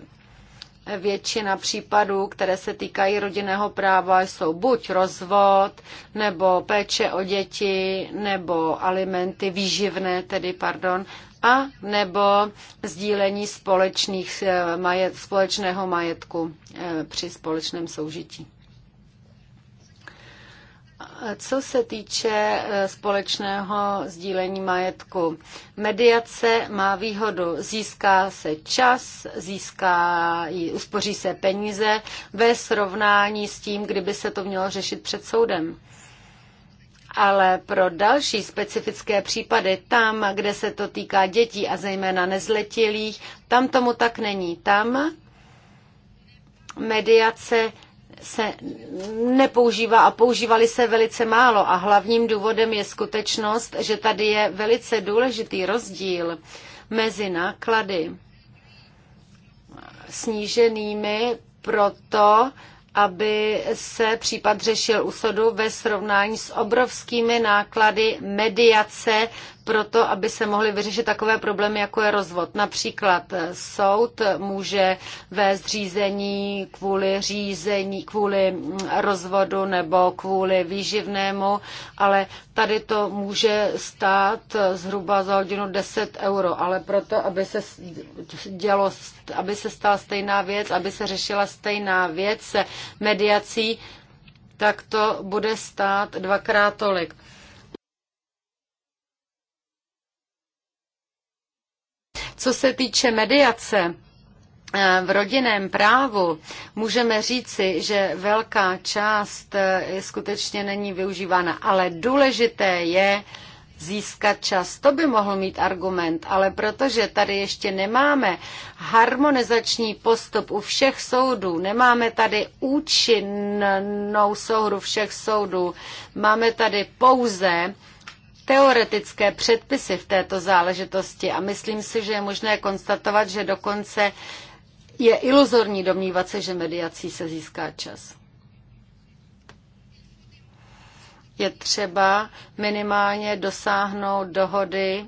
většina případů, které se týkají rodinného práva, jsou buď rozvod, nebo péče o děti, nebo alimenty výživné, tedy pardon, a nebo sdílení společných, eh, majet, společného majetku eh, při společném soužití. Co se týče eh, společného sdílení majetku, mediace má výhodu. Získá se čas, získá, uspoří se peníze ve srovnání s tím, kdyby se to mělo řešit před soudem. Ale pro další specifické případy, tam, kde se to týká dětí a zejména nezletilých, tam tomu tak není. Tam mediace se nepoužívá a používali se velice málo. A hlavním důvodem je skutečnost, že tady je velice důležitý rozdíl mezi náklady sníženými proto, aby se případ řešil u sodu ve srovnání s obrovskými náklady mediace proto, aby se mohly vyřešit takové problémy, jako je rozvod. Například eh, soud může vést řízení kvůli řízení, kvůli mm, rozvodu nebo kvůli výživnému, ale tady to může stát eh, zhruba za hodinu 10 euro, ale proto, aby se, dělo, aby se stala stejná věc, aby se řešila stejná věc mediací, tak to bude stát dvakrát tolik. Co se týče mediace, eh, v rodinném právu můžeme říci, že velká část eh, skutečně není využívána, ale důležité je získat čas. To by mohl mít argument, ale protože tady ještě nemáme harmonizační postup u všech soudů, nemáme tady účinnou souhru všech soudů, máme tady pouze teoretické předpisy v této záležitosti a myslím si, že je možné konstatovat, že dokonce je iluzorní domnívat se, že mediací se získá čas. Je třeba minimálně dosáhnout dohody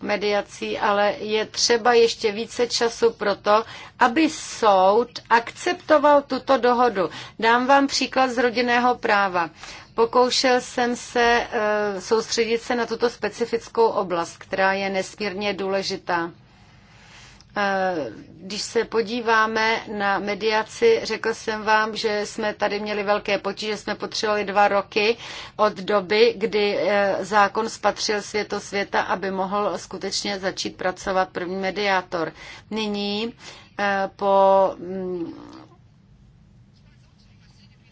mediací, ale je třeba ještě více času pro to, aby soud akceptoval tuto dohodu. Dám vám příklad z rodinného práva. Pokoušel jsem se eh, soustředit se na tuto specifickou oblast, která je nesmírně důležitá. Eh, když se podíváme na mediaci, řekl jsem vám, že jsme tady měli velké potíže, jsme potřebovali dva roky od doby, kdy eh, zákon spatřil světo světa, aby mohl skutečně začít pracovat první mediátor. Nyní po mm,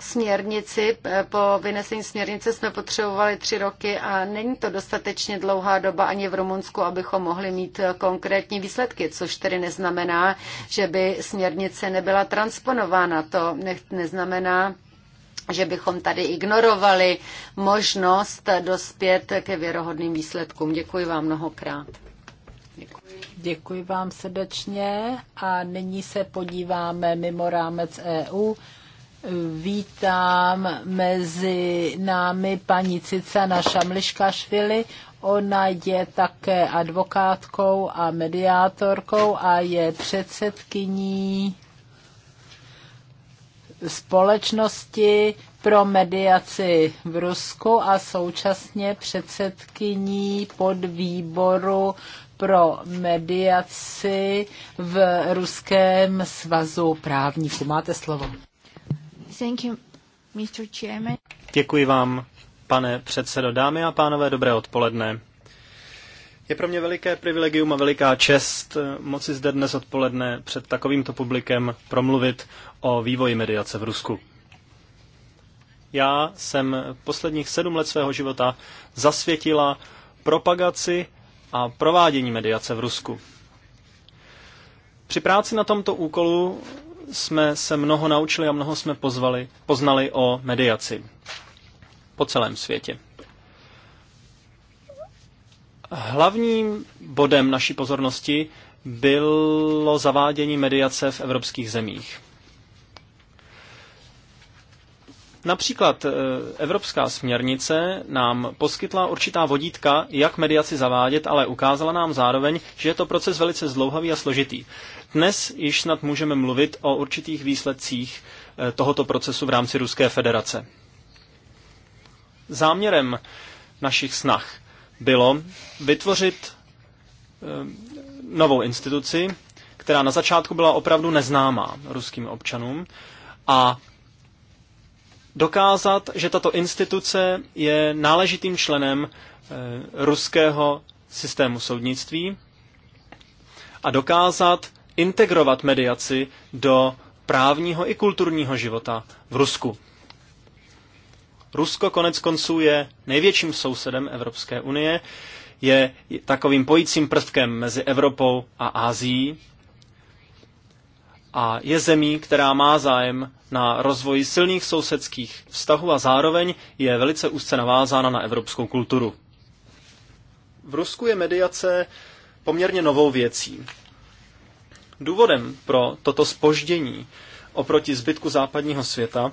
směrnici, eh, po vynesení směrnice jsme potřebovali tři roky a není to dostatečně dlouhá doba ani v Rumunsku, abychom mohli mít eh, konkrétní výsledky, což tedy neznamená, že by směrnice nebyla transponována. To neznamená, že bychom tady ignorovali možnost dospět ke věrohodným výsledkům. Děkuji vám mnohokrát. Děkuji. Děkuji vám srdečně a nyní se podíváme mimo rámec EU. Vítám mezi námi paní Cicana Šamliškašvili. Ona je také advokátkou a mediátorkou a je předsedkyní společnosti pro mediaci v Rusku a současně předsedkyní pod výboru pro mediaci v Ruském svazu právníků. Máte slovo. Thank you, Mr. Chairman. Děkuji vám, pane předsedo. Dámy a pánové, dobré odpoledne. Je pro mě veliké privilegium a veliká čest eh, moci zde dnes odpoledne před takovýmto publikem promluvit o vývoji mediace v Rusku. Já jsem posledních sedm let svého života zasvětila propagaci a provádění mediace v Rusku. Při práci na tomto úkolu jsme se mnoho naučili a mnoho jsme pozvali, poznali o mediaci po celém světě. Hlavním bodem naší pozornosti bylo zavádění mediace v evropských zemích. Například e, Evropská směrnice nám poskytla určitá vodítka, jak mediaci zavádět, ale ukázala nám zároveň, že je to proces velice zdlouhavý a složitý. Dnes již snad můžeme mluvit o určitých výsledcích eh, tohoto procesu v rámci Ruské federace. Záměrem našich snah bylo vytvořit eh, novou instituci, která na začátku byla opravdu neznámá ruským občanům a dokázat, že tato instituce je náležitým členem eh, ruského systému soudnictví a dokázat, integrovat mediaci do právního i kulturního života v Rusku. Rusko konec konců je největším sousedem Evropské unie, je takovým pojícím prvkem mezi Evropou a Ázií a je zemí, která má zájem na rozvoji silných sousedských vztahů a zároveň je velice úzce navázána na evropskou kulturu. V Rusku je mediace poměrně novou věcí. Důvodem pro toto spoždění oproti zbytku západního světa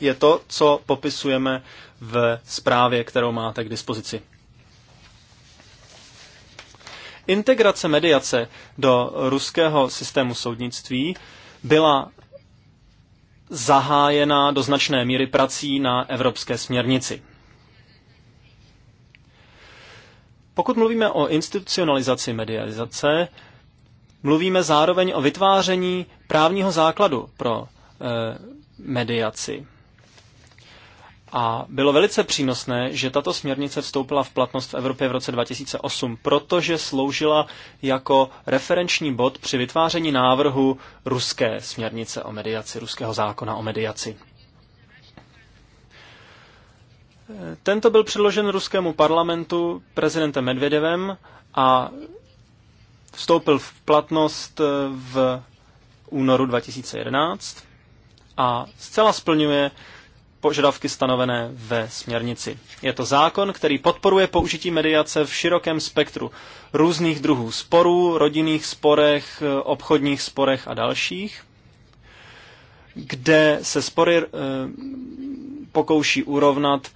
je to, co popisujeme v zprávě, kterou máte k dispozici. Integrace mediace do ruského systému soudnictví byla zahájena do značné míry prací na evropské směrnici. Pokud mluvíme o institucionalizaci medializace, mluvíme zároveň o vytváření právního základu pro e, mediaci. A bylo velice přínosné, že tato směrnice vstoupila v platnost v Evropě v roce 2008, protože sloužila jako referenční bod při vytváření návrhu ruské směrnice o mediaci, ruského zákona o mediaci. Tento byl předložen ruskému parlamentu prezidentem Medvedevem a vstoupil v platnost eh, v únoru 2011 a zcela splňuje požadavky stanovené ve směrnici. Je to zákon, který podporuje použití mediace v širokém spektru různých druhů sporů, rodinných sporech, eh, obchodních sporech a dalších, kde se spory eh, pokouší urovnat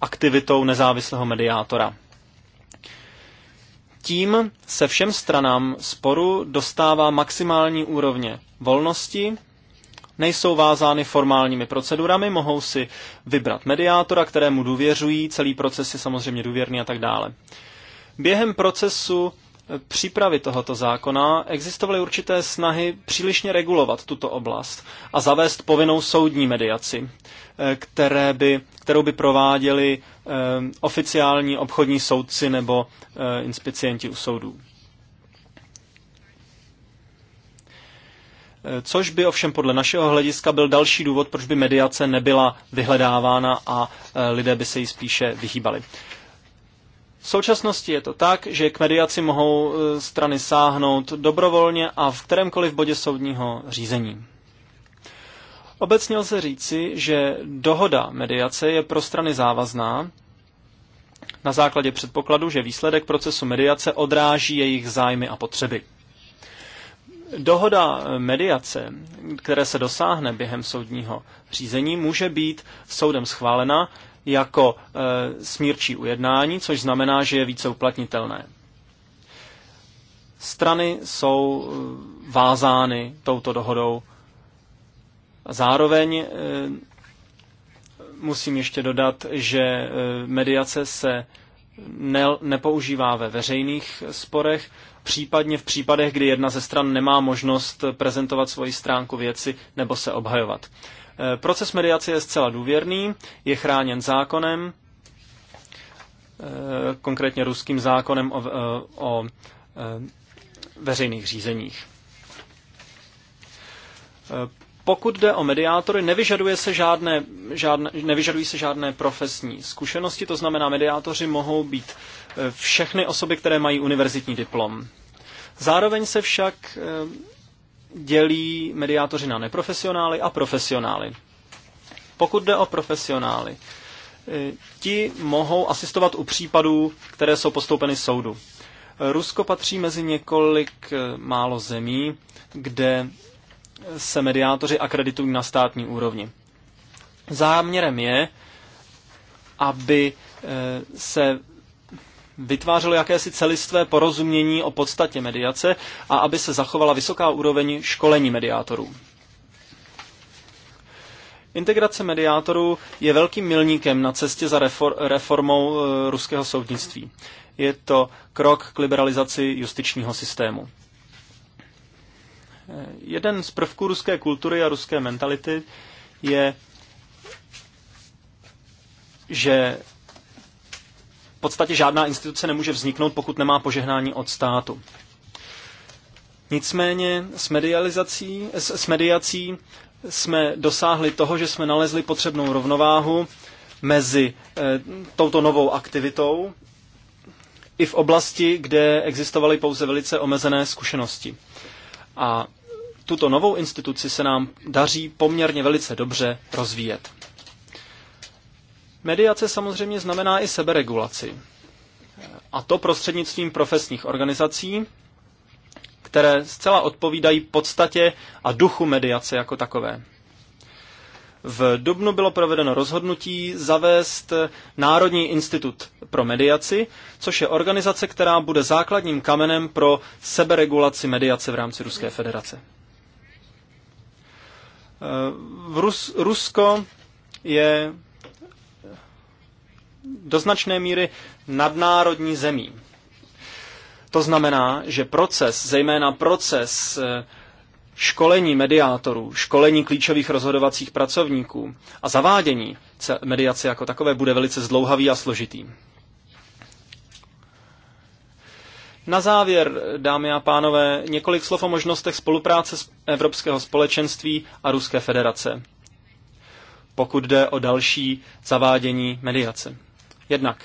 aktivitou nezávislého mediátora tím se všem stranám sporu dostává maximální úrovně volnosti, nejsou vázány formálními procedurami, mohou si vybrat mediátora, kterému důvěřují, celý proces je samozřejmě důvěrný a tak dále. Během procesu přípravy tohoto zákona existovaly určité snahy přílišně regulovat tuto oblast a zavést povinnou soudní mediaci, eh, které by, kterou by prováděli eh, oficiální obchodní soudci nebo eh, inspicienti u soudů. Což by ovšem podle našeho hlediska byl další důvod, proč by mediace nebyla vyhledávána a lidé by se jí spíše vyhýbali. V současnosti je to tak, že k mediaci mohou e, strany sáhnout dobrovolně a v kterémkoliv bodě soudního řízení. Obecně lze říci, že dohoda mediace je pro strany závazná na základě předpokladu, že výsledek procesu mediace odráží jejich zájmy a potřeby. Dohoda mediace, které se dosáhne během soudního řízení, může být soudem schválena jako e, smírčí ujednání, což znamená, že je více uplatnitelné. Strany jsou e, vázány touto dohodou. Zároveň e, musím ještě dodat, že e, mediace se ne, nepoužívá ve veřejných sporech, případně v případech, kdy jedna ze stran nemá možnost prezentovat svoji stránku věci nebo se obhajovat. Proces mediace je zcela důvěrný, je chráněn zákonem, eh, konkrétně ruským zákonem o, eh, o eh, veřejných řízeních. Pokud jde o mediátory, nevyžaduje se žádné, žádné, nevyžadují se žádné profesní zkušenosti, to znamená, mediátoři mohou být všechny osoby, které mají univerzitní diplom. Zároveň se však dělí mediátoři na neprofesionály a profesionály. Pokud jde o profesionály, e, ti mohou asistovat u případů, které jsou postoupeny soudu. Rusko patří mezi několik e, málo zemí, kde se mediátoři akreditují na státní úrovni. Záměrem je, aby e, se vytvářelo jakési celistvé porozumění o podstatě mediace a aby se zachovala vysoká úroveň školení mediátorů. Integrace mediátorů je velkým milníkem na cestě za reformou e, ruského soudnictví. Je to krok k liberalizaci justičního systému. E, jeden z prvků ruské kultury a ruské mentality je, že v podstatě žádná instituce nemůže vzniknout, pokud nemá požehnání od státu. Nicméně s, medializací, s, s mediací jsme dosáhli toho, že jsme nalezli potřebnou rovnováhu mezi e, touto novou aktivitou i v oblasti, kde existovaly pouze velice omezené zkušenosti. A tuto novou instituci se nám daří poměrně velice dobře rozvíjet. Mediace samozřejmě znamená i seberegulaci. A to prostřednictvím profesních organizací, které zcela odpovídají podstatě a duchu mediace jako takové. V Dubnu bylo provedeno rozhodnutí zavést Národní institut pro mediaci, což je organizace, která bude základním kamenem pro seberegulaci mediace v rámci Ruské federace. Eh, v Rus- Rusko je do značné míry nadnárodní zemí. To znamená, že proces, zejména proces eh, školení mediátorů, školení klíčových rozhodovacích pracovníků a zavádění mediace jako takové bude velice zdlouhavý a složitý. Na závěr, dámy a pánové, několik slov o možnostech spolupráce s Evropského společenství a Ruské federace, pokud jde o další zavádění mediace. Jednak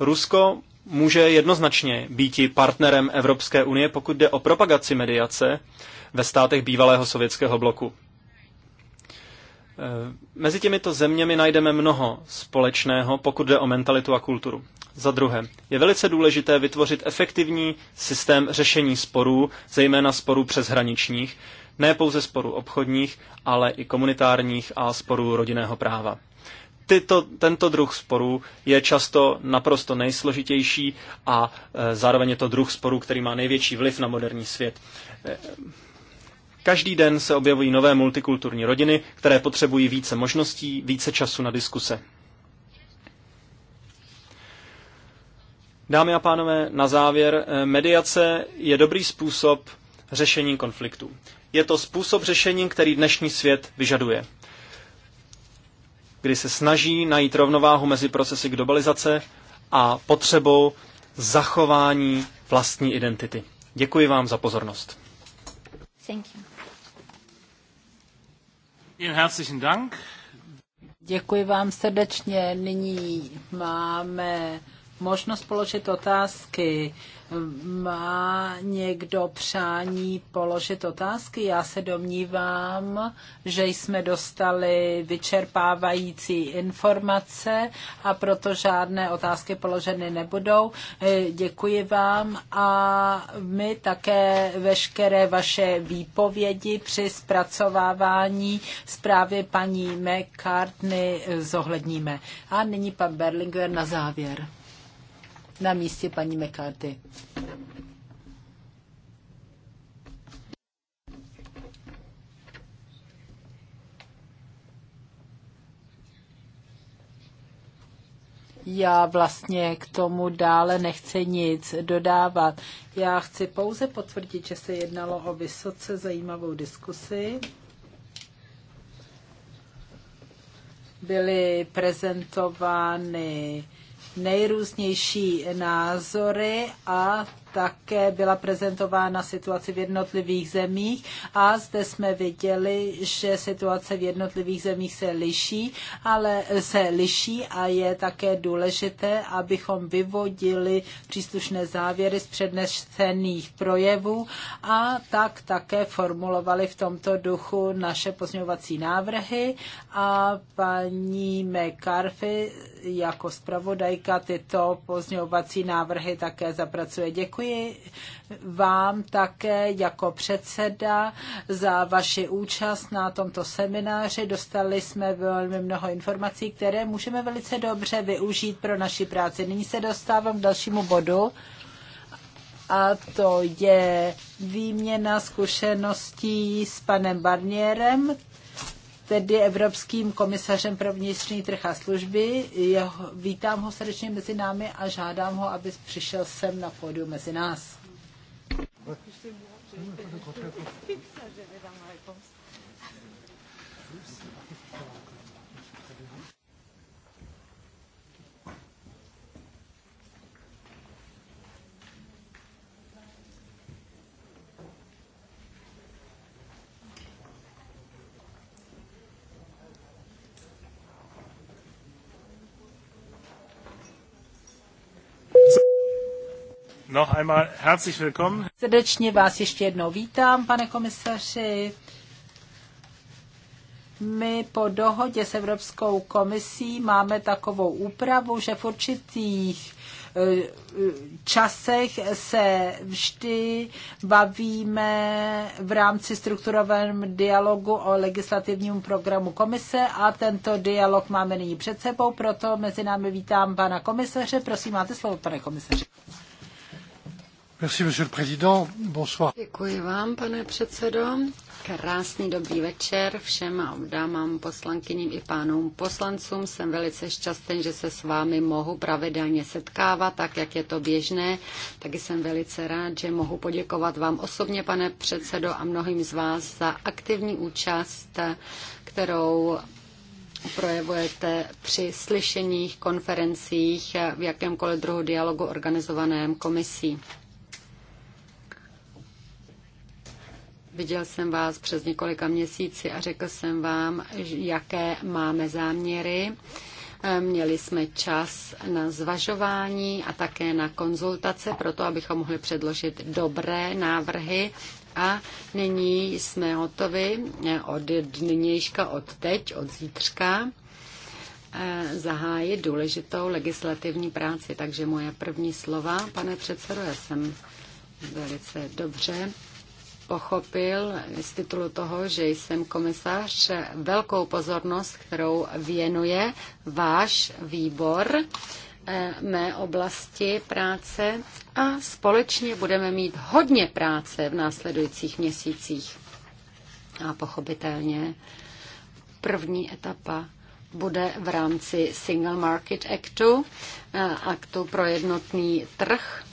Rusko může jednoznačně být partnerem Evropské unie, pokud jde o propagaci mediace ve státech bývalého sovětského bloku. E, mezi těmito zeměmi najdeme mnoho společného, pokud jde o mentalitu a kulturu. Za druhé, je velice důležité vytvořit efektivní systém řešení sporů, zejména sporů přeshraničních, ne pouze sporů obchodních, ale i komunitárních a sporů rodinného práva tyto, tento druh sporů je často naprosto nejsložitější a e, zároveň je to druh sporů, který má největší vliv na moderní svět. E, každý den se objevují nové multikulturní rodiny, které potřebují více možností, více času na diskuse. Dámy a pánové, na závěr, e, mediace je dobrý způsob řešení konfliktů. Je to způsob řešení, který dnešní svět vyžaduje kdy se snaží najít rovnováhu mezi procesy globalizace a potřebou zachování vlastní identity. Děkuji vám za pozornost. Thank you. Děkuji vám srdečně. Nyní máme možnost položit otázky. Má někdo přání položit otázky? Já se domnívám, že jsme dostali vyčerpávající informace a proto žádné otázky položeny nebudou. Eh, děkuji vám a my také veškeré vaše výpovědi při zpracovávání zprávy paní McCartney zohledníme. A nyní pan Berlinger na závěr na místě paní McCarthy. já vlastně k tomu dále nechci nic dodávat. Já chci pouze potvrdit, že se jednalo o vysoce zajímavou diskusi. Byly prezentovány nejrůznější názory a také byla prezentována situace v jednotlivých zemích a zde jsme viděli, že situace v jednotlivých zemích se liší, ale se liší a je také důležité, abychom vyvodili příslušné závěry z přednesených projevů a tak také formulovali v tomto duchu naše pozměňovací návrhy a paní McCarthy jako zpravodajka tyto pozměňovací návrhy také zapracuje. Děkuji. Děkuji vám také jako předseda za vaši účast na tomto semináři. Dostali jsme velmi mnoho informací, které můžeme velice dobře využít pro naši práci. Nyní se dostávám k dalšímu bodu a to je výměna zkušeností s panem Barnierem, tedy Evropským komisařem pro vnitřní trh a služby. Jeho, vítám ho srdečně mezi námi a žádám ho, aby přišel sem na pódium mezi nás. noch einmal herzlich willkommen. Srdečně vás ještě jednou vítám, pane komisaři. My po dohodě s Evropskou komisí máme takovou úpravu, že v určitých eh, eh, časech se vždy bavíme v rámci strukturovém dialogu o legislativním programu komise a tento dialog máme nyní před sebou, proto mezi námi vítám pana komisaře. Prosím, máte slovo, pane komisaři. Děkuji vám, pane předsedo. Krásný dobrý večer všem dámám poslankyním i pánům poslancům. Jsem velice šťastný, že se s vámi mohu pravidelně setkávat, tak jak je to běžné. Taky jsem velice rád, že mohu poděkovat vám osobně, pane předsedo, a mnohým z vás za aktivní účast, kterou projevujete při slyšeních, konferencích, v jakémkoliv druhu dialogu organizovaném komisí. Viděl jsem vás přes několika měsíci a řekl jsem vám, jaké máme záměry. Eh, měli jsme čas na zvažování a také na konzultace, proto abychom mohli předložit dobré návrhy. A nyní jsme hotovi eh, od dneška, od teď, od zítřka eh, zahájit důležitou legislativní práci. Takže moje první slova, pane předsedo, já jsem velice dobře pochopil z titulu toho, že jsem komisář, velkou pozornost, kterou věnuje váš výbor eh, mé oblasti práce a společně budeme mít hodně práce v následujících měsících. A pochopitelně první etapa bude v rámci Single Market Actu, eh, aktu pro jednotný trh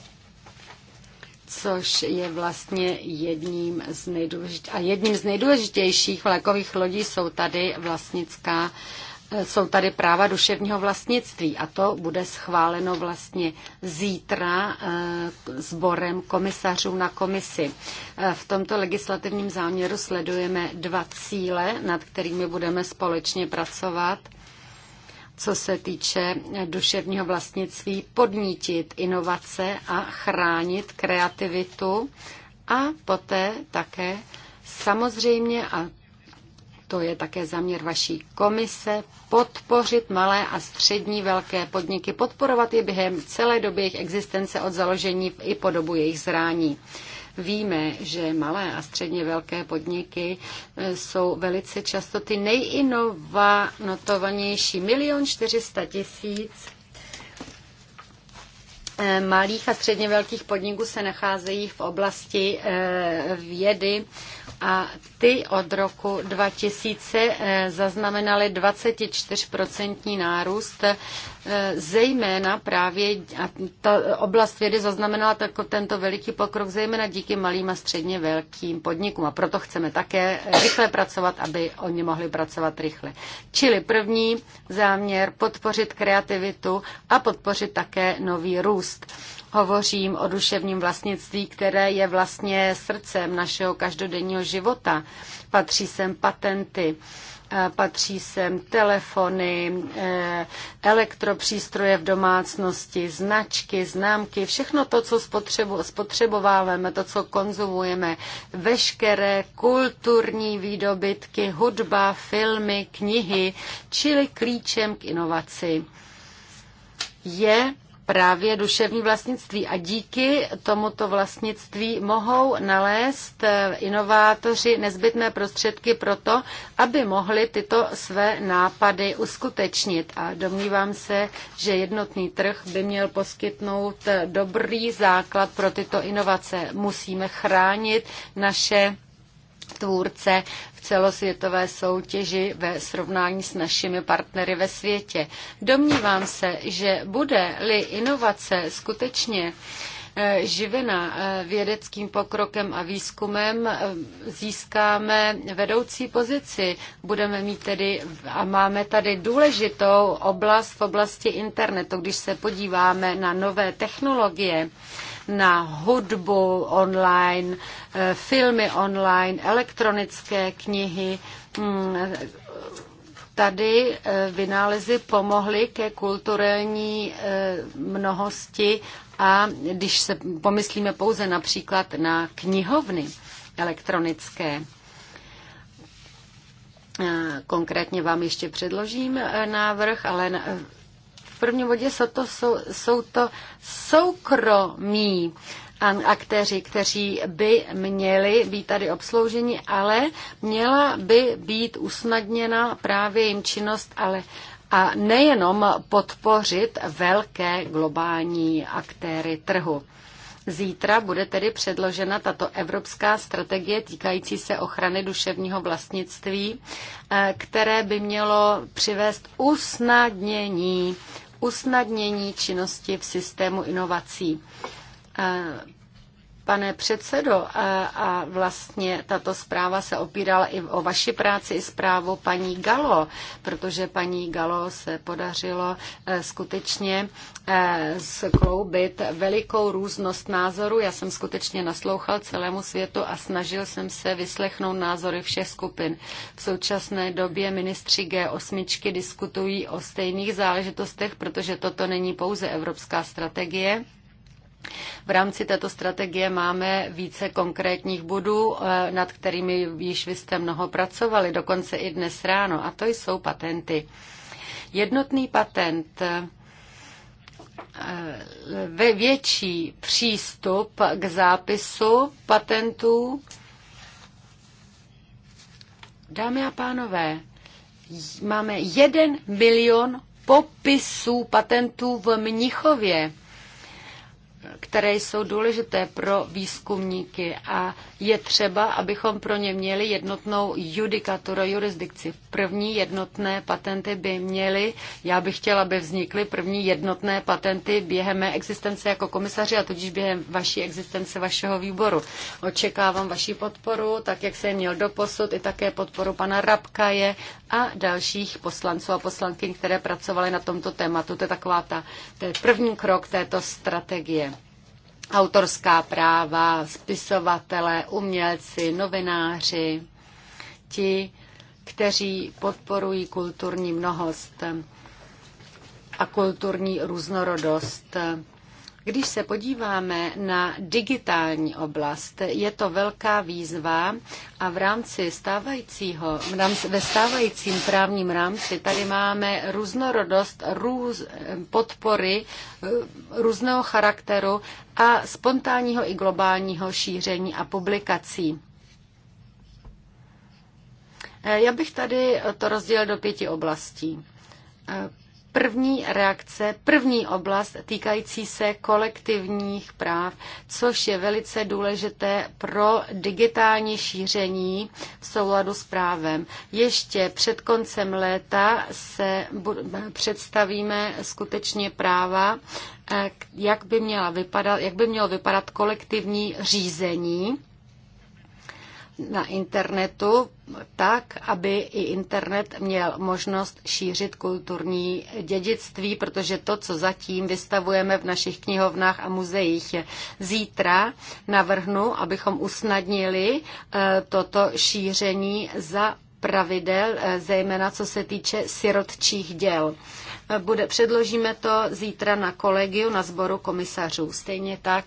což je vlastně jedním z, nejdůležitě, a jedním z nejdůležitějších vlakových lodí jsou tady vlastnická jsou tady práva duševního vlastnictví a to bude schváleno vlastně zítra eh, sborem komisařů na komisi. Eh, v tomto legislativním záměru sledujeme dva cíle, nad kterými budeme společně pracovat co se týče duševního vlastnictví, podnítit inovace a chránit kreativitu a poté také samozřejmě, a to je také zaměr vaší komise, podpořit malé a střední velké podniky, podporovat je během celé doby jejich existence od založení i po dobu jejich zrání. Víme, že malé a středně velké podniky eh, jsou velice často ty nejinovanotovanější. Milion čtyřista tisíc eh, malých a středně velkých podniků se nacházejí v oblasti eh, vědy a ty od roku 2000 eh, zaznamenaly 24% nárůst, eh, zejména právě, a ta oblast vědy zaznamenala tako, tento veliký pokrok, zejména díky malým a středně velkým podnikům. A proto chceme také rychle pracovat, aby oni mohli pracovat rychle. Čili první záměr podpořit kreativitu a podpořit také nový růst. Hovořím o duševním vlastnictví, které je vlastně srdcem našeho každodenního života. Patří sem patenty, eh, patří sem telefony, eh, elektropřístroje v domácnosti, značky, známky, všechno to, co spotřebováváme, to, co konzumujeme, veškeré kulturní výdobytky, hudba, filmy, knihy, čili klíčem k inovaci je právě duševní vlastnictví a díky tomuto vlastnictví mohou nalézt eh, inovátoři nezbytné prostředky pro to, aby mohli tyto své nápady uskutečnit. A domnívám se, že jednotný trh by měl poskytnout eh, dobrý základ pro tyto inovace. Musíme chránit naše tvůrce celosvětové soutěži ve srovnání s našimi partnery ve světě. Domnívám se, že bude-li inovace skutečně eh, živena eh, vědeckým pokrokem a výzkumem, eh, získáme vedoucí pozici. Budeme mít tedy a máme tady důležitou oblast v oblasti internetu. Když se podíváme na nové technologie, na hudbu online, eh, filmy online, elektronické knihy. Hmm, tady eh, vynálezy pomohly ke kulturální eh, mnohosti a když se pomyslíme pouze například na knihovny elektronické, Konkrétně vám ještě předložím návrh, ale v prvním bodě jsou to, jsou, jsou to soukromí aktéři, kteří by měli být tady obslouženi, ale měla by být usnadněna právě jim činnost, ale a nejenom podpořit velké globální aktéry trhu. Zítra bude tedy předložena tato evropská strategie týkající se ochrany duševního vlastnictví, eh, které by mělo přivést usnadnění usnadnění činnosti v systému inovací eh, Pane předsedo, a vlastně tato zpráva se opírala i o vaši práci, i zprávu paní Galo, protože paní Galo se podařilo e, skutečně e, skloubit velikou různost názorů. Já jsem skutečně naslouchal celému světu a snažil jsem se vyslechnout názory všech skupin. V současné době ministři G8 diskutují o stejných záležitostech, protože toto není pouze evropská strategie, v rámci této strategie máme více konkrétních bodů, eh, nad kterými již vy jste mnoho pracovali, dokonce i dnes ráno, a to jsou patenty. Jednotný patent eh, ve větší přístup k zápisu patentů. Dámy a pánové, máme jeden milion popisů patentů v Mnichově které jsou důležité pro výzkumníky a je třeba, abychom pro ně měli jednotnou judikaturu, jurisdikci. První jednotné patenty by měly, já bych chtěla, aby vznikly první jednotné patenty během mé existence jako komisaři a tudíž během vaší existence vašeho výboru. Očekávám vaši podporu, tak jak jsem měl doposud, i také podporu pana Rabkaje a dalších poslanců a poslankyň, které pracovaly na tomto tématu. To je taková ta, to je první krok této strategie autorská práva, spisovatelé, umělci, novináři, ti, kteří podporují kulturní mnohost a kulturní různorodost. Když se podíváme na digitální oblast, je to velká výzva a v rámci stávajícího, v rámci, ve stávajícím právním rámci tady máme různorodost růz, podpory eh, různého charakteru a spontánního i globálního šíření a publikací. Eh, já bych tady to rozdělil do pěti oblastí. Eh, První reakce, první oblast týkající se kolektivních práv, což je velice důležité pro digitální šíření v souladu s právem. Ještě před koncem léta se představíme skutečně práva, eh, jak by, měla vypadat, jak by mělo vypadat kolektivní řízení na internetu tak, aby i internet měl možnost šířit kulturní dědictví, protože to, co zatím vystavujeme v našich knihovnách a muzeích zítra, navrhnu, abychom usnadnili eh, toto šíření za pravidel, eh, zejména co se týče sirotčích děl bude, předložíme to zítra na kolegiu, na sboru komisařů. Stejně tak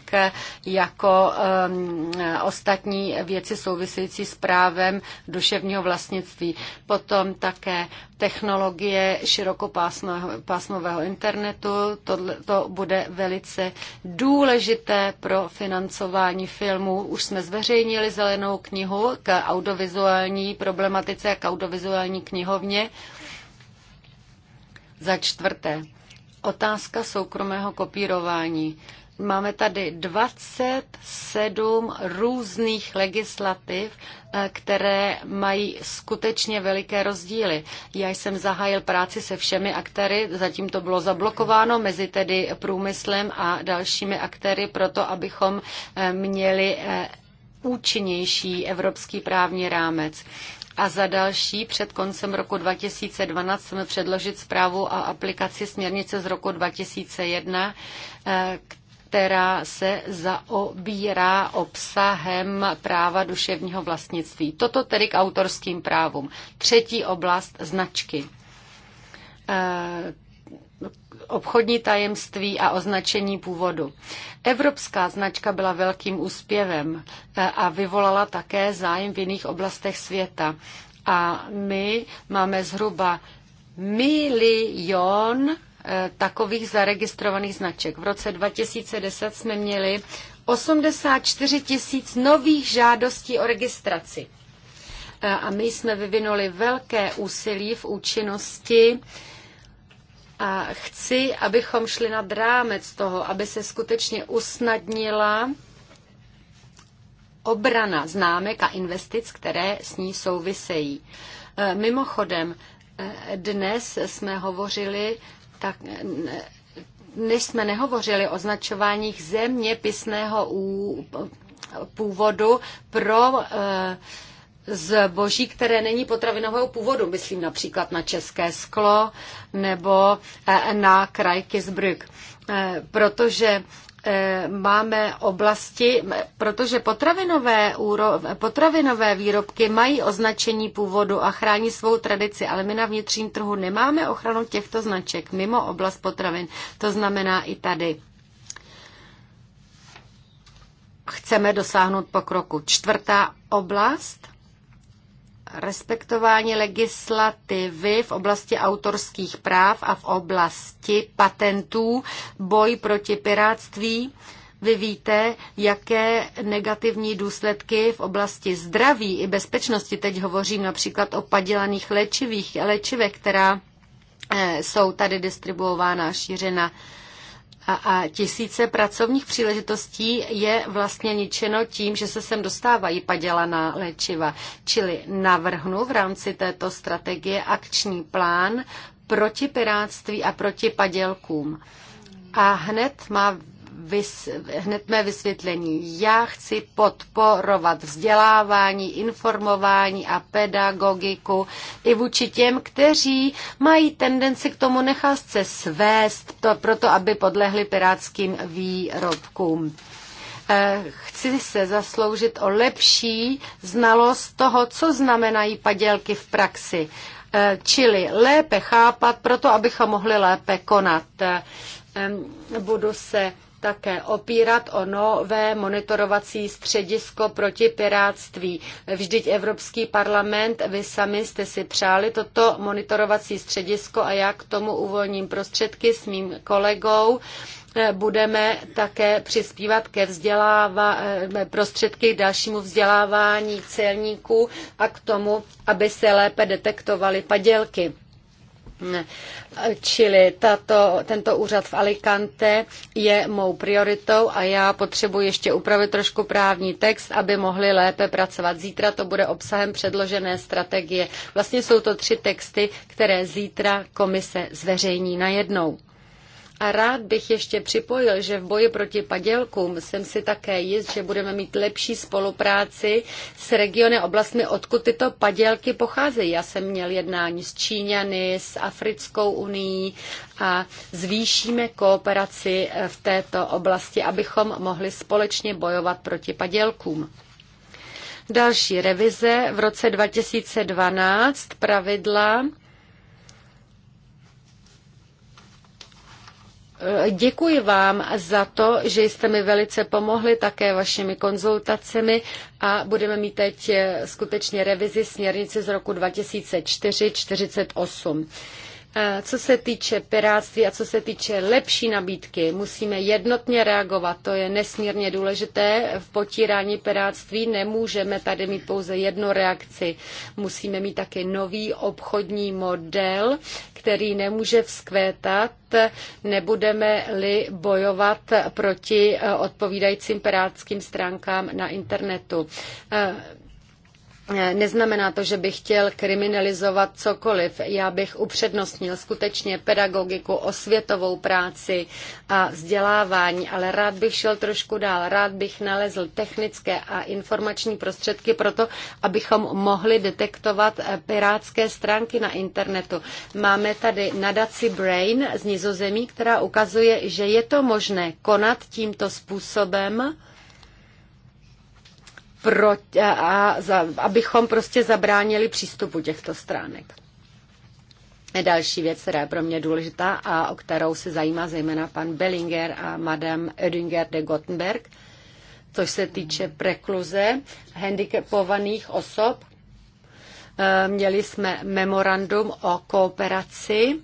jako um, ostatní věci související s právem duševního vlastnictví. Potom také technologie širokopásmového internetu. Tohle, to bude velice důležité pro financování filmů. Už jsme zveřejnili zelenou knihu k audiovizuální problematice a k audiovizuální knihovně. Za čtvrté, otázka soukromého kopírování. Máme tady 27 různých legislativ, eh, které mají skutečně veliké rozdíly. Já jsem zahájil práci se všemi aktéry, zatím to bylo zablokováno mezi tedy průmyslem a dalšími aktéry, proto abychom eh, měli eh, účinnější evropský právní rámec. A za další, před koncem roku 2012 chceme předložit zprávu o aplikaci směrnice z roku 2001, eh, která se zaobírá obsahem práva duševního vlastnictví. Toto tedy k autorským právům. Třetí oblast značky eh, obchodní tajemství a označení původu. Evropská značka byla velkým úspěvem eh, a vyvolala také zájem v jiných oblastech světa. A my máme zhruba milion eh, takových zaregistrovaných značek. V roce 2010 jsme měli 84 tisíc nových žádostí o registraci. Eh, a my jsme vyvinuli velké úsilí v účinnosti a chci, abychom šli nad rámec toho, aby se skutečně usnadnila obrana známek a investic, které s ní souvisejí. E, mimochodem, e, dnes jsme hovořili tak, e, než jsme nehovořili o označováních zeměpisného původu pro zboží, které není potravinového původu, myslím například na české sklo nebo eh, na krajky z eh, Protože eh, máme oblasti, protože potravinové, potravinové výrobky mají označení původu a chrání svou tradici, ale my na vnitřním trhu nemáme ochranu těchto značek mimo oblast potravin. To znamená i tady. Chceme dosáhnout pokroku. Čtvrtá oblast respektování legislativy v oblasti autorských práv a v oblasti patentů, boj proti piráctví. Vy víte, jaké negativní důsledky v oblasti zdraví i bezpečnosti, teď hovořím například o padělaných léčivých, léčivech, která eh, jsou tady distribuována a šířena a, a tisíce pracovních příležitostí je vlastně ničeno tím, že se sem dostávají padělaná léčiva. Čili navrhnu v rámci této strategie akční plán proti piráctví a proti padělkům. A hned má vys, hned mé vysvětlení. Já chci podporovat vzdělávání, informování a pedagogiku i vůči těm, kteří mají tendenci k tomu nechat se svést, to, proto aby podlehli pirátským výrobkům eh, chci se zasloužit o lepší znalost toho, co znamenají padělky v praxi. Eh, čili lépe chápat, proto abychom mohli lépe konat. Eh, budu se také opírat o nové monitorovací středisko proti piráctví. Vždyť Evropský parlament, vy sami jste si přáli toto monitorovací středisko a já k tomu uvolním prostředky s mým kolegou budeme také přispívat ke vzdělává, eh, prostředky k dalšímu vzdělávání celníků a k tomu, aby se lépe detektovaly padělky. Čili tato, tento úřad v Alicante je mou prioritou a já potřebuji ještě upravit trošku právní text, aby mohli lépe pracovat. Zítra to bude obsahem předložené strategie. Vlastně jsou to tři texty, které zítra komise zveřejní najednou. A rád bych ještě připojil, že v boji proti padělkům jsem si také jist, že budeme mít lepší spolupráci s regiony oblastmi, odkud tyto padělky pocházejí. Já jsem měl jednání s Číňany, s Africkou unii a zvýšíme kooperaci eh, v této oblasti, abychom mohli společně bojovat proti padělkům. Další revize v roce 2012 pravidla Eh, děkuji vám za to, že jste mi velice pomohli také vašimi konzultacemi a budeme mít teď eh, skutečně revizi směrnice z roku 2004-48. Eh, co se týče pirátství a co se týče lepší nabídky, musíme jednotně reagovat. To je nesmírně důležité. V potírání pirátství nemůžeme tady mít pouze jednu reakci. Musíme mít také nový obchodní model, který nemůže vzkvétat, nebudeme-li bojovat proti eh, odpovídajícím pirátským stránkám na internetu. Eh, E, neznamená to, že bych chtěl kriminalizovat cokoliv. Já bych upřednostnil skutečně pedagogiku, osvětovou práci a vzdělávání, ale rád bych šel trošku dál. Rád bych nalezl technické a informační prostředky pro to, abychom mohli detektovat e, pirátské stránky na internetu. Máme tady nadaci Brain z Nizozemí, která ukazuje, že je to možné konat tímto způsobem proti, a za, abychom prostě zabránili přístupu těchto stránek. Další věc, která je pro mě důležitá a o kterou se zajímá zejména pan Bellinger a madame Oedinger de Gottenberg, což se týče prekluze handicapovaných osob. Eh, měli jsme memorandum o kooperaci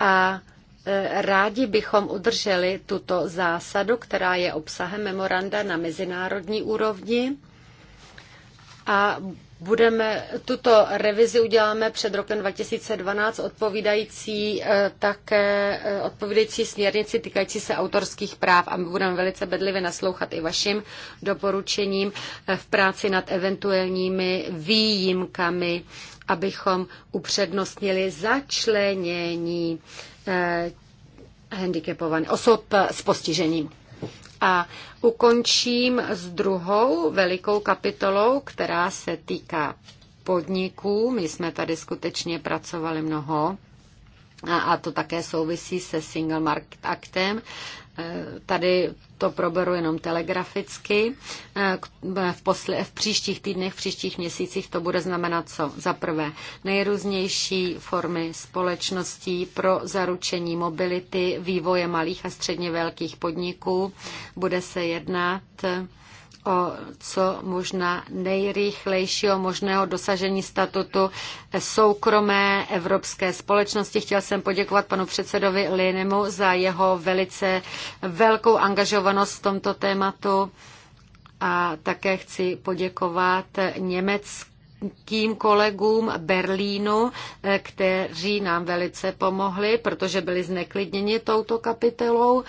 a eh, rádi bychom udrželi tuto zásadu, která je obsahem memoranda na mezinárodní úrovni a budeme tuto revizi uděláme před rokem 2012 odpovídající eh, také eh, odpovídající směrnici týkající se autorských práv a my budeme velice bedlivě naslouchat i vašim doporučením eh, v práci nad eventuálními výjimkami, abychom upřednostnili začlenění handicapovaných osob s postižením. A ukončím s druhou velikou kapitolou, která se týká podniků. My jsme tady skutečně pracovali mnoho a, to také souvisí se Single Market Actem. Tady to proberu jenom telegraficky. Eh, v, posle, v příštích týdnech, v příštích měsících to bude znamenat co? Za prvé, nejrůznější formy společností pro zaručení mobility, vývoje malých a středně velkých podniků. Bude se jednat o co možná nejrychlejšího možného dosažení statutu soukromé evropské společnosti. Chtěl jsem poděkovat panu předsedovi Linemu za jeho velice velkou angažovanost v tomto tématu a také chci poděkovat Německu tím kolegům Berlínu, kteří nám velice pomohli, protože byli zneklidněni touto kapitolou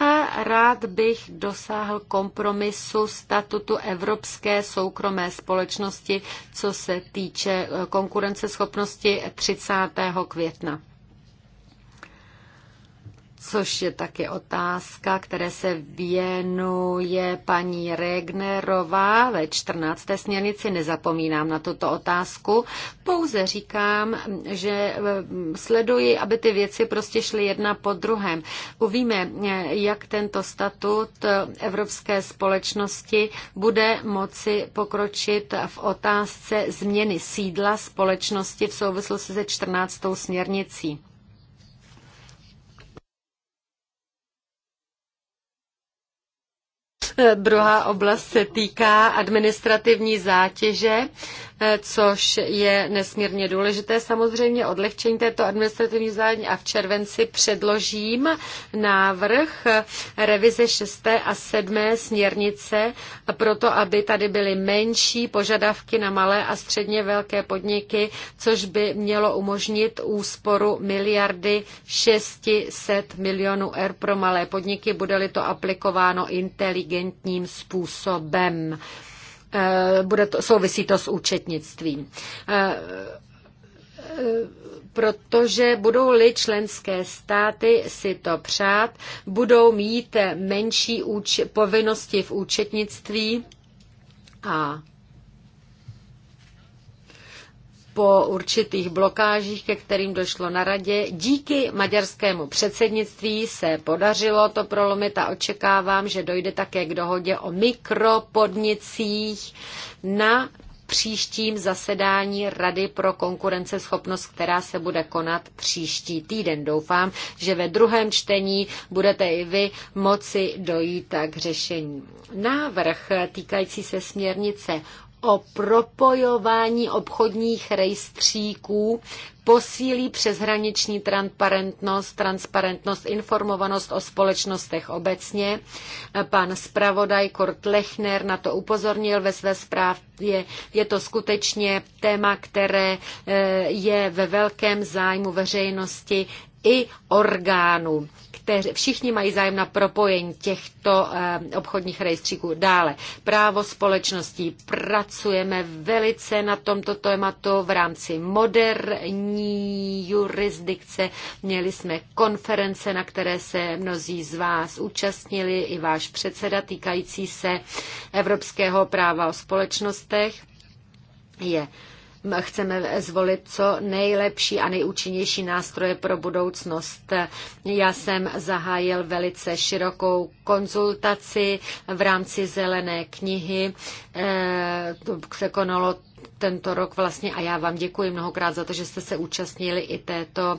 a rád bych dosáhl kompromisu statutu Evropské soukromé společnosti, co se týče eh, konkurenceschopnosti 30. května což je také otázka, které se věnuje paní Regnerová ve 14. směrnici. Nezapomínám na tuto otázku, pouze říkám, že eh, sleduji, aby ty věci prostě šly jedna po druhém. Uvíme, eh, jak tento statut Evropské společnosti bude moci pokročit v otázce změny sídla společnosti v souvislosti se 14. směrnicí. Druhá oblast se týká administrativní zátěže Eh, což je nesmírně důležité. Samozřejmě odlehčení této administrativní zájemní a v červenci předložím návrh revize 6. a 7. směrnice proto, aby tady byly menší požadavky na malé a středně velké podniky, což by mělo umožnit úsporu miliardy 600 milionů eur pro malé podniky, bude-li to aplikováno inteligentním způsobem. Eh, bude to, souvisí to s účetnictvím eh, eh, protože budou-li členské státy si to přát, budou mít menší povinnosti v účetnictví a po určitých blokážích, ke kterým došlo na radě. Díky maďarskému předsednictví se podařilo to prolomit a očekávám, že dojde také k dohodě o mikropodnicích na příštím zasedání Rady pro konkurenceschopnost, která se bude konat příští týden. Doufám, že ve druhém čtení budete i vy moci dojít k řešení. Návrh týkající se směrnice o propojování obchodních rejstříků posílí přeshraniční transparentnost, transparentnost, informovanost o společnostech obecně. Pan zpravodaj Kurt Lechner na to upozornil ve své zprávě. Je to skutečně téma, které eh, je ve velkém zájmu veřejnosti i orgánů kteři, všichni mají zájem na propojení těchto eh, obchodních rejstříků. Dále, právo společností. Pracujeme velice na tomto tématu v rámci moderní jurisdikce. Měli jsme konference, na které se mnozí z vás účastnili, i váš předseda týkající se evropského práva o společnostech. Je chceme zvolit co nejlepší a nejúčinnější nástroje pro budoucnost. Já jsem zahájil velice širokou konzultaci v rámci zelené knihy. Eh, to se konalo tento rok vlastně a já vám děkuji mnohokrát za to, že jste se účastnili i této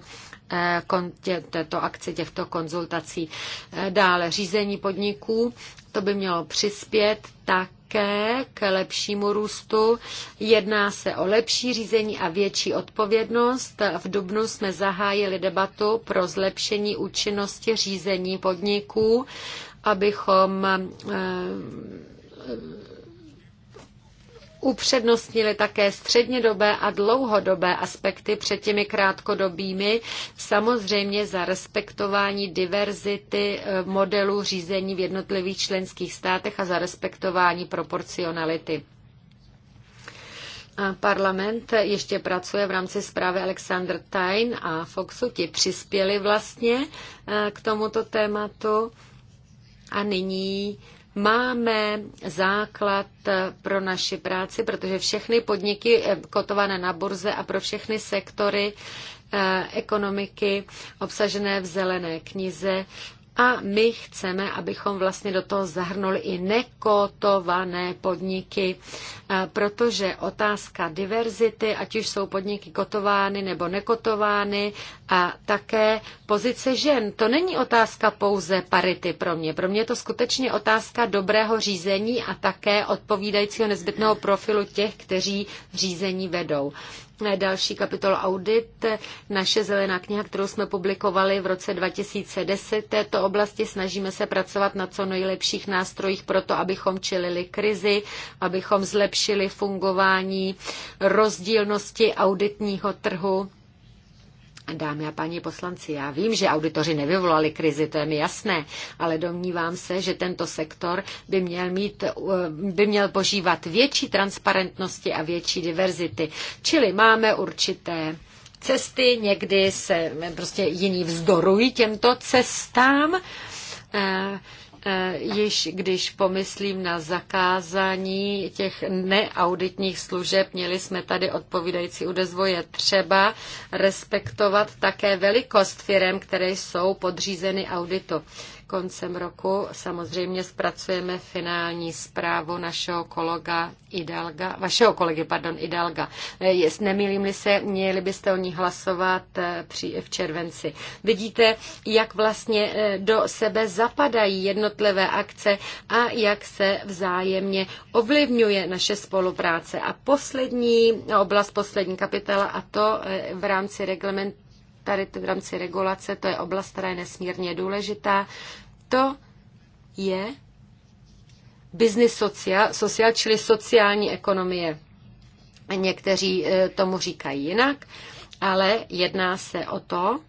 eh, tě, této akce, těchto konzultací. Eh, dále řízení podniků. To by mělo přispět také k lepšímu růstu. Jedná se o lepší řízení a větší odpovědnost. V Dubnu jsme zahájili debatu pro zlepšení účinnosti řízení podniků, abychom eh, upřednostnili také střednědobé a dlouhodobé aspekty před těmi krátkodobými, samozřejmě za respektování diverzity eh, modelů řízení v jednotlivých členských státech a za respektování proporcionality. Parlament ještě pracuje v rámci zprávy Alexander Tain a Foxu. Ti přispěli vlastně eh, k tomuto tématu. A nyní máme základ pro naši práci, protože všechny podniky eh, kotované na burze a pro všechny sektory eh, ekonomiky obsažené v zelené knize a my chceme, abychom vlastně do toho zahrnuli i nekotované podniky, e, protože otázka diverzity, ať už jsou podniky kotovány nebo nekotovány, a také pozice žen. To není otázka pouze parity pro mě. Pro mě je to skutečně otázka dobrého řízení a také odpovídajícího nezbytného profilu těch, kteří řízení vedou. Eh, další kapitol audit, eh, naše zelená kniha, kterou jsme publikovali v roce 2010 této oblasti, snažíme se pracovat na co nejlepších nástrojích pro to, abychom čelili krizi, abychom zlepšili fungování rozdílnosti auditního trhu Dámy a paní poslanci, já vím, že auditoři nevyvolali krizi, to je mi jasné, ale domnívám se, že tento sektor by měl, mít, eh, by měl požívat větší transparentnosti a větší diverzity. Čili máme určité cesty, někdy se prostě jiní vzdorují těmto cestám eh, E, již když pomyslím na zakázání těch neauditních služeb, měli jsme tady odpovídající udezvoje, třeba respektovat také velikost firm, které jsou podřízeny auditu. Koncem roku samozřejmě zpracujeme finální zprávu našeho kolega Idalga, vašeho kolegy, pardon, Idalga. Eh, nemýlím-li se, měli byste o ní hlasovat eh, při, v červenci. Vidíte, jak vlastně eh, do sebe zapadají jednotlivé akce a jak se vzájemně ovlivňuje naše spolupráce. A poslední no, oblast, poslední kapitola a to v rámci reglementu tady to v rámci regulace, to je oblast, která je nesmírně důležitá. To je business social, social čili sociální ekonomie. Někteří eh, tomu říkají jinak, ale jedná se o to,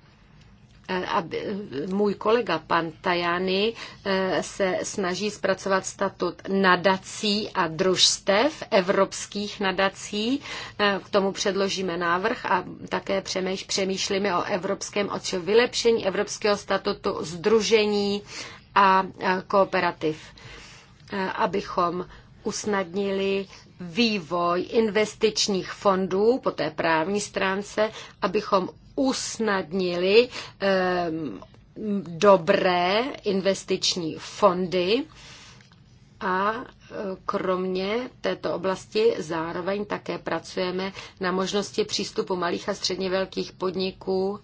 aby, můj kolega pan Tajany eh, se snaží zpracovat statut nadací a družstev, evropských nadací. Eh, k tomu předložíme návrh a také přemýšlíme o evropském, oči vylepšení evropského statutu združení a kooperativ, eh, abychom usnadnili vývoj investičních fondů po té právní stránce, abychom usnadnili ehm, dobré investiční fondy a e, kromě této oblasti zároveň také pracujeme na možnosti přístupu malých a středně velkých podniků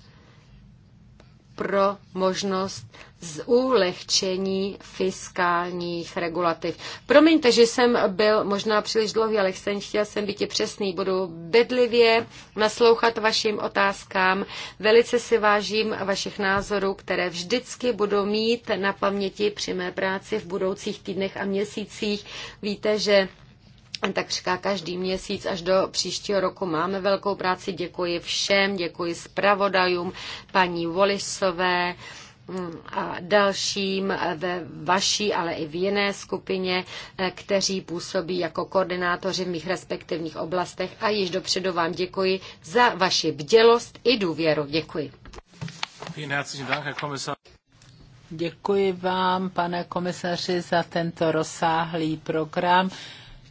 pro možnost z ulehčení fiskálních regulativ. Promiňte, že jsem byl možná příliš dlouhý, ale jsem chtěl jsem být přesný. Budu bedlivě naslouchat vašim otázkám. Velice si vážím vašich názorů, které vždycky budu mít na paměti při mé práci v budoucích týdnech a měsících. Víte, že takřka každý měsíc až do příštího roku máme velkou práci. Děkuji všem, děkuji zpravodajům, paní Volisové mm, a dalším ve vaší, ale i v jiné skupině, eh, kteří působí jako koordinátoři v mých respektivních oblastech. A již dopředu vám děkuji za vaši bdělost i důvěru. Děkuji. Děkuji vám, pane komisaři, za tento rozsáhlý program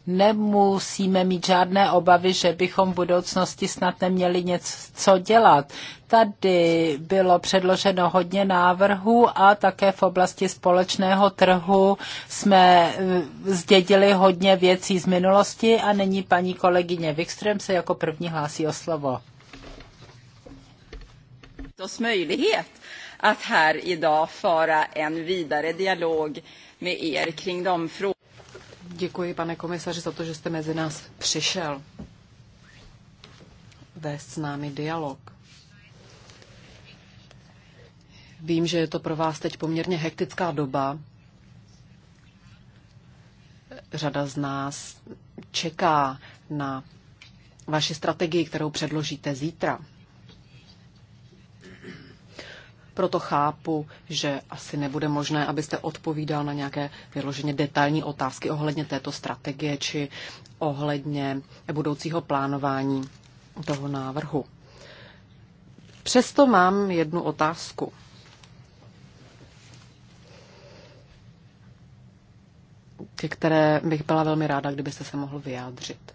nemusíme mít žádné obavy, že bychom v budoucnosti snad neměli něco co dělat. Tady bylo předloženo hodně návrhů a také v oblasti společného trhu jsme eh, zdědili hodně věcí z minulosti a nyní paní kolegyně Wikström se jako první hlásí o slovo. To möjlighet att här idag föra en vidare dialog med er kring de frågor Děkuji, pane komisaři, za to, že jste mezi nás přišel vést s námi dialog. Vím, že je to pro vás teď poměrně hektická doba. Řada z nás čeká na vaši strategii, kterou předložíte zítra proto chápu, že asi nebude možné, abyste odpovídal na nějaké vyloženě detailní otázky ohledně této strategie či ohledně budoucího plánování toho návrhu. Přesto mám jednu otázku. ke které bych byla velmi ráda, kdybyste se mohl vyjádřit.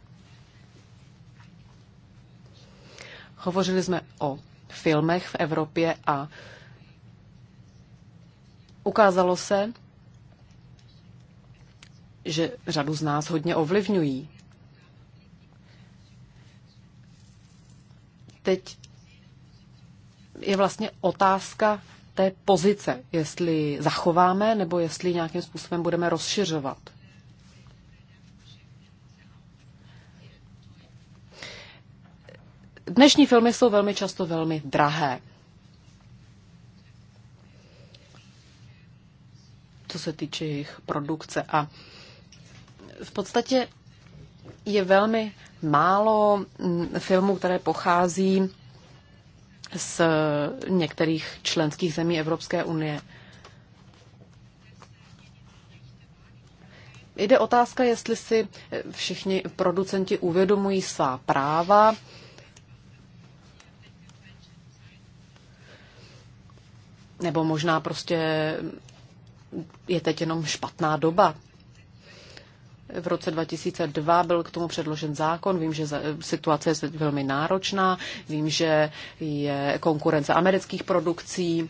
Hovořili jsme o filmech v Evropě a Ukázalo se, že řadu z nás hodně ovlivňují. Teď je vlastně otázka té pozice, jestli zachováme nebo jestli nějakým způsobem budeme rozšiřovat. Dnešní filmy jsou velmi často velmi drahé. co se týče jejich produkce. A v podstatě je velmi málo mm, filmů, které pochází z některých členských zemí Evropské unie. Jde otázka, jestli si všichni producenti uvědomují svá práva. Nebo možná prostě je teď jenom špatná doba. V roce 2002 byl k tomu předložen zákon. Vím, že situace je velmi náročná. Vím, že je konkurence amerických produkcí,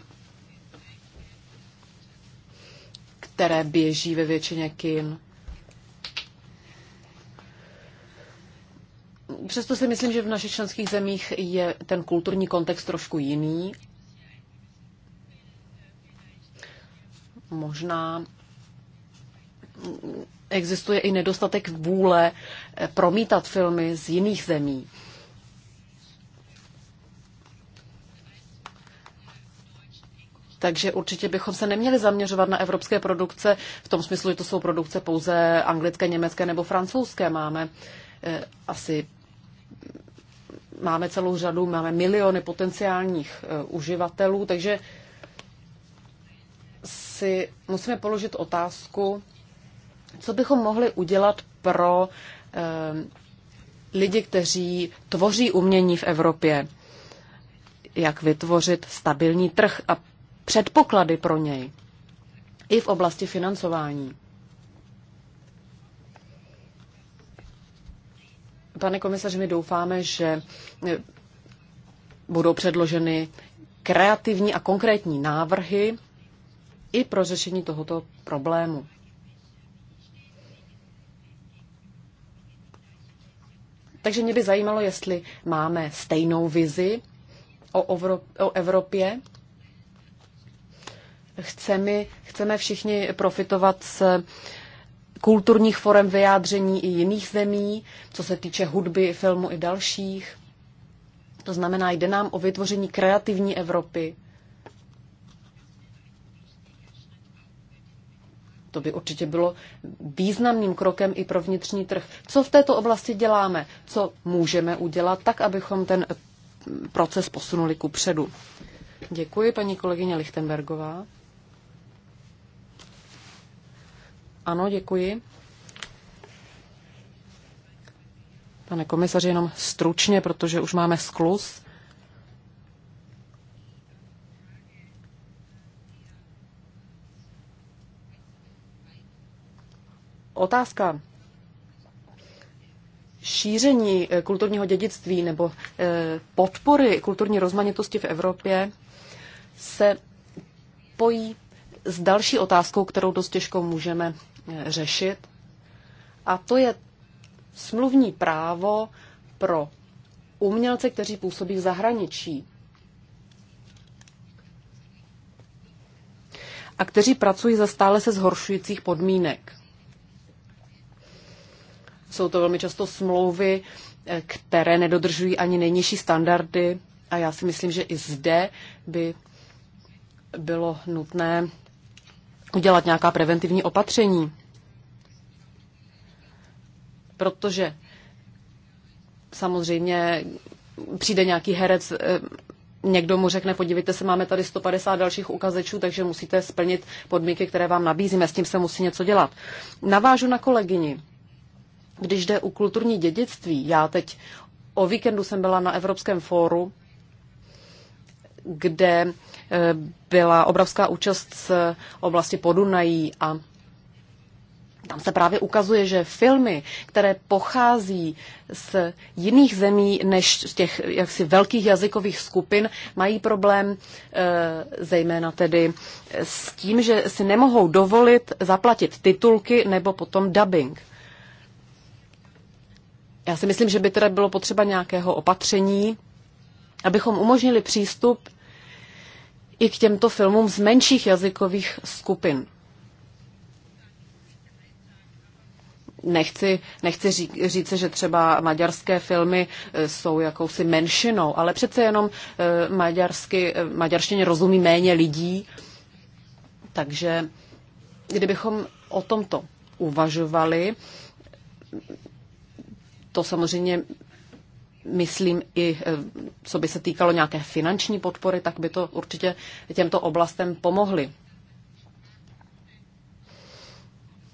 které běží ve většině kin. Přesto si myslím, že v našich členských zemích je ten kulturní kontext trošku jiný možná existuje i nedostatek vůle eh, promítat filmy z jiných zemí. Takže určitě bychom se neměli zaměřovat na evropské produkce v tom smyslu, že to jsou produkce pouze anglické, německé nebo francouzské. Máme eh, asi máme celou řadu, máme miliony potenciálních eh, uživatelů, takže si musíme položit otázku, co bychom mohli udělat pro eh, lidi, kteří tvoří umění v Evropě, jak vytvořit stabilní trh a předpoklady pro něj i v oblasti financování. Pane komisaři, my doufáme, že eh, budou předloženy kreativní a konkrétní návrhy i pro řešení tohoto problému. Takže mě by zajímalo, jestli máme stejnou vizi o Evropě. Chceme, chceme všichni profitovat z kulturních forem vyjádření i jiných zemí, co se týče hudby, filmu i dalších. To znamená, jde nám o vytvoření kreativní Evropy, To by určitě bylo významným krokem i pro vnitřní trh. Co v této oblasti děláme? Co můžeme udělat tak, abychom ten proces posunuli ku předu? Děkuji, paní kolegyně Lichtenbergová. Ano, děkuji. Pane komisaři, jenom stručně, protože už máme sklus. otázka šíření eh, kulturního dědictví nebo eh, podpory kulturní rozmanitosti v Evropě se pojí s další otázkou, kterou dost těžko můžeme eh, řešit. A to je smluvní právo pro umělce, kteří působí v zahraničí a kteří pracují za stále se zhoršujících podmínek. Jsou to velmi často smlouvy, eh, které nedodržují ani nejnižší standardy a já si myslím, že i zde by bylo nutné udělat nějaká preventivní opatření. Protože samozřejmě přijde nějaký herec, eh, někdo mu řekne, podívejte se, máme tady 150 dalších ukazečů, takže musíte splnit podmínky, které vám nabízíme, s tím se musí něco dělat. Navážu na kolegyni. Když jde o kulturní dědictví, já teď o víkendu jsem byla na Evropském fóru, kde eh, byla obrovská účast z oblasti Podunají a tam se právě ukazuje, že filmy, které pochází z jiných zemí než z těch jaksi velkých jazykových skupin, mají problém eh, zejména tedy s tím, že si nemohou dovolit zaplatit titulky nebo potom dubbing. Já si myslím, že by teda bylo potřeba nějakého opatření, abychom umožnili přístup i k těmto filmům z menších jazykových skupin. Nechci, nechci řík, říct, že třeba maďarské filmy eh, jsou jakousi menšinou, ale přece jenom eh, maďarsky, eh, maďarštěně rozumí méně lidí, takže kdybychom o tomto uvažovali, to samozřejmě myslím i eh, co by se týkalo nějaké finanční podpory, tak by to určitě těmto oblastem pomohly.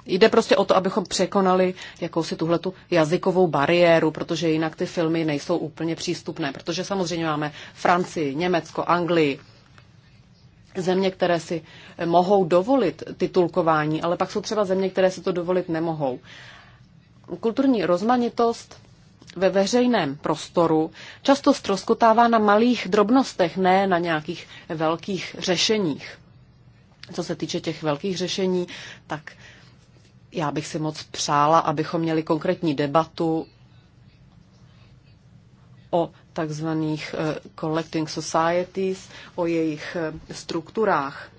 Jde prostě o to, abychom překonali jakousi tuhletu jazykovou bariéru, protože jinak ty filmy nejsou úplně přístupné, protože samozřejmě máme Francii, Německo, Anglii, země, které si mohou dovolit titulkování, ale pak jsou třeba země, které si to dovolit nemohou kulturní rozmanitost ve veřejném prostoru často stroskotává na malých drobnostech, ne na nějakých velkých řešeních. Co se týče těch velkých řešení, tak já bych si moc přála, abychom měli konkrétní debatu o takzvaných eh, collecting societies, o jejich eh, strukturách.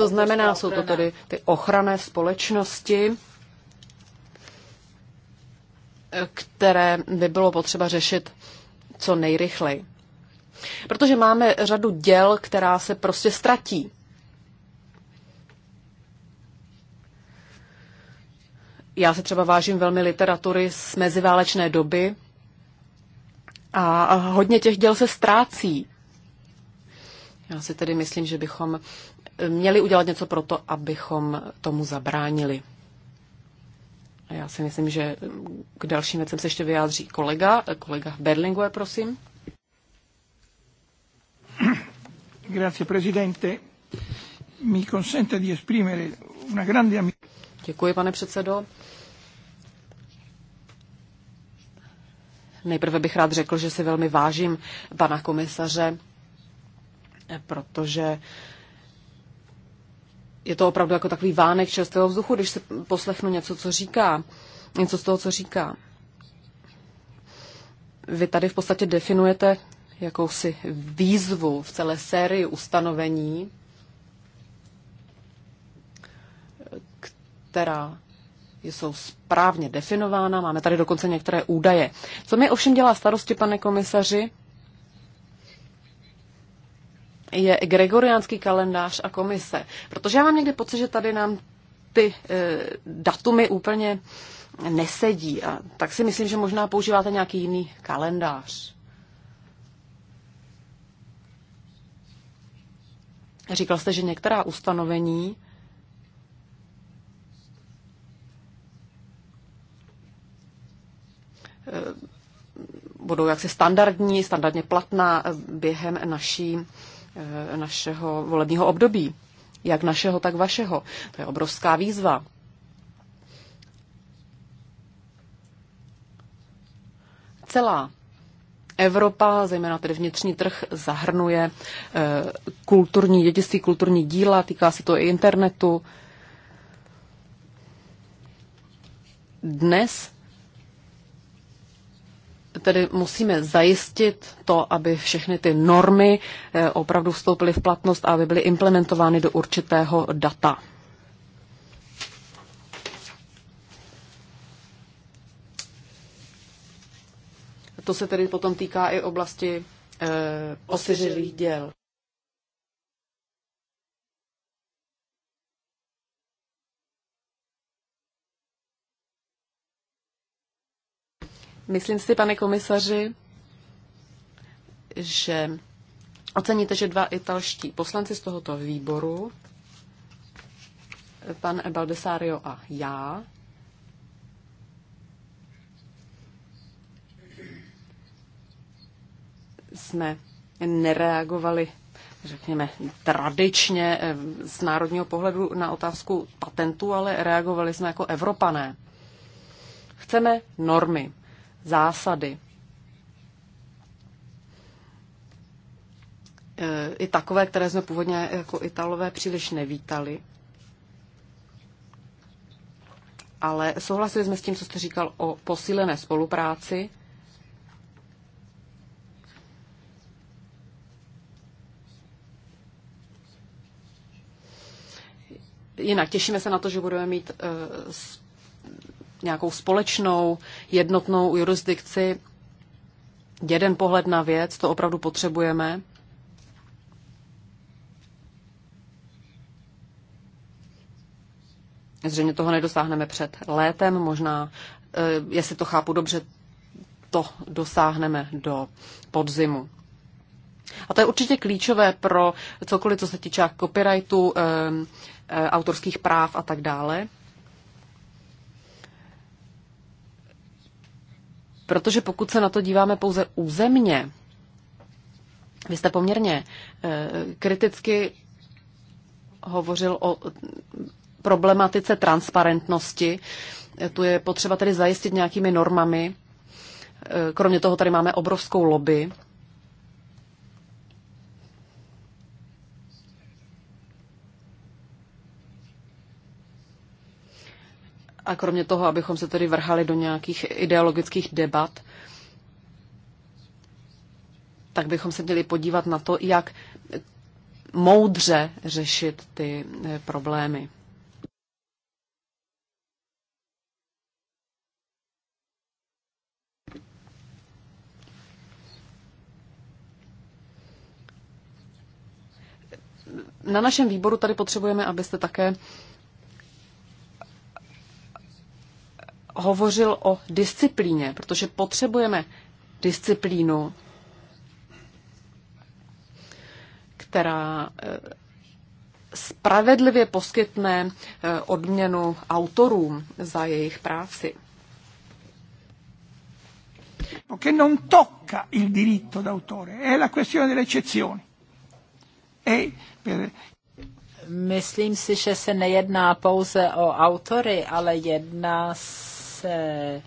To znamená, jsou to tedy ty ochranné společnosti, které by bylo potřeba řešit co nejrychleji. Protože máme řadu děl, která se prostě ztratí. Já se třeba vážím velmi literatury z meziválečné doby a hodně těch děl se ztrácí. Já si tedy myslím, že bychom měli udělat něco pro to, abychom tomu zabránili. A já si myslím, že k dalším věcem se ještě vyjádří kolega. Kolega Berlingue, prosím. Grazie, presidente. Mi consente di esprimere una grande Děkuji, pane předsedo. Nejprve bych rád řekl, že si velmi vážím pana komisaře, protože je to opravdu jako takový vánek čerstvého vzduchu, když se poslechnu něco, co říká, něco z toho, co říká. Vy tady v podstatě definujete jakousi výzvu v celé sérii ustanovení, která jsou správně definována. Máme tady dokonce některé údaje. Co mi ovšem dělá starosti, pane komisaři, je gregoriánský kalendář a komise. Protože já mám někdy pocit, že tady nám ty e, datumy úplně nesedí. A tak si myslím, že možná používáte nějaký jiný kalendář. Říkal jste, že některá ustanovení eh, budou jaksi standardní, standardně platná eh, během naší Eh, našeho volebního období. Jak našeho, tak vašeho. To je obrovská výzva. Celá Evropa, zejména tedy vnitřní trh, zahrnuje eh, kulturní dědictví, kulturní díla, týká se to i internetu. Dnes tedy musíme zajistit to, aby všechny ty normy eh, opravdu vstoupily v platnost a aby byly implementovány do určitého data. To se tedy potom týká i oblasti e, osiřelých děl. Myslím si, pane komisaři, že oceníte, že dva italští poslanci z tohoto výboru, pan Baldesario a já, jsme nereagovali řekněme, tradičně eh, z národního pohledu na otázku patentů, ale reagovali jsme jako Evropané. Chceme normy zásady. E, I takové, které jsme původně jako Italové příliš nevítali. Ale souhlasili jsme s tím, co jste říkal o posílené spolupráci. Jinak těšíme se na to, že budeme mít e, nějakou společnou, jednotnou jurisdikci, jeden pohled na věc, to opravdu potřebujeme. Zřejmě toho nedosáhneme před létem, možná, eh, jestli to chápu dobře, to dosáhneme do podzimu. A to je určitě klíčové pro cokoliv, co se týče copyrightu, eh, eh, autorských práv a tak dále. Protože pokud se na to díváme pouze územně, vy jste poměrně eh, kriticky hovořil o problematice transparentnosti. Eh, tu je potřeba tedy zajistit nějakými normami. Eh, kromě toho tady máme obrovskou lobby A kromě toho, abychom se tedy vrhali do nějakých ideologických debat, tak bychom se měli podívat na to, jak moudře řešit ty eh, problémy. Na našem výboru tady potřebujeme, abyste také hovořil o disciplíně, protože potřebujeme disciplínu, která eh, spravedlivě poskytne eh, odměnu autorům za jejich práci. Che non tocca il diritto d'autore, è la questione delle eccezioni. E per... Myslím si, že se nejedná pouze o autory, ale jedná se se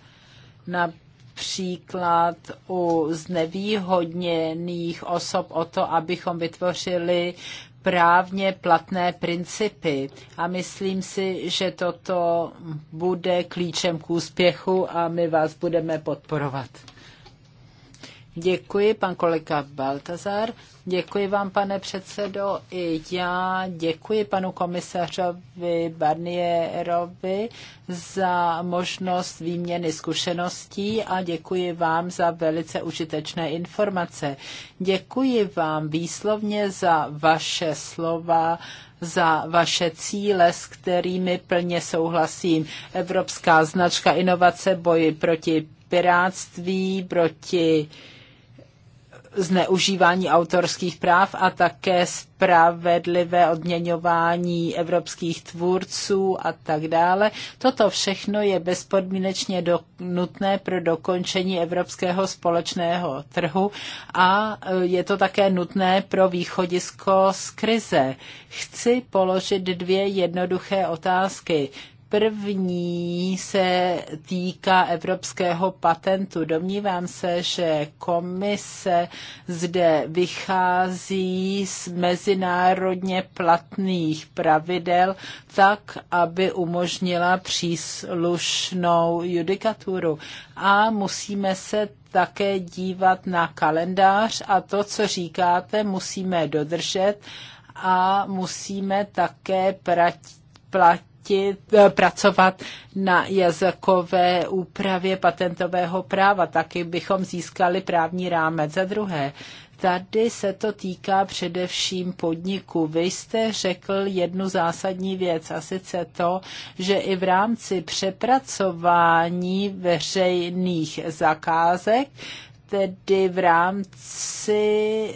například u znevýhodněných osob o to, abychom vytvořili právně platné principy. A myslím si, že toto bude klíčem k úspěchu a my vás budeme podporovat. Děkuji, pan kolega Baltazar. Děkuji vám, pane předsedo. I já děkuji panu komisařovi Barnierovi za možnost výměny zkušeností a děkuji vám za velice užitečné informace. Děkuji vám výslovně za vaše slova za vaše cíle, s kterými plně souhlasím. Evropská značka inovace boji proti piráctví, proti zneužívání autorských práv a také spravedlivé odměňování evropských tvůrců a tak dále. Toto všechno je bezpodmínečně do, nutné pro dokončení evropského společného trhu a e, je to také nutné pro východisko z krize. Chci položit dvě jednoduché otázky. První se týká evropského patentu. Domnívám se, že komise zde vychází z mezinárodně platných pravidel tak, aby umožnila příslušnou judikaturu. A musíme se také dívat na kalendář a to, co říkáte, musíme dodržet a musíme také platit platit, eh, pracovat na jazykové úpravě patentového práva. Taky bychom získali právní rámec. Za druhé, tady se to týká především podniku. Vy jste řekl jednu zásadní věc, a sice to, že i v rámci přepracování veřejných zakázek tedy v rámci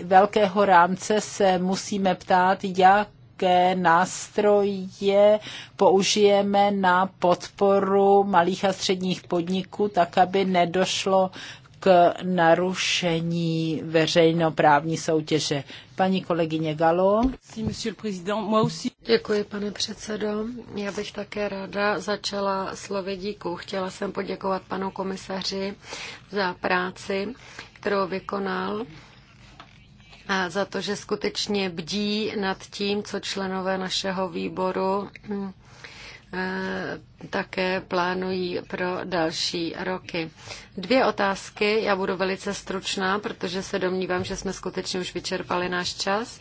velkého rámce se musíme ptát, jak jaké nástroje použijeme na podporu malých a středních podniků, tak aby nedošlo k narušení veřejnoprávní soutěže. Paní kolegyně Galo. Děkuji, pane předsedo. Já bych také ráda začala slovy díku. Chtěla jsem poděkovat panu komisaři za práci, kterou vykonal za to, že skutečně bdí nad tím, co členové našeho výboru mm, e, také plánují pro další roky. Dvě otázky, já budu velice stručná, protože se domnívám, že jsme skutečně už vyčerpali náš čas.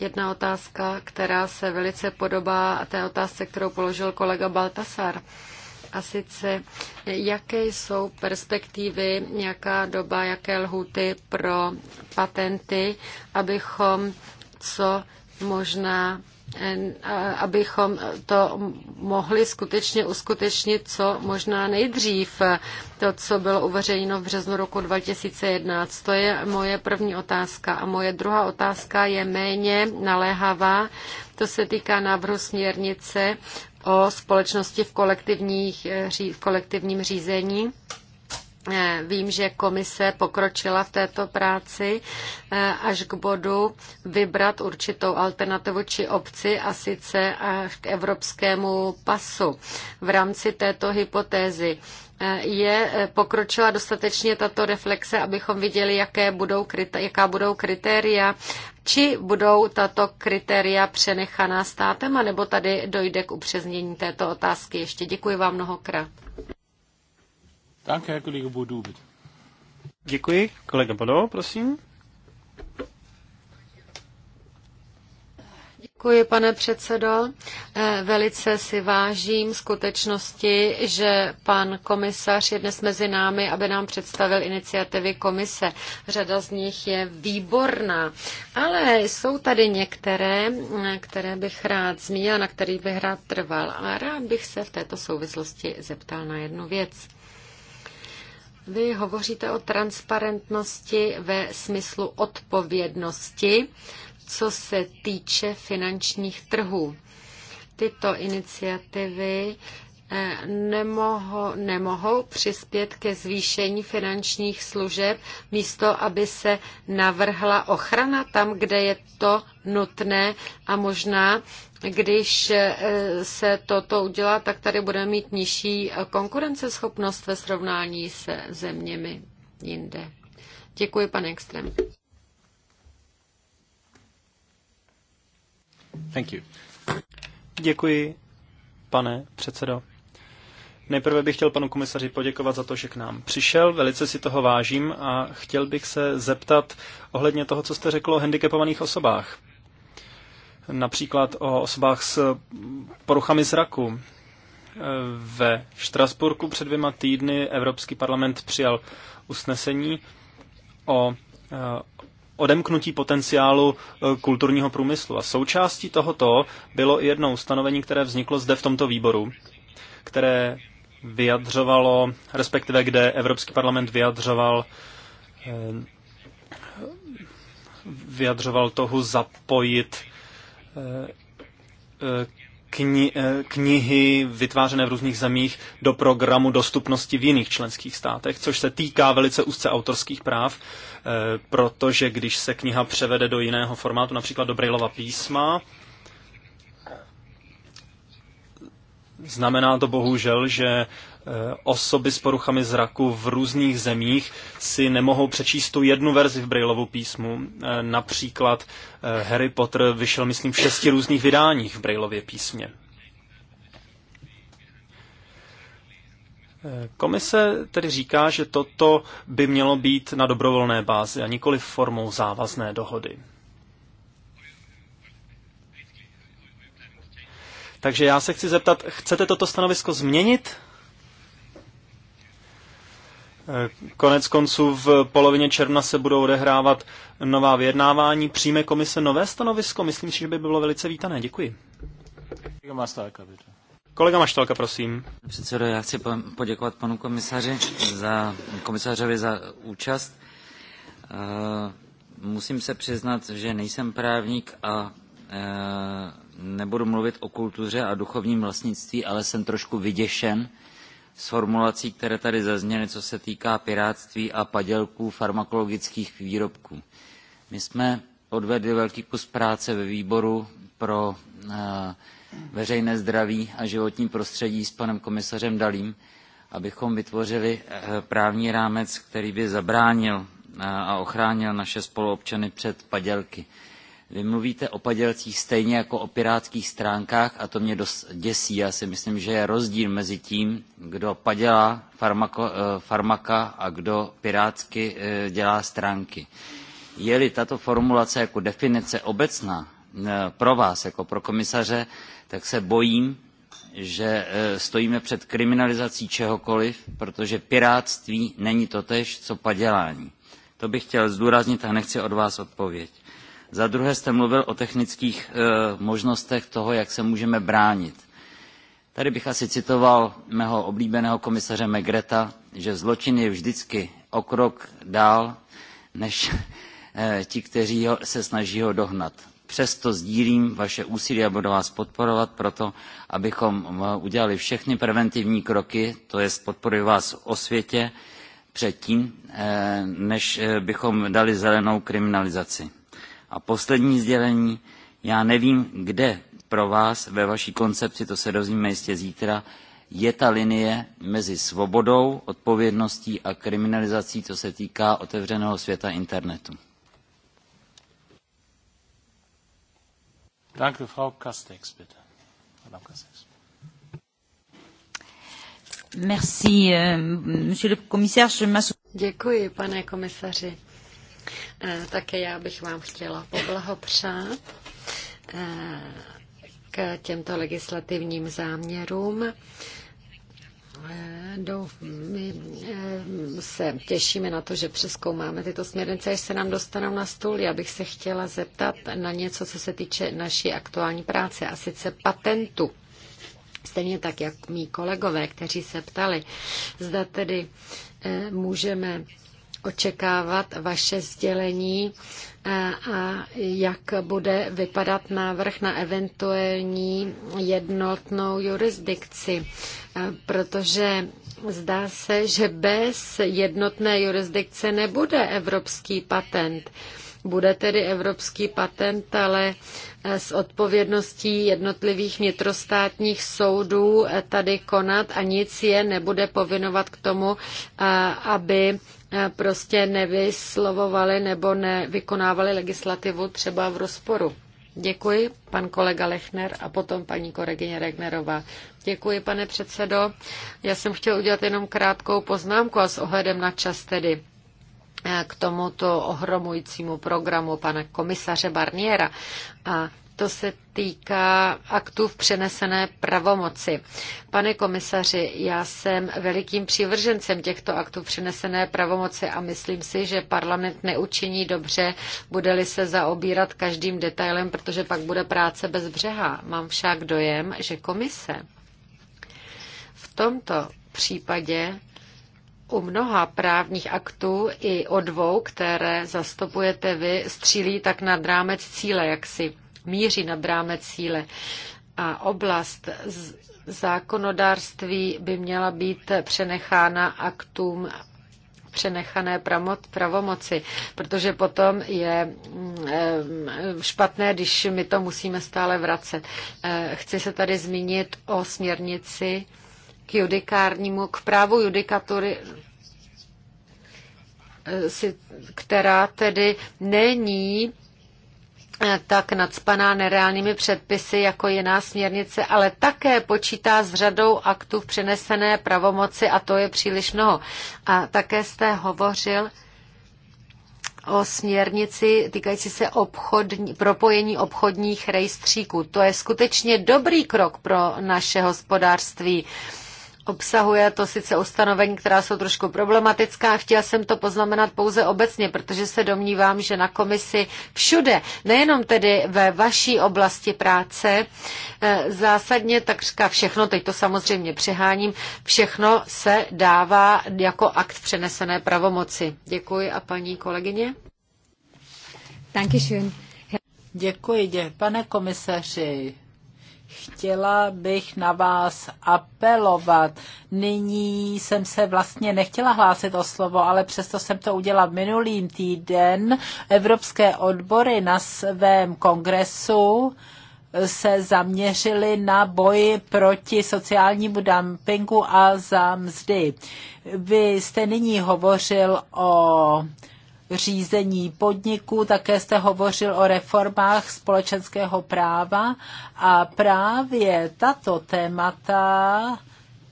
Jedna otázka, která se velice podobá té otázce, kterou položil kolega Baltasar a sice jaké jsou perspektivy, jaká doba, jaké lhuty pro patenty, abychom co možná eh, abychom to mohli skutečně uskutečnit co možná nejdřív. To, co bylo uveřejněno v březnu roku 2011, to je moje první otázka. A moje druhá otázka je méně naléhavá. To se týká návrhu směrnice o společnosti v, kolektivních, eh, v kolektivním řízení. Eh, vím, že komise pokročila v této práci eh, až k bodu vybrat určitou alternativu či obci a sice až k evropskému pasu. V rámci této hypotézy je eh, pokročila dostatečně tato reflexe, abychom viděli, jaké budou, jaká budou kritéria, či budou tato kritéria přenechaná státem, anebo tady dojde k upřesnění této otázky. Ještě děkuji vám mnohokrát. Děkuji. Kolega Bodo, prosím. Děkuji, pane předsedo. Eh, velice si vážím skutečnosti, že pan komisař je dnes mezi námi, aby nám představil iniciativy komise. Řada z nich je výborná, ale jsou tady některé, eh, které bych rád zmínil, na kterých bych rád trval. A rád bych se v této souvislosti zeptal na jednu věc. Vy hovoříte o transparentnosti ve smyslu odpovědnosti co se týče finančních trhů. Tyto iniciativy eh, nemohou, nemohou přispět ke zvýšení finančních služeb, místo aby se navrhla ochrana tam, kde je to nutné a možná, když eh, se toto udělá, tak tady budeme mít nižší konkurenceschopnost ve srovnání se zeměmi jinde. Děkuji, pane Extrem. Thank you. Děkuji, pane předsedo. Nejprve bych chtěl panu komisaři poděkovat za to, že k nám přišel, velice si toho vážím a chtěl bych se zeptat ohledně toho, co jste řekl o handicapovaných osobách. Například o osobách s poruchami zraku. Ve Štrasburku před dvěma týdny Evropský parlament přijal usnesení o odemknutí potenciálu eh, kulturního průmyslu. A součástí tohoto bylo i jedno ustanovení, které vzniklo zde v tomto výboru, které vyjadřovalo, respektive kde Evropský parlament vyjadřoval eh, vyjadřoval tohu zapojit eh, kni- eh, knihy vytvářené v různých zemích do programu dostupnosti v jiných členských státech, což se týká velice úzce autorských práv, eh, protože když se kniha převede do jiného formátu, například do Braillova písma, znamená to bohužel, že Eh, osoby s poruchami zraku v různých zemích si nemohou přečíst tu jednu verzi v Brailovu písmu. Eh, například eh, Harry Potter vyšel, myslím, v šesti různých vydáních v Brailově písmě. Komise tedy říká, že toto by mělo být na dobrovolné bázi a nikoli formou závazné dohody. Takže já se chci zeptat, chcete toto stanovisko změnit? Konec konců v polovině června se budou odehrávat nová vyjednávání. Přijme komise nové stanovisko? Myslím si, že by bylo velice vítané. Děkuji. Kolega Maštalka, prosím. Předsedo, já chci poděkovat panu komisaři za, komisařovi za účast. Eh, musím se přiznat, že nejsem právník a eh, nebudu mluvit o kultuře a duchovním vlastnictví, ale jsem trošku vyděšen, s formulací, které tady zazněly, co se týká pirátství a padělků farmakologických výrobků. My jsme odvedli velký kus práce ve výboru pro eh, veřejné zdraví a životní prostředí s panem komisařem Dalím, abychom vytvořili eh, právní rámec, který by zabránil eh, a ochránil naše spoluobčany před padělky. Vy mluvíte o padělcích stejně jako o pirátských stránkách a to mě dost děsí. Já si myslím, že je rozdíl mezi tím, kdo padělá farmako, eh, farmaka a kdo pirátsky eh, dělá stránky. Je-li tato formulace jako definice obecná eh, pro vás, jako pro komisaře, tak se bojím, že stojíme před kriminalizací čehokoliv, protože pirátství není totež, co padělání. To bych chtěl zdůraznit a nechci od vás odpověď za druhé jste mluvil o technických e, možnostech toho, jak se můžeme bránit. Tady bych asi citoval mého oblíbeného komisaře Megreta, že zločin je vždycky o krok dál, než e, ti, kteří ho, se snaží ho dohnat. Přesto sdílím vaše úsilí a budu vás podporovat proto, abychom e, udělali všechny preventivní kroky, to je podporuji vás o světě, předtím, e, než e, bychom dali zelenou kriminalizaci a poslední sdělení, já nevím, kde pro vás ve vaší koncepci, to se dozvíme jistě zítra, je ta linie mezi svobodou, odpovědností a kriminalizací, co se týká otevřeného světa internetu. Danke, Frau Castex, bitte. Merci, euh, Monsieur le Commissaire. Je Děkuji, pane komisaři. Také já bych vám chtěla poblahopřát eh, k těmto legislativním záměrům. Eh, my eh, se těšíme na to, že přeskoumáme tyto směrnice, až se nám dostanou na stůl. Já bych se chtěla zeptat na něco, co se týče naší aktuální práce, a sice patentu. Stejně tak, jak mý kolegové, kteří se ptali, zda tedy můžeme očekávat vaše sdělení eh, a jak bude vypadat návrh na eventuální jednotnou jurisdikci, eh, protože zdá se, že bez jednotné jurisdikce nebude evropský patent. Bude tedy evropský patent, ale eh, s odpovědností jednotlivých vnitrostátních soudů tady konat a nic je nebude povinovat k tomu, aby prostě nevyslovovali nebo nevykonávali legislativu třeba v rozporu. Děkuji, pan kolega Lechner a potom paní kolegyně Regnerová. Děkuji, pane předsedo. Já jsem chtěl udělat jenom krátkou poznámku a s ohledem na čas tedy k tomuto ohromujícímu programu pana komisaře Barniera. A to se týká aktů v přenesené pravomoci. Pane komisaři, já jsem velikým přívržencem těchto aktů v přenesené pravomoci a myslím si, že parlament neučiní dobře, bude-li se zaobírat každým detailem, protože pak bude práce bez břeha. Mám však dojem, že komise v tomto případě u mnoha právních aktů i o dvou, které zastupujete vy, střílí tak nad rámec cíle si míří nad rámec cíle. A oblast zákonodárství by měla být přenechána aktům přenechané pravomoci, protože potom je mm, eh, špatné, když my to musíme stále vracet. Eh, chci se tady zmínit o směrnici k judikárnímu, k právu judikatury, eh, která tedy není tak nadspaná nereálnými předpisy jako jiná směrnice, ale také počítá s řadou aktů v přenesené pravomoci a to je příliš mnoho. A také jste hovořil o směrnici týkající se obchodní, propojení obchodních rejstříků. To je skutečně dobrý krok pro naše hospodářství. Uh, Obsahuje to sice ustanovení, která jsou trošku problematická. Chtěla jsem to poznamenat pouze obecně, protože se domnívám, že na komisi všude, nejenom tedy ve vaší oblasti práce, eh, zásadně takřka všechno, teď to samozřejmě přeháním, všechno se dává jako akt přenesené pravomoci. Děkuji a paní kolegyně. Děkuji. Děkuji, pane komisaři chtěla bych na vás apelovat. Nyní jsem se vlastně nechtěla hlásit o slovo, ale přesto jsem to udělala minulý týden. Evropské odbory na svém kongresu se zaměřili na boj proti sociálnímu dumpingu a za mzdy. Vy jste nyní hovořil o řízení podniku, také jste hovořil o reformách společenského práva a právě tato témata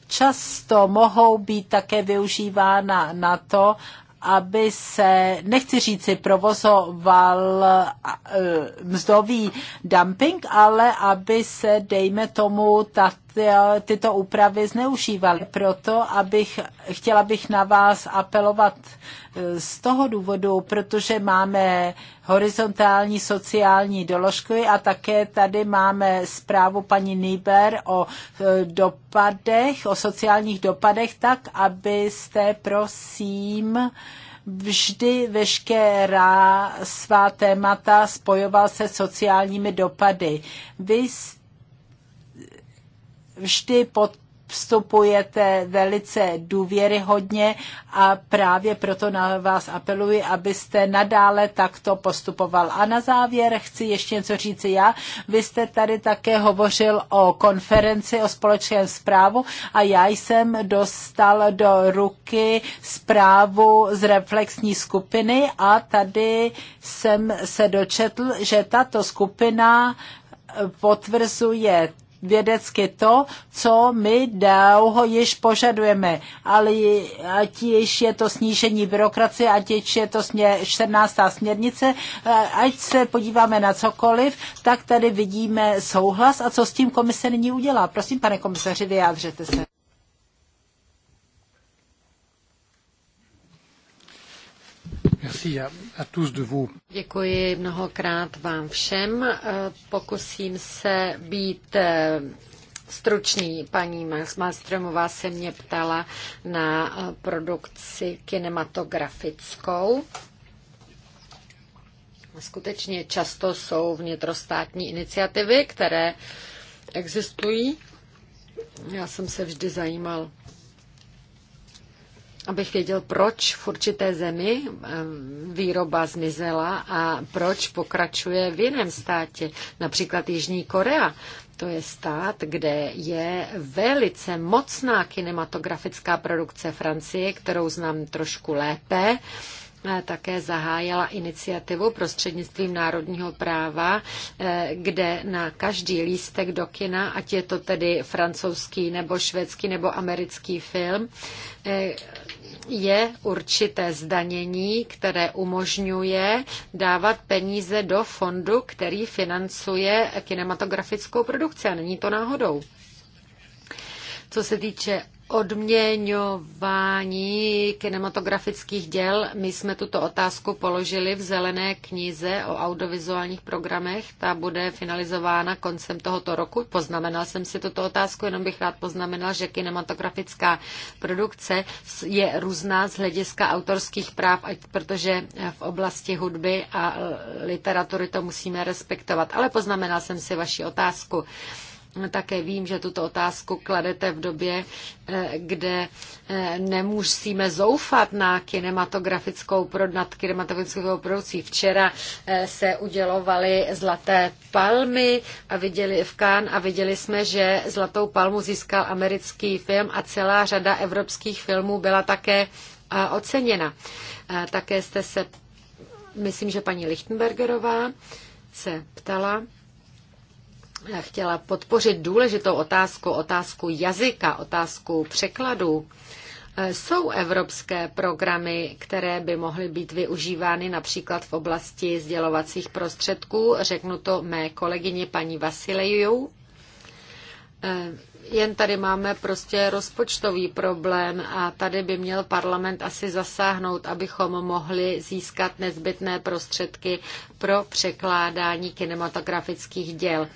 často mohou být také využívána na to, aby se, nechci říci, provozoval e, mzdový dumping, ale aby se, dejme tomu, tato tyto úpravy zneužívali. Proto abych, chtěla bych na vás apelovat eh, z toho důvodu, protože máme horizontální sociální doložky a také tady máme zprávu paní Nýber o eh, dopadech, o sociálních dopadech, tak abyste prosím vždy veškerá svá témata spojoval se sociálními dopady. Vy jste vždy pod vstupujete velice důvěryhodně a právě proto na vás apeluji, abyste nadále takto postupoval. A na závěr chci ještě něco říci já. Vy jste tady také hovořil o konferenci o společném zprávu a já jsem dostal do ruky zprávu z reflexní skupiny a tady jsem se dočetl, že tato skupina potvrzuje vědecky to, co my dlouho již požadujeme. Ale ať již je to snížení byrokracie, ať již je to smě, 14. směrnice, e, ať se podíváme na cokoliv, tak tady vidíme souhlas a co s tím komise nyní udělá. Prosím, pane komisaři, vyjádřete se. Děkuji mnohokrát vám všem. Eh, pokusím se být eh, stručný. Paní Malstromová se mě ptala na eh, produkci kinematografickou. Skutečně často jsou vnitrostátní iniciativy, které existují. Já jsem se vždy zajímal abych věděl, proč v určité zemi výroba zmizela a proč pokračuje v jiném státě, například Jižní Korea. To je stát, kde je velice mocná kinematografická produkce Francie, kterou znám trošku lépe e, také zahájila iniciativu prostřednictvím národního práva, e, kde na každý lístek do kina, ať je to tedy francouzský nebo švédský nebo americký film, e, je určité zdanění, které umožňuje dávat peníze do fondu, který financuje kinematografickou produkci. A není to náhodou. Co se týče odměňování kinematografických děl. My jsme tuto otázku položili v zelené knize o audiovizuálních programech. Ta bude finalizována koncem tohoto roku. Poznamenal jsem si tuto otázku, jenom bych rád poznamenal, že kinematografická produkce je různá z hlediska autorských práv, protože v oblasti hudby a literatury to musíme respektovat. Ale poznamenal jsem si vaši otázku. Také vím, že tuto otázku kladete v době, eh, kde eh, nemusíme zoufat na kinematografickou prod, nad kinematografickou produkcí. Včera eh, se udělovaly zlaté palmy a viděli v Cannes a viděli jsme, že zlatou palmu získal americký film a celá řada evropských filmů byla také oceněna. Také jste se, myslím, že paní Lichtenbergerová se ptala, chtěla podpořit důležitou otázku, otázku jazyka, otázku překladu. E, jsou evropské programy, které by mohly být využívány například v oblasti sdělovacích prostředků, řeknu to mé kolegyni paní Vasilejou. E, jen tady máme prostě rozpočtový problém a tady by měl parlament asi zasáhnout, abychom mohli získat nezbytné prostředky pro překládání kinematografických děl.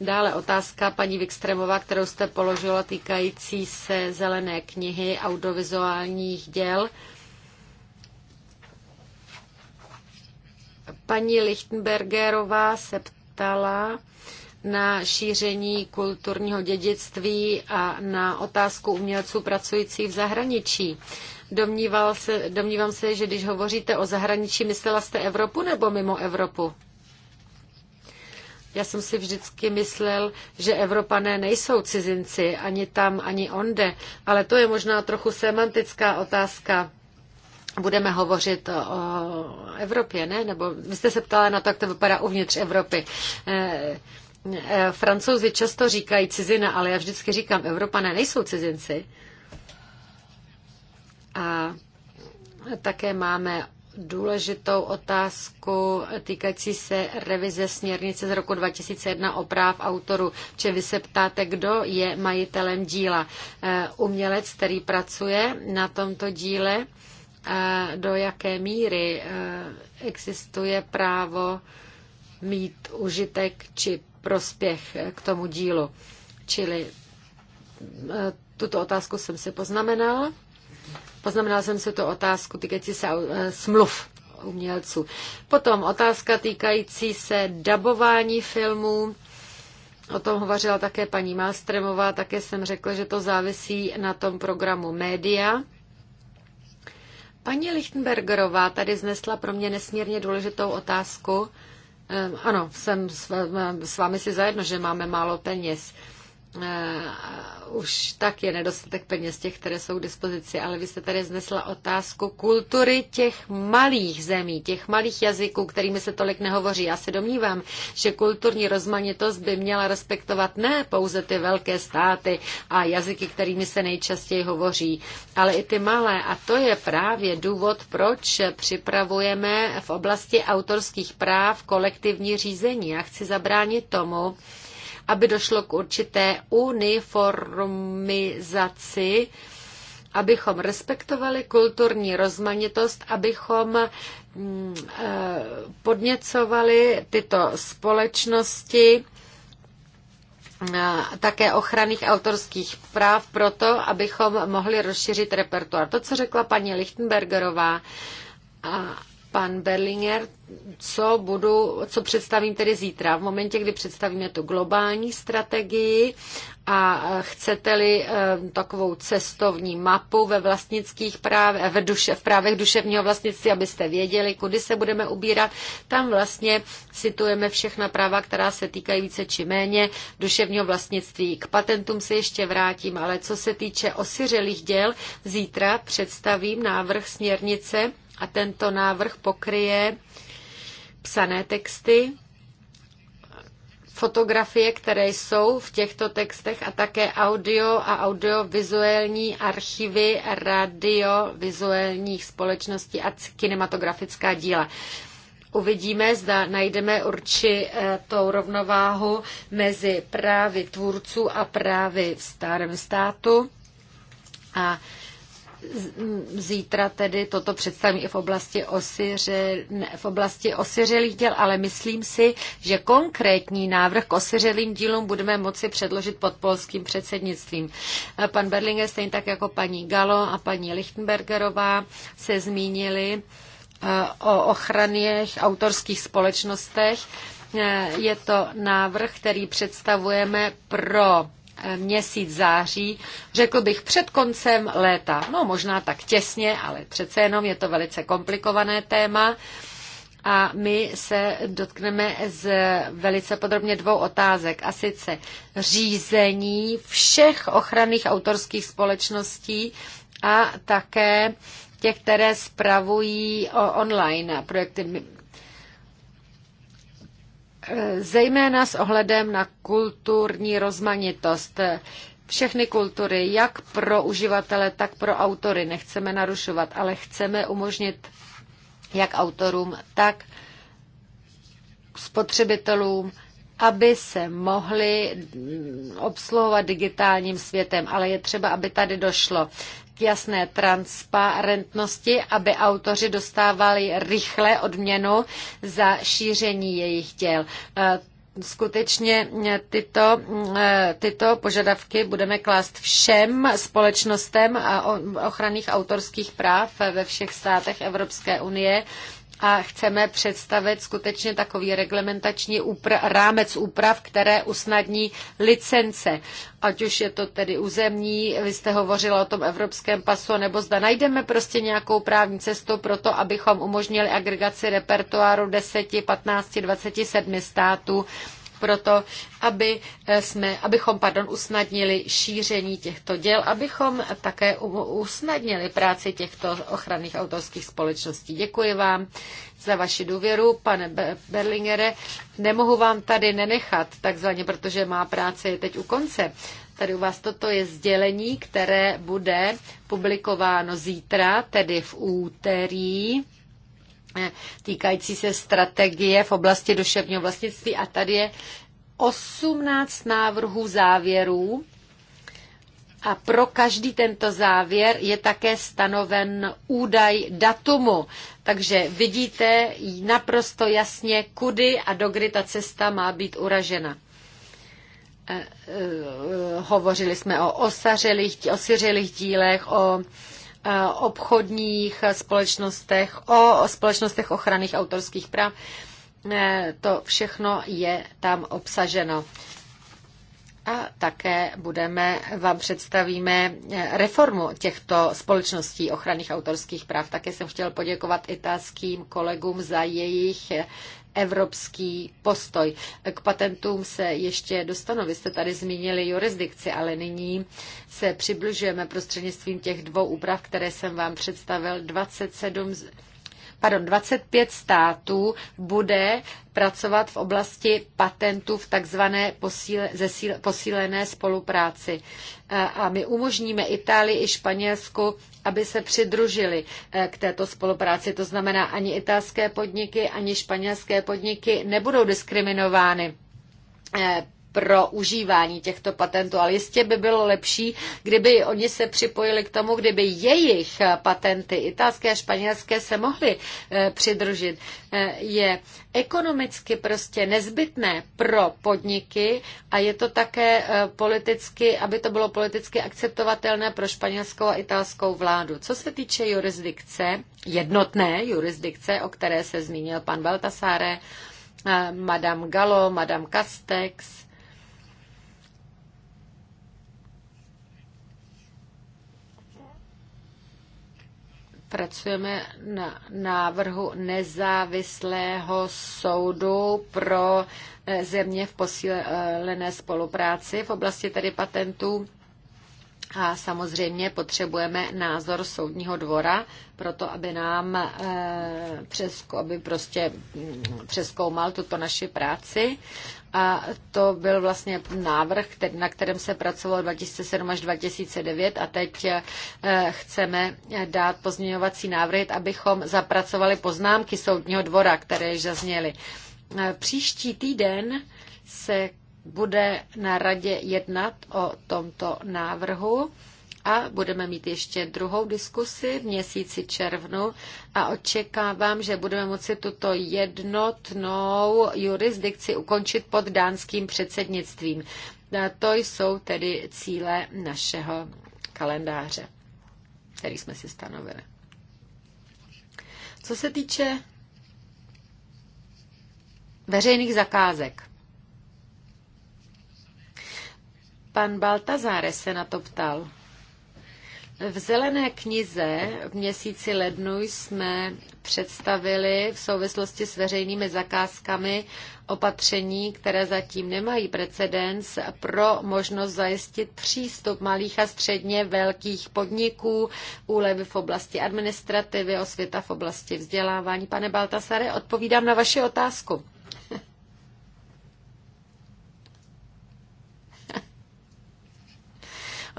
Dále otázka paní Vikstremová, kterou jste položila týkající se zelené knihy audiovizuálních děl. Paní Lichtenbergerová se ptala, na šíření kulturního dědictví a na otázku umělců pracujících v zahraničí. Domníval se, domnívám se, že když hovoříte o zahraničí, myslela jste Evropu nebo mimo Evropu? Já jsem si vždycky myslel, že Evropané nejsou cizinci, ani tam, ani onde, ale to je možná trochu semantická otázka. Budeme hovořit o Evropě, ne? Nebo vy jste se ptala na to, jak to vypadá uvnitř Evropy. Eh, Eh, francouzi často říkají cizina, ale já vždycky říkám, Evropané nejsou cizinci. A také máme důležitou otázku týkající se revize směrnice z roku 2001 o práv autoru. Če vy se ptáte, kdo je majitelem díla. Eh, umělec, který pracuje na tomto díle, eh, do jaké míry existuje právo mít užitek či prospěch k tomu dílu. Čili eh, tuto otázku jsem si poznamenal. Poznamenal jsem si tu otázku týkající se eh, smluv umělců. Potom otázka týkající se dabování filmů. O tom hovořila také paní Mástremová. také jsem řekla, že to závisí na tom programu média. Paní Lichtenbergerová tady znesla pro mě nesmírně důležitou otázku, Ehm, ano, jsem s vámi si zajedno, že máme málo peněz. Eh, už tak je nedostatek peněz těch, které jsou k dispozici, ale vy jste tady znesla otázku kultury těch malých zemí, těch malých jazyků, kterými se tolik nehovoří. Já se domnívám, že kulturní rozmanitost by měla respektovat ne pouze ty velké státy a jazyky, kterými se nejčastěji hovoří, ale i ty malé. A to je právě důvod, proč připravujeme v oblasti autorských práv kolektivní řízení. Já chci zabránit tomu, aby došlo k určité uniformizaci, abychom respektovali kulturní rozmanitost, abychom mm, eh, podněcovali tyto společnosti eh, také ochranných autorských práv proto, abychom mohli rozšířit repertoár. To, co řekla paní Lichtenbergerová a pan Berlinger, co, budu, co představím tedy zítra. V momentě, kdy představíme tu globální strategii a chcete-li eh, takovou cestovní mapu ve vlastnických právech, v, duše, v právech duševního vlastnictví, abyste věděli, kudy se budeme ubírat, tam vlastně situujeme všechna práva, která se týkají více či méně duševního vlastnictví. K patentům se ještě vrátím, ale co se týče osiřelých děl, zítra představím návrh směrnice a tento návrh pokryje psané texty, fotografie, které jsou v těchto textech a také audio a audiovizuální archivy radiovizuálních společností a kinematografická díla. Uvidíme, zda najdeme určitou rovnováhu mezi právy tvůrců a právy v starém státu. A Zítra tedy toto představím i v oblasti, osiře, v oblasti osiřelých děl, ale myslím si, že konkrétní návrh k osiřelým dílům budeme moci předložit pod polským předsednictvím. Pan Berlinger, stejně tak jako paní Galo a paní Lichtenbergerová, se zmínili e, o ochraněch autorských společnostech. E, je to návrh, který představujeme pro měsíc září, řekl bych před koncem léta. No možná tak těsně, ale přece jenom je to velice komplikované téma. A my se dotkneme z velice podrobně dvou otázek, a sice řízení všech ochranných autorských společností a také těch, které spravují online projekty. Eh, zejména s ohledem na kulturní rozmanitost. Všechny kultury, jak pro uživatele, tak pro autory, nechceme narušovat, ale chceme umožnit jak autorům, tak spotřebitelům, aby se mohli mm, obsluhovat digitálním světem, ale je třeba, aby tady došlo k jasné transparentnosti, aby autoři dostávali rychle odměnu za šíření jejich děl e, skutečně e, tyto, e, tyto požadavky budeme klást všem společnostem ochranných autorských práv ve všech státech Evropské unie a chceme představit skutečně takový reglementační rámec úprav, které usnadní licence. Ať už je to tedy územní, vy jste hovořila o tom evropském pasu, nebo zda najdeme prostě nějakou právní cestu pro to, abychom umožnili agregaci repertoáru 10, 15, 27 států, proto, aby eh, jsme, abychom pardon, usnadnili šíření těchto děl, abychom také usnadnili práci těchto ochranných autorských společností. Děkuji vám za vaši důvěru, pane Berlingere. Nemohu vám tady nenechat, takzvaně, protože má práce je teď u konce. Tady u vás toto je sdělení, které bude publikováno zítra, tedy v úterý. Eh, týkající se strategie v oblasti duševního vlastnictví a tady je 18 návrhů závěrů a pro každý tento závěr je také stanoven údaj datumu. Takže vidíte naprosto jasně, kudy a do kdy ta cesta má být uražena. Eh, eh, hovořili jsme o osařelých, osiřelých dílech, o Eh, obchodních společnostech, o společnostech ochranných autorských práv. Eh, to všechno je tam obsaženo. A také budeme, vám představíme eh, reformu těchto společností ochranných autorských práv. Také jsem chtěl poděkovat italským kolegům za jejich evropský postoj. K patentům se ještě dostanu. Vy jste tady zmínili jurisdikci, ale nyní se přibližujeme prostřednictvím těch dvou úprav, které jsem vám představil. 27 pardon, 25 států bude pracovat v oblasti patentů v takzvané posíle, zesíl, posílené spolupráci. A my umožníme Itálii i Španělsku, aby se přidružili e, k této spolupráci. To znamená, ani italské podniky, ani španělské podniky nebudou diskriminovány e, pro užívání těchto patentů, ale jistě by bylo lepší, kdyby oni se připojili k tomu, kdyby jejich patenty, italské a španělské, se mohly eh, přidružit. Eh, je ekonomicky prostě nezbytné pro podniky a je to také eh, politicky, aby to bylo politicky akceptovatelné pro španělskou a italskou vládu. Co se týče jurisdikce, jednotné jurisdikce, o které se zmínil pan Baltasáre, Madame Gallo, Madame Castex, pracujeme na návrhu nezávislého soudu pro eh, země v posílené spolupráci v oblasti tedy patentů a samozřejmě potřebujeme názor soudního dvora, proto aby nám eh, přesko, aby prostě mm, přeskoumal tuto naši práci. A to byl vlastně návrh, který, na kterém se pracovalo 2007 až 2009 a teď eh, chceme eh, dát pozměňovací návrh, abychom zapracovali poznámky soudního dvora, které již zazněly. Příští týden se bude na radě jednat o tomto návrhu a budeme mít ještě druhou diskusi v měsíci červnu a očekávám, že budeme moci tuto jednotnou jurisdikci ukončit pod dánským předsednictvím. A to jsou tedy cíle našeho kalendáře, který jsme si stanovili. Co se týče veřejných zakázek, Pan Baltazáre se na to ptal. V zelené knize v měsíci lednu jsme představili v souvislosti s veřejnými zakázkami opatření, které zatím nemají precedens pro možnost zajistit přístup malých a středně velkých podniků, úlevy v oblasti administrativy, osvěta v oblasti vzdělávání. Pane Baltasare, odpovídám na vaši otázku.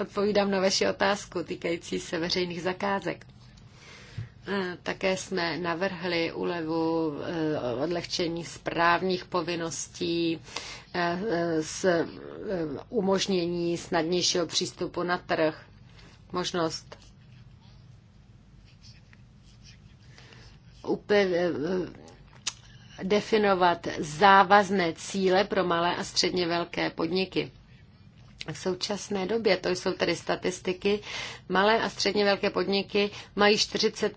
Odpovídám na vaši otázku týkající se veřejných zakázek. Eh, také jsme navrhli úlevu eh, odlehčení správních povinností, eh, s umožnění snadnějšího přístupu na trh, možnost definovat závazné cíle pro malé a středně velké podniky v současné době, to jsou tedy statistiky, malé a středně velké podniky mají 40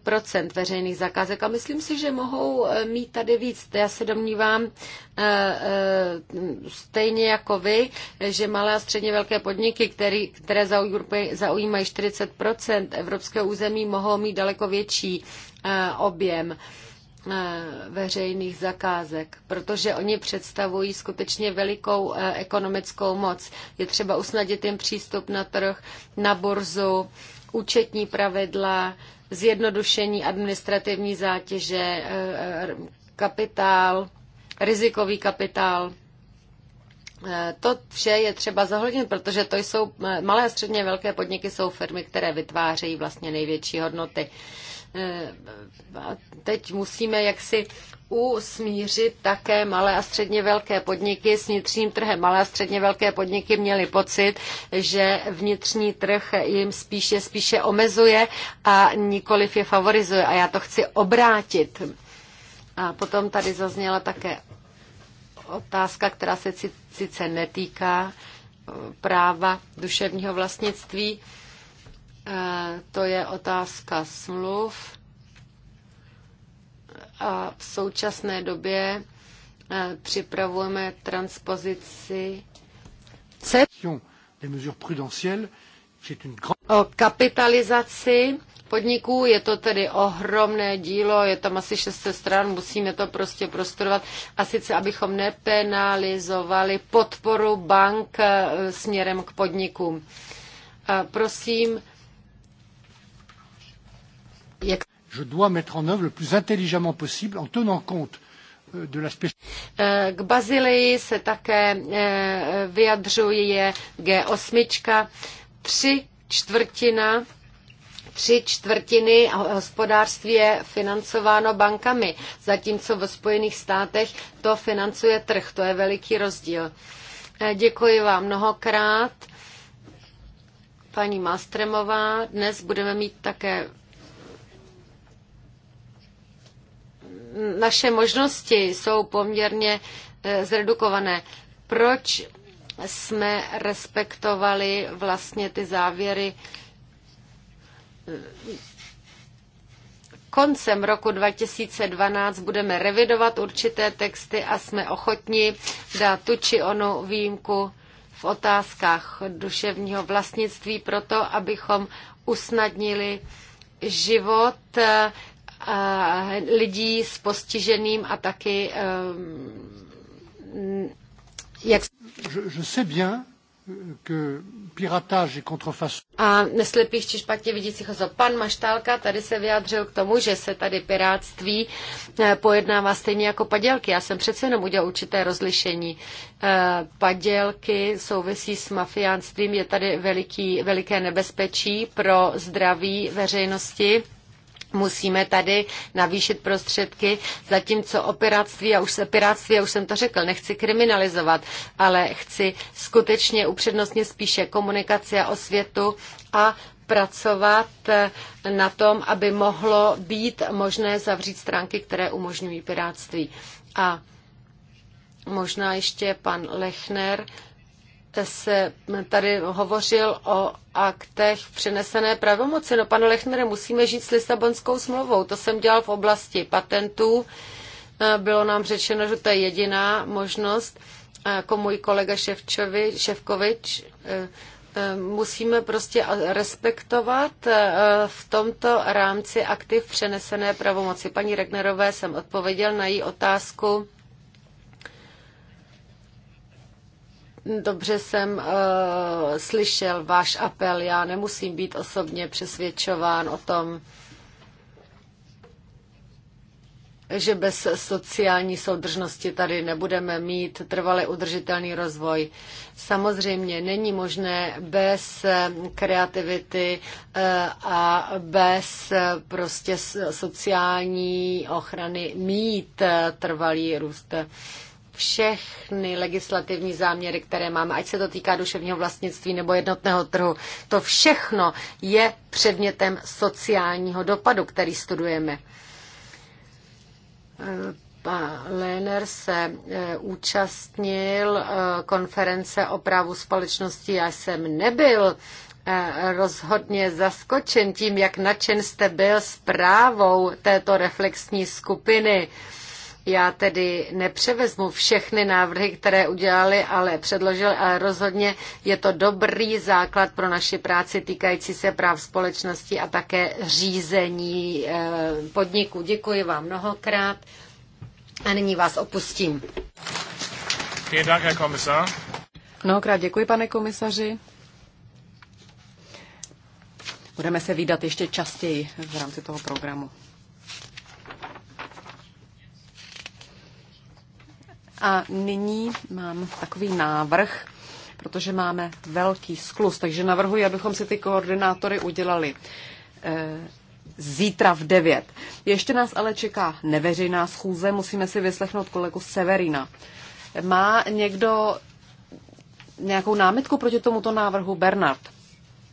veřejných zakázek a myslím si, že mohou eh, mít tady víc. Já se domnívám eh, eh, stejně jako vy, že malé a středně velké podniky, který, které zaujímají 40 evropského území, mohou mít daleko větší objem. Eh, veřejných zakázek, protože oni představují skutečně velikou eh, ekonomickou moc. Je třeba usnadit jim přístup na trh, na burzu, účetní pravidla, zjednodušení administrativní zátěže, eh, kapitál, rizikový kapitál. To vše je třeba zohlednit, protože to jsou malé a středně velké podniky, jsou firmy, které vytvářejí vlastně největší hodnoty. Eh, teď musíme jaksi usmířit také malé a středně velké podniky s vnitřním trhem. Malé a středně velké podniky měly pocit, že vnitřní trh jim spíše, spíše omezuje a nikoliv je favorizuje. A já to chci obrátit. A potom tady zazněla také otázka, která se sice netýká eh, práva duševního vlastnictví, Eh, to je otázka smluv a v současné době eh, připravujeme transpozici C o kapitalizaci podniků. Je to tedy ohromné dílo, je tam asi 600 stran, musíme to prostě prostudovat. A sice, abychom nepenalizovali podporu bank eh, směrem k podnikům. Prosím, je dois mettre en œuvre le plus intelligemment possible en tenant compte euh, eh, k Bazilii se také eh, vyjadřuje G8, tři čtvrtina tři čtvrtiny hospodářství je financováno bankami, zatímco ve Spojených státech to financuje trh. To je veliký rozdíl. Eh, děkuji vám mnohokrát. Paní Mastremová, dnes budeme mít také naše možnosti jsou poměrně eh, zredukované. Proč jsme respektovali vlastně ty závěry eh, koncem roku 2012 budeme revidovat určité texty a jsme ochotni dát tu či onu výjimku v otázkách duševního vlastnictví proto, abychom usnadnili život eh, lidí s postiženým a taky ehm, jak... A neslepíš či špatně vidících osob. Pan Maštálka tady se vyjádřil k tomu, že se tady piráctví eh, pojednává stejně jako padělky. Já jsem přece jenom udělal určité rozlišení. Eh, padělky souvisí s mafiánstvím, je tady veliký, veliké nebezpečí pro zdraví veřejnosti musíme tady navýšit prostředky, zatímco o piráctví, a už, se piráctví, já už jsem to řekl, nechci kriminalizovat, ale chci skutečně upřednostnit spíše komunikaci a osvětu a pracovat eh, na tom, aby mohlo být možné zavřít stránky, které umožňují piráctví. A možná ještě pan Lechner se tady hovořil o aktech přenesené pravomoci. No, pane Lechnere, musíme žít s Lisabonskou smlouvou. To jsem dělal v oblasti patentů. Eh, bylo nám řečeno, že to je jediná možnost, eh, jako můj kolega Ševčovi, Ševkovič. Eh, musíme prostě respektovat v tomto rámci aktiv přenesené pravomoci. Paní Regnerové jsem odpověděl na její otázku Dobře jsem uh, slyšel váš apel. Já nemusím být osobně přesvědčován o tom, že bez sociální soudržnosti tady nebudeme mít trvale udržitelný rozvoj. Samozřejmě není možné bez eh, kreativity eh, a bez prostě sociální ochrany mít trvalý růst všechny legislativní záměry, které máme, ať se to týká duševního vlastnictví nebo jednotného trhu, to všechno je předmětem sociálního dopadu, který studujeme. Pa Lehner se eh, účastnil eh, konference o právu společnosti. Já jsem nebyl eh, rozhodně zaskočen tím, jak nadšen jste byl zprávou této reflexní skupiny. Uh, já tedy nepřevezmu všechny návrhy, které udělali, ale předložili, ale rozhodně je to dobrý základ pro naši práci týkající se práv společnosti a také řízení eh, podniků. Děkuji vám mnohokrát a nyní vás opustím. Mnohokrát děkuji, pane komisaři. Budeme se výdat ještě častěji v rámci toho programu. A nyní mám takový návrh, protože máme velký sklus, takže navrhuji, abychom si ty koordinátory udělali eh, zítra v 9. Ještě nás ale čeká neveřejná schůze, musíme si vyslechnout kolegu Severina. Má někdo nějakou námitku proti tomuto návrhu, Bernard?